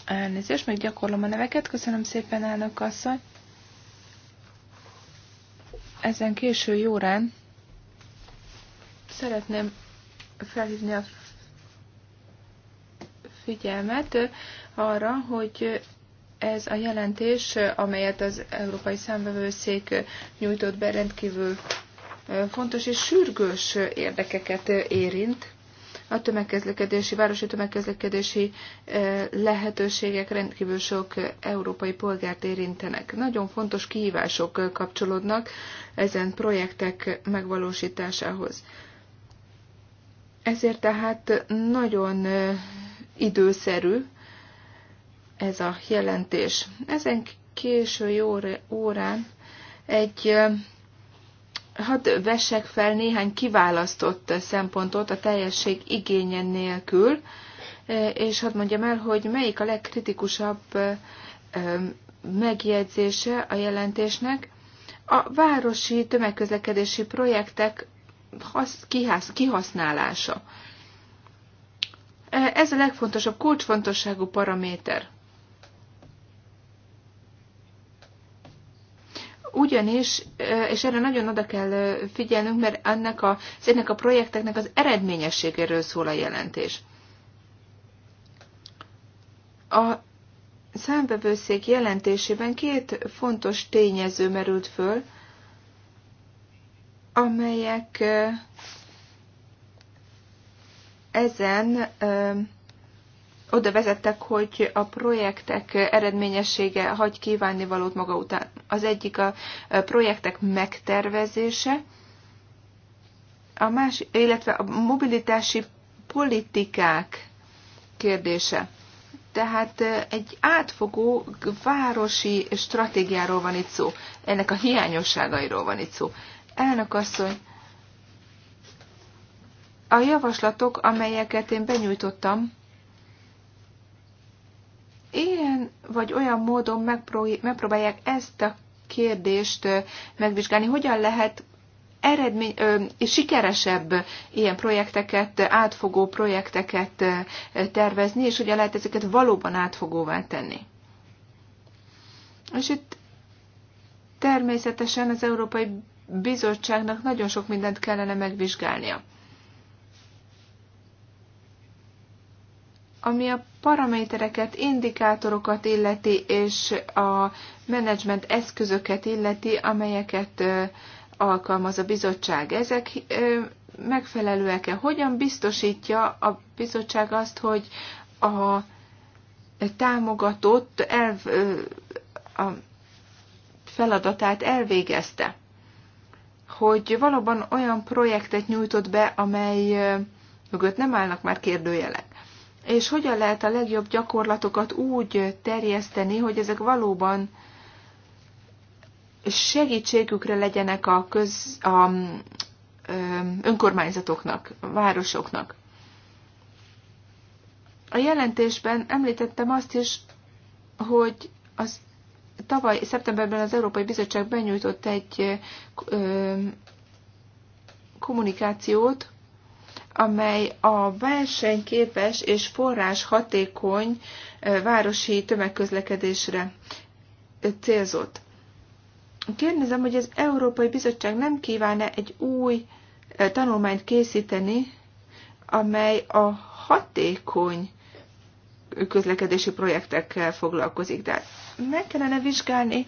Elnézést, meg gyakorlom a neveket. Köszönöm szépen, elnök asszony. Ezen késő órán szeretném felhívni a figyelmet arra, hogy ez a jelentés, amelyet az Európai Számvevőszék nyújtott be, rendkívül fontos és sürgős érdekeket érint. A tömegközlekedési, városi tömegközlekedési lehetőségek rendkívül sok európai polgárt érintenek. Nagyon fontos kihívások kapcsolódnak ezen projektek megvalósításához. Ezért tehát nagyon időszerű ez a jelentés. Ezen késő órán egy hadd vessek fel néhány kiválasztott szempontot a teljesség igénye nélkül, és hadd mondjam el, hogy melyik a legkritikusabb megjegyzése a jelentésnek. A városi tömegközlekedési projektek kihasználása. Ez a legfontosabb kulcsfontosságú paraméter. ugyanis, és erre nagyon oda kell figyelnünk, mert ennek a, ennek a projekteknek az eredményességéről szól a jelentés. A számbevőszék jelentésében két fontos tényező merült föl, amelyek ezen oda vezettek, hogy a projektek eredményessége hagy kívánni valót maga után. Az egyik a projektek megtervezése, a más, illetve a mobilitási politikák kérdése. Tehát egy átfogó városi stratégiáról van itt szó, ennek a hiányosságairól van itt szó. Elnök asszony, a javaslatok, amelyeket én benyújtottam, ilyen vagy olyan módon megpróbálják ezt a kérdést megvizsgálni, hogyan lehet eredmény, ö, sikeresebb ilyen projekteket, átfogó projekteket tervezni, és hogyan lehet ezeket valóban átfogóvá tenni. És itt természetesen az Európai Bizottságnak nagyon sok mindent kellene megvizsgálnia. Ami a paramétereket, indikátorokat illeti, és a menedzsment eszközöket illeti, amelyeket alkalmaz a bizottság. Ezek megfelelőek-e? Hogyan biztosítja a bizottság azt, hogy a támogatott elv, a feladatát elvégezte? Hogy valóban olyan projektet nyújtott be, amely mögött nem állnak már kérdőjelek és hogyan lehet a legjobb gyakorlatokat úgy terjeszteni, hogy ezek valóban segítségükre legyenek a, köz, a önkormányzatoknak, a városoknak. A jelentésben említettem azt is, hogy az tavaly szeptemberben az Európai Bizottság benyújtott egy ö, kommunikációt, amely a versenyképes és forrás hatékony városi tömegközlekedésre célzott. Kérdezem, hogy az Európai Bizottság nem kívánne egy új tanulmányt készíteni, amely a hatékony közlekedési projektekkel foglalkozik. De meg kellene vizsgálni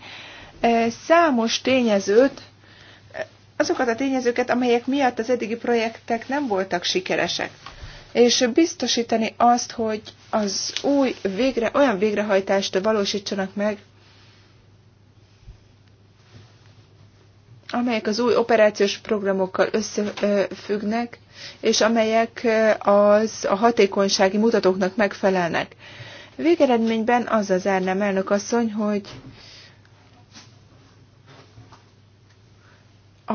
számos tényezőt, azokat a tényezőket, amelyek miatt az eddigi projektek nem voltak sikeresek. És biztosítani azt, hogy az új végre, olyan végrehajtást valósítsanak meg, amelyek az új operációs programokkal összefüggnek, és amelyek az a hatékonysági mutatóknak megfelelnek. Végeredményben az zárnám elnök asszony, hogy a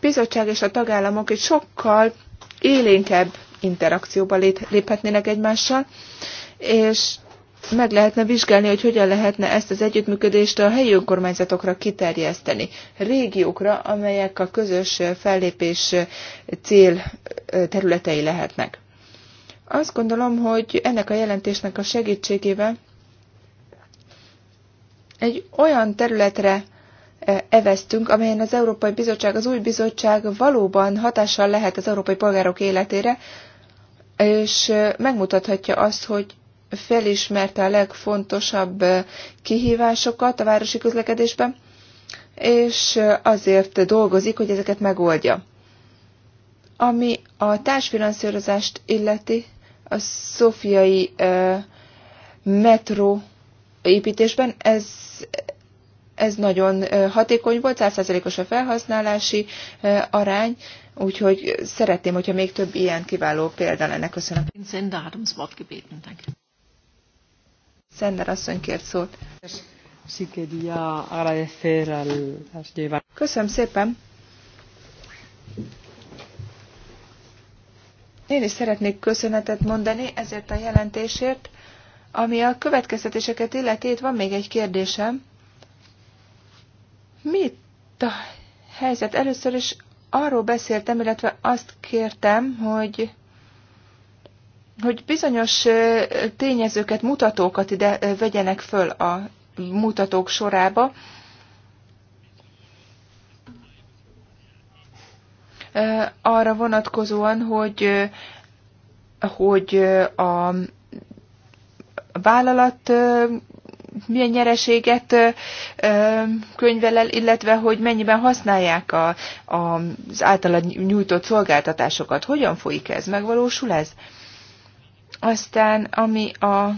bizottság és a tagállamok egy sokkal élénkebb interakcióba léphetnének egymással, és meg lehetne vizsgálni, hogy hogyan lehetne ezt az együttműködést a helyi önkormányzatokra kiterjeszteni, régiókra, amelyek a közös fellépés cél területei lehetnek. Azt gondolom, hogy ennek a jelentésnek a segítségével egy olyan területre E, eveztünk, amelyen az Európai Bizottság, az új bizottság valóban hatással lehet az európai polgárok életére, és e, megmutathatja azt, hogy felismerte a legfontosabb e, kihívásokat a városi közlekedésben, és azért dolgozik, hogy ezeket megoldja. Ami a társfinanszírozást illeti, a szofiai metró építésben ez ez nagyon hatékony volt, 100%-os a felhasználási arány, úgyhogy szeretném, hogyha még több ilyen kiváló példa lenne. Köszönöm. Szender asszony kért szót. Köszönöm szépen. Én is szeretnék köszönetet mondani ezért a jelentésért. Ami a következtetéseket illeti, itt van még egy kérdésem. Mit a helyzet? Először is arról beszéltem, illetve azt kértem, hogy hogy bizonyos tényezőket, mutatókat ide vegyenek föl a mutatók sorába. Arra vonatkozóan, hogy, hogy a vállalat milyen nyereséget könyvel el, illetve hogy mennyiben használják a, a, az általa nyújtott szolgáltatásokat. Hogyan folyik ez? Megvalósul ez? Aztán, ami a,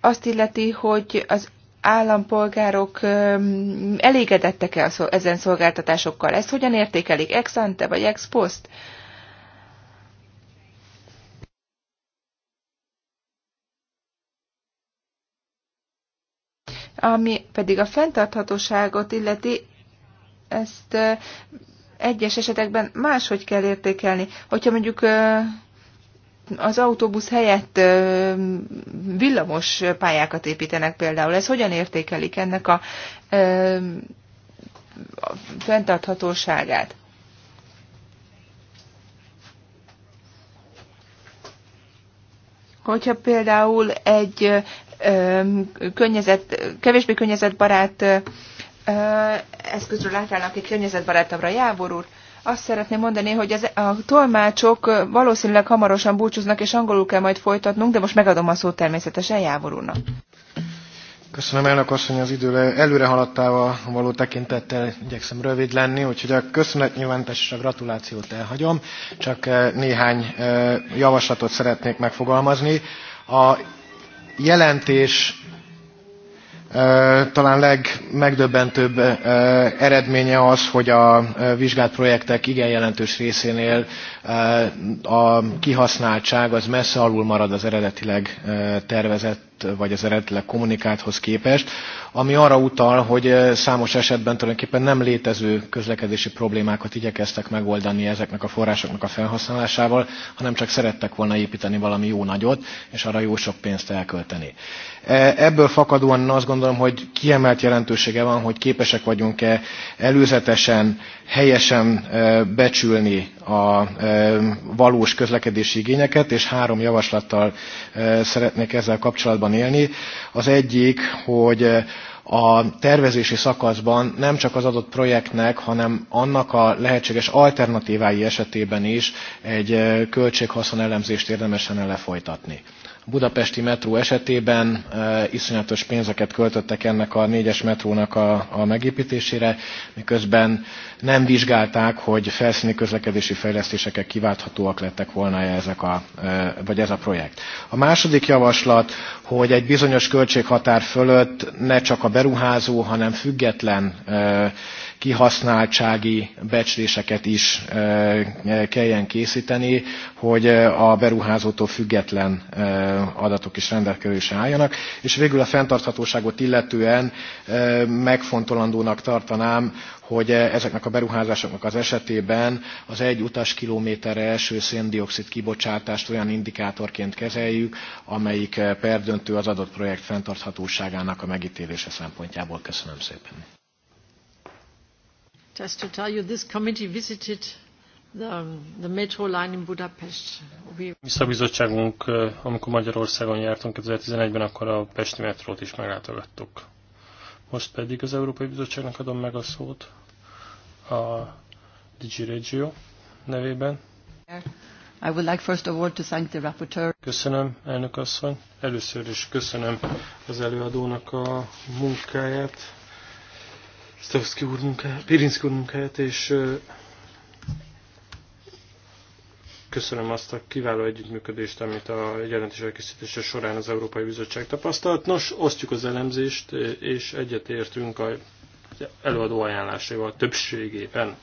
azt illeti, hogy az állampolgárok elégedettek-e ezen szolgáltatásokkal? Ezt hogyan értékelik? Ex ante vagy ex post? Ami pedig a fenntarthatóságot illeti, ezt egyes esetekben máshogy kell értékelni. Hogyha mondjuk az autóbusz helyett villamos pályákat építenek például, ez hogyan értékelik ennek a fenntarthatóságát? Hogyha például egy környezet, kevésbé környezetbarát eszközről átállnak egy környezetbarátabbra, Jávor úr, azt szeretném mondani, hogy az, a tolmácsok valószínűleg hamarosan búcsúznak, és angolul kell majd folytatnunk, de most megadom a szót természetesen Jávor úrnak. Köszönöm elnök asszony az idő előre haladtával való tekintettel igyekszem rövid lenni, úgyhogy a köszönetnyilvántás és a gratulációt elhagyom, csak eh, néhány eh, javaslatot szeretnék megfogalmazni. A jelentés eh, talán legmegdöbbentőbb eredménye az, hogy a vizsgált projektek igen jelentős részénél a kihasználtság az messze alul marad az eredetileg tervezett vagy az eredetileg kommunikáthoz képest, ami arra utal, hogy eh, számos esetben tulajdonképpen nem létező közlekedési problémákat igyekeztek megoldani ezeknek a forrásoknak a felhasználásával, hanem csak szerettek volna építeni valami jó nagyot, és arra jó sok pénzt elkölteni. Eh, ebből fakadóan azt gondolom, hogy kiemelt jelentősége van, hogy képesek vagyunk-e előzetesen helyesen becsülni a valós közlekedési igényeket, és három javaslattal szeretnék ezzel kapcsolatban élni. Az egyik, hogy a tervezési szakaszban nem csak az adott projektnek, hanem annak a lehetséges alternatívái esetében is egy költséghaszon elemzést érdemesen lefolytatni. A budapesti metró esetében iszonyatos pénzeket költöttek ennek a négyes metrónak a, a megépítésére, miközben nem vizsgálták, hogy felszíni közlekedési fejlesztésekkel kiválthatóak lettek volna -e ezek a, vagy ez a projekt. A második javaslat, hogy egy bizonyos költséghatár fölött ne csak a beruházó, hanem független kihasználtsági becsléseket is kelljen készíteni, hogy a beruházótól független adatok is rendelkezésre álljanak. És végül a fenntarthatóságot illetően megfontolandónak tartanám, hogy ezeknek a beruházásoknak az esetében az egy utas kilométerre első széndiokszid kibocsátást olyan indikátorként kezeljük, amelyik perdöntő az adott projekt fenntarthatóságának a megítélése szempontjából. Köszönöm szépen. Just to tell you, this committee visited the, um, the metro line in Budapest. We... Visszabizottságunk, amikor Magyarországon jártunk 2011-ben, akkor a Pesti metrót is meglátogattuk. Most pedig az Európai Bizottságnak adom meg a szót a Digi Regio nevében. I would like first of all to thank the rapporteur. Köszönöm, elnök asszony. Először is köszönöm az előadónak a munkáját. Stavski úr munkáját, Pirinszki úr munkáját, és köszönöm azt a kiváló együttműködést, amit a jelentés elkészítése során az Európai Bizottság tapasztalt. Nos, osztjuk az elemzést, és egyetértünk a előadó ajánlásaival többségében.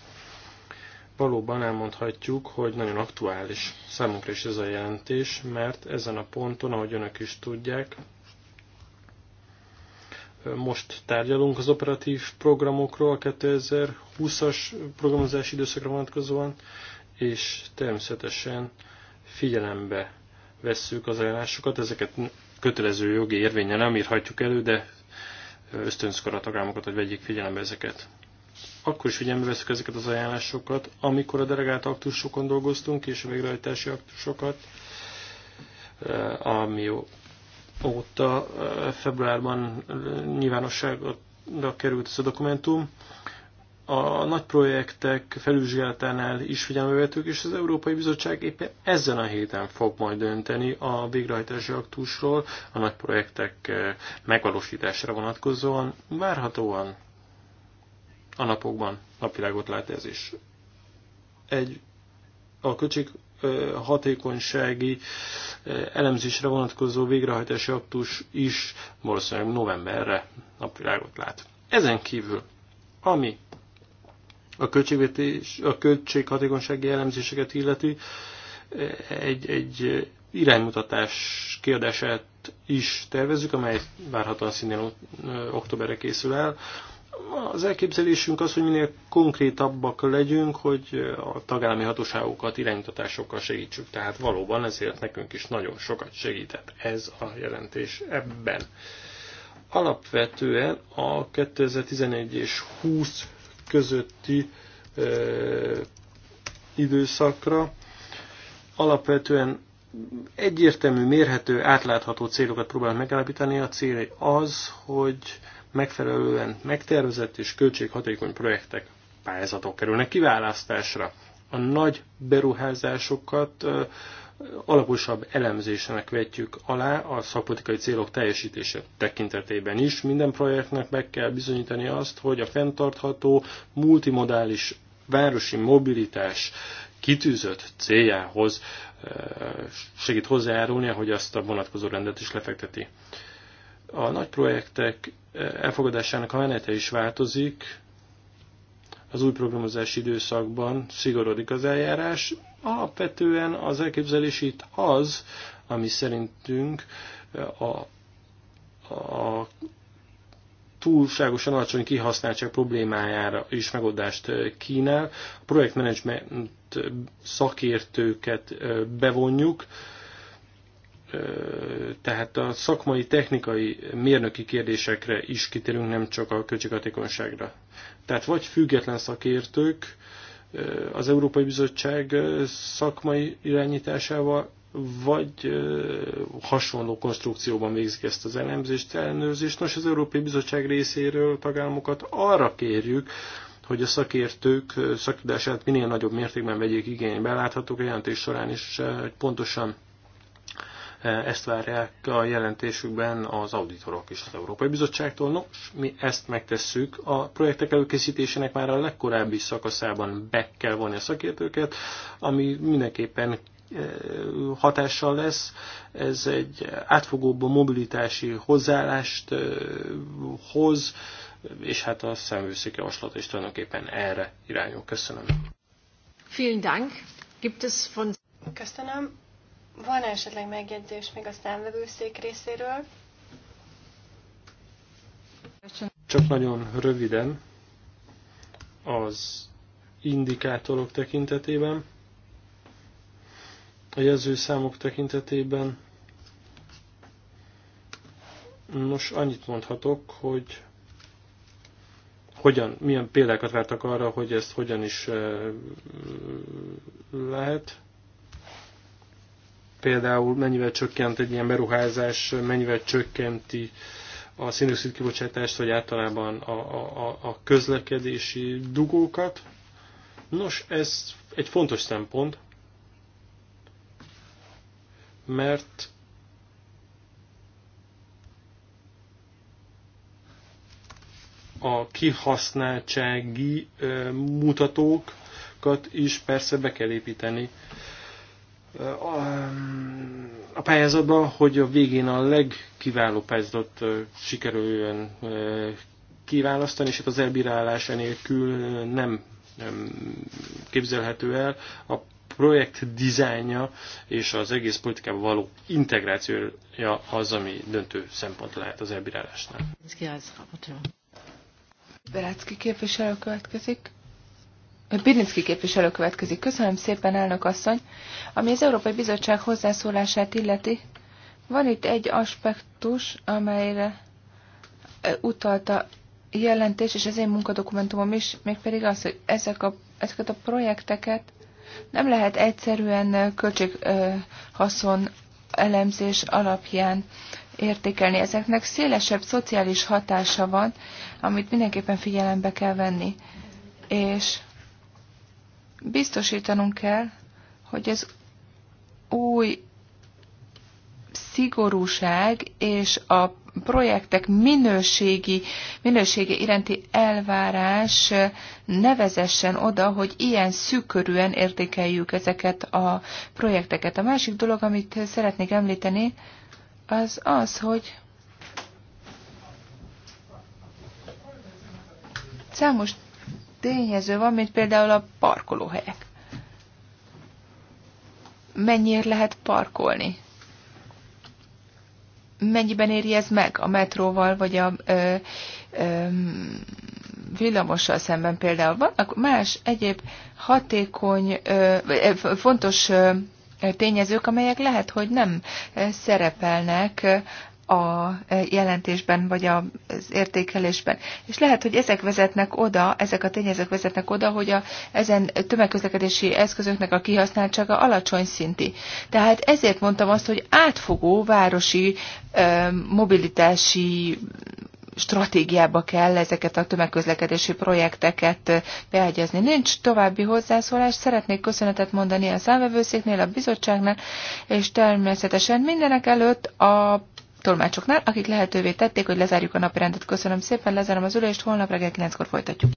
Valóban elmondhatjuk, hogy nagyon aktuális számunkra is ez a jelentés, mert ezen a ponton, ahogy önök is tudják, most tárgyalunk az operatív programokról a 2020-as programozási időszakra vonatkozóan, és természetesen figyelembe vesszük az ajánlásokat, ezeket kötelező jogi érvényen nem írhatjuk elő, de ösztönzük a tagállamokat, hogy vegyék figyelembe ezeket. Akkor is figyelembe veszük ezeket az ajánlásokat, amikor a delegált aktusokon dolgoztunk, és a végrehajtási aktusokat, eh, ami óta februárban nyilvánosságra került ez a dokumentum. A nagy projektek felülvizsgálatánál is figyelme vettük, és az Európai Bizottság éppen ezen a héten fog majd dönteni a végrehajtási aktusról, a nagy projektek megvalósításra vonatkozóan, várhatóan a napokban napvilágot lát ez is. Egy a költség hatékonysági elemzésre vonatkozó végrehajtási aktus is valószínűleg novemberre napvilágot lát. Ezen kívül, ami a, költségvetés, a költséghatékonysági elemzéseket illeti, egy, egy iránymutatás kérdését is tervezzük, amely várhatóan szintén októberre készül el. Az elképzelésünk az, hogy minél konkrétabbak legyünk, hogy a tagállami hatóságokat irányítatásokkal segítsük. Tehát valóban ezért nekünk is nagyon sokat segített ez a jelentés ebben. Alapvetően a 2011 és 20 közötti ö, időszakra alapvetően egyértelmű, mérhető, átlátható célokat próbál megállapítani. A cél az, hogy megfelelően megtervezett és költséghatékony projektek, pályázatok kerülnek kiválasztásra. A nagy beruházásokat alaposabb elemzésenek vetjük alá a szakpolitikai célok teljesítése tekintetében is. Minden projektnek meg kell bizonyítani azt, hogy a fenntartható multimodális városi mobilitás kitűzött céljához segít hozzájárulni, hogy azt a vonatkozó rendet is lefekteti. A nagy projektek eh, elfogadásának menete is változik, az új programozási időszakban szigorodik az eljárás. Alapvetően az elképzelés itt az, ami szerintünk eh, a, a túlságosan alacsony kihasználtság problémájára is megoldást eh, kínál. A projektmenedzsment szakértőket bevonjuk, tehát a szakmai, technikai, mérnöki kérdésekre is kitérünk, nem csak a költséghatékonyságra. Tehát vagy független szakértők az Európai Bizottság szakmai irányításával, vagy hasonló konstrukcióban végzik ezt az elemzést, ellenőrzést. Nos, az Európai Bizottság részéről tagállamokat arra kérjük, hogy a szakértők szakudását minél nagyobb mértékben vegyék igénybe. Láthatók a jelentés során is, hogy pontosan ezt várják a jelentésükben az auditorok is az Európai Bizottságtól. Nos, mi ezt megtesszük. A projektek előkészítésének már a legkorábbi szakaszában be kell vonni a szakértőket, ami mindenképpen eh, hatással lesz. Ez egy átfogóbb mobilitási hozzáállást eh, hoz, és hát a szemvőszik javaslat is tulajdonképpen erre irányul. Köszönöm. Vielen Dank. Gibt es von... Köszönöm. Van -e esetleg megjegyzés még a számvevőszék részéről? Csak nagyon röviden az indikátorok tekintetében, a jelzőszámok tekintetében. Nos, annyit mondhatok, hogy hogyan, milyen példákat vártak arra, hogy ezt hogyan is eh, lehet például mennyivel csökkent egy ilyen beruházás, mennyivel csökkenti a széndiokszid kibocsátást, vagy általában a, a, a közlekedési dugókat. Nos, ez egy fontos szempont, mert a kihasználtsági mutatókat is persze be kell építeni a pályázatban, hogy a végén a legkiváló pályázatot sikerüljön kiválasztani, és hát az elbírálás enélkül nem, nem képzelhető el. A projekt dizájnja és az egész politikában való integrációja az, ami döntő szempont lehet az elbírálásnál. Berecki képviselő következik. Birnicki képviselő következik. Köszönöm szépen, elnök asszony. Ami az Európai Bizottság hozzászólását illeti, van itt egy aspektus, amelyre e, utalta jelentés, és ez én munkadokumentumom is, mégpedig az, hogy ezek a, ezeket a projekteket nem lehet egyszerűen e, költséghaszon e, elemzés alapján értékelni. Ezeknek szélesebb szociális hatása van, amit mindenképpen figyelembe kell venni. És Biztosítanunk kell, hogy az új szigorúság és a projektek minőségi, minősége iránti elvárás nevezessen oda, hogy ilyen szűkörűen értékeljük ezeket a projekteket. A másik dolog, amit szeretnék említeni, az az, hogy számos tényező van, mint például a parkolóhelyek. Mennyiért lehet parkolni? Mennyiben éri ez meg a metróval, vagy a ö, ö, villamossal szemben például? Vannak más egyéb hatékony, ö, fontos ö, tényezők, amelyek lehet, hogy nem szerepelnek a jelentésben vagy az értékelésben. És lehet, hogy ezek vezetnek oda, ezek a tényezők vezetnek oda, hogy a, ezen tömegközlekedési eszközöknek a kihasználtsága alacsony szinti. Tehát ezért mondtam azt, hogy átfogó városi mobilitási stratégiába kell ezeket a tömegközlekedési projekteket beágyazni. Nincs további hozzászólás, szeretnék köszönetet mondani a számvevőszéknél, a bizottságnál, és természetesen mindenek előtt a tolmácsoknál, akik lehetővé tették, hogy lezárjuk a napi rendet. Köszönöm szépen, lezárom az ülést, holnap reggel 9-kor folytatjuk.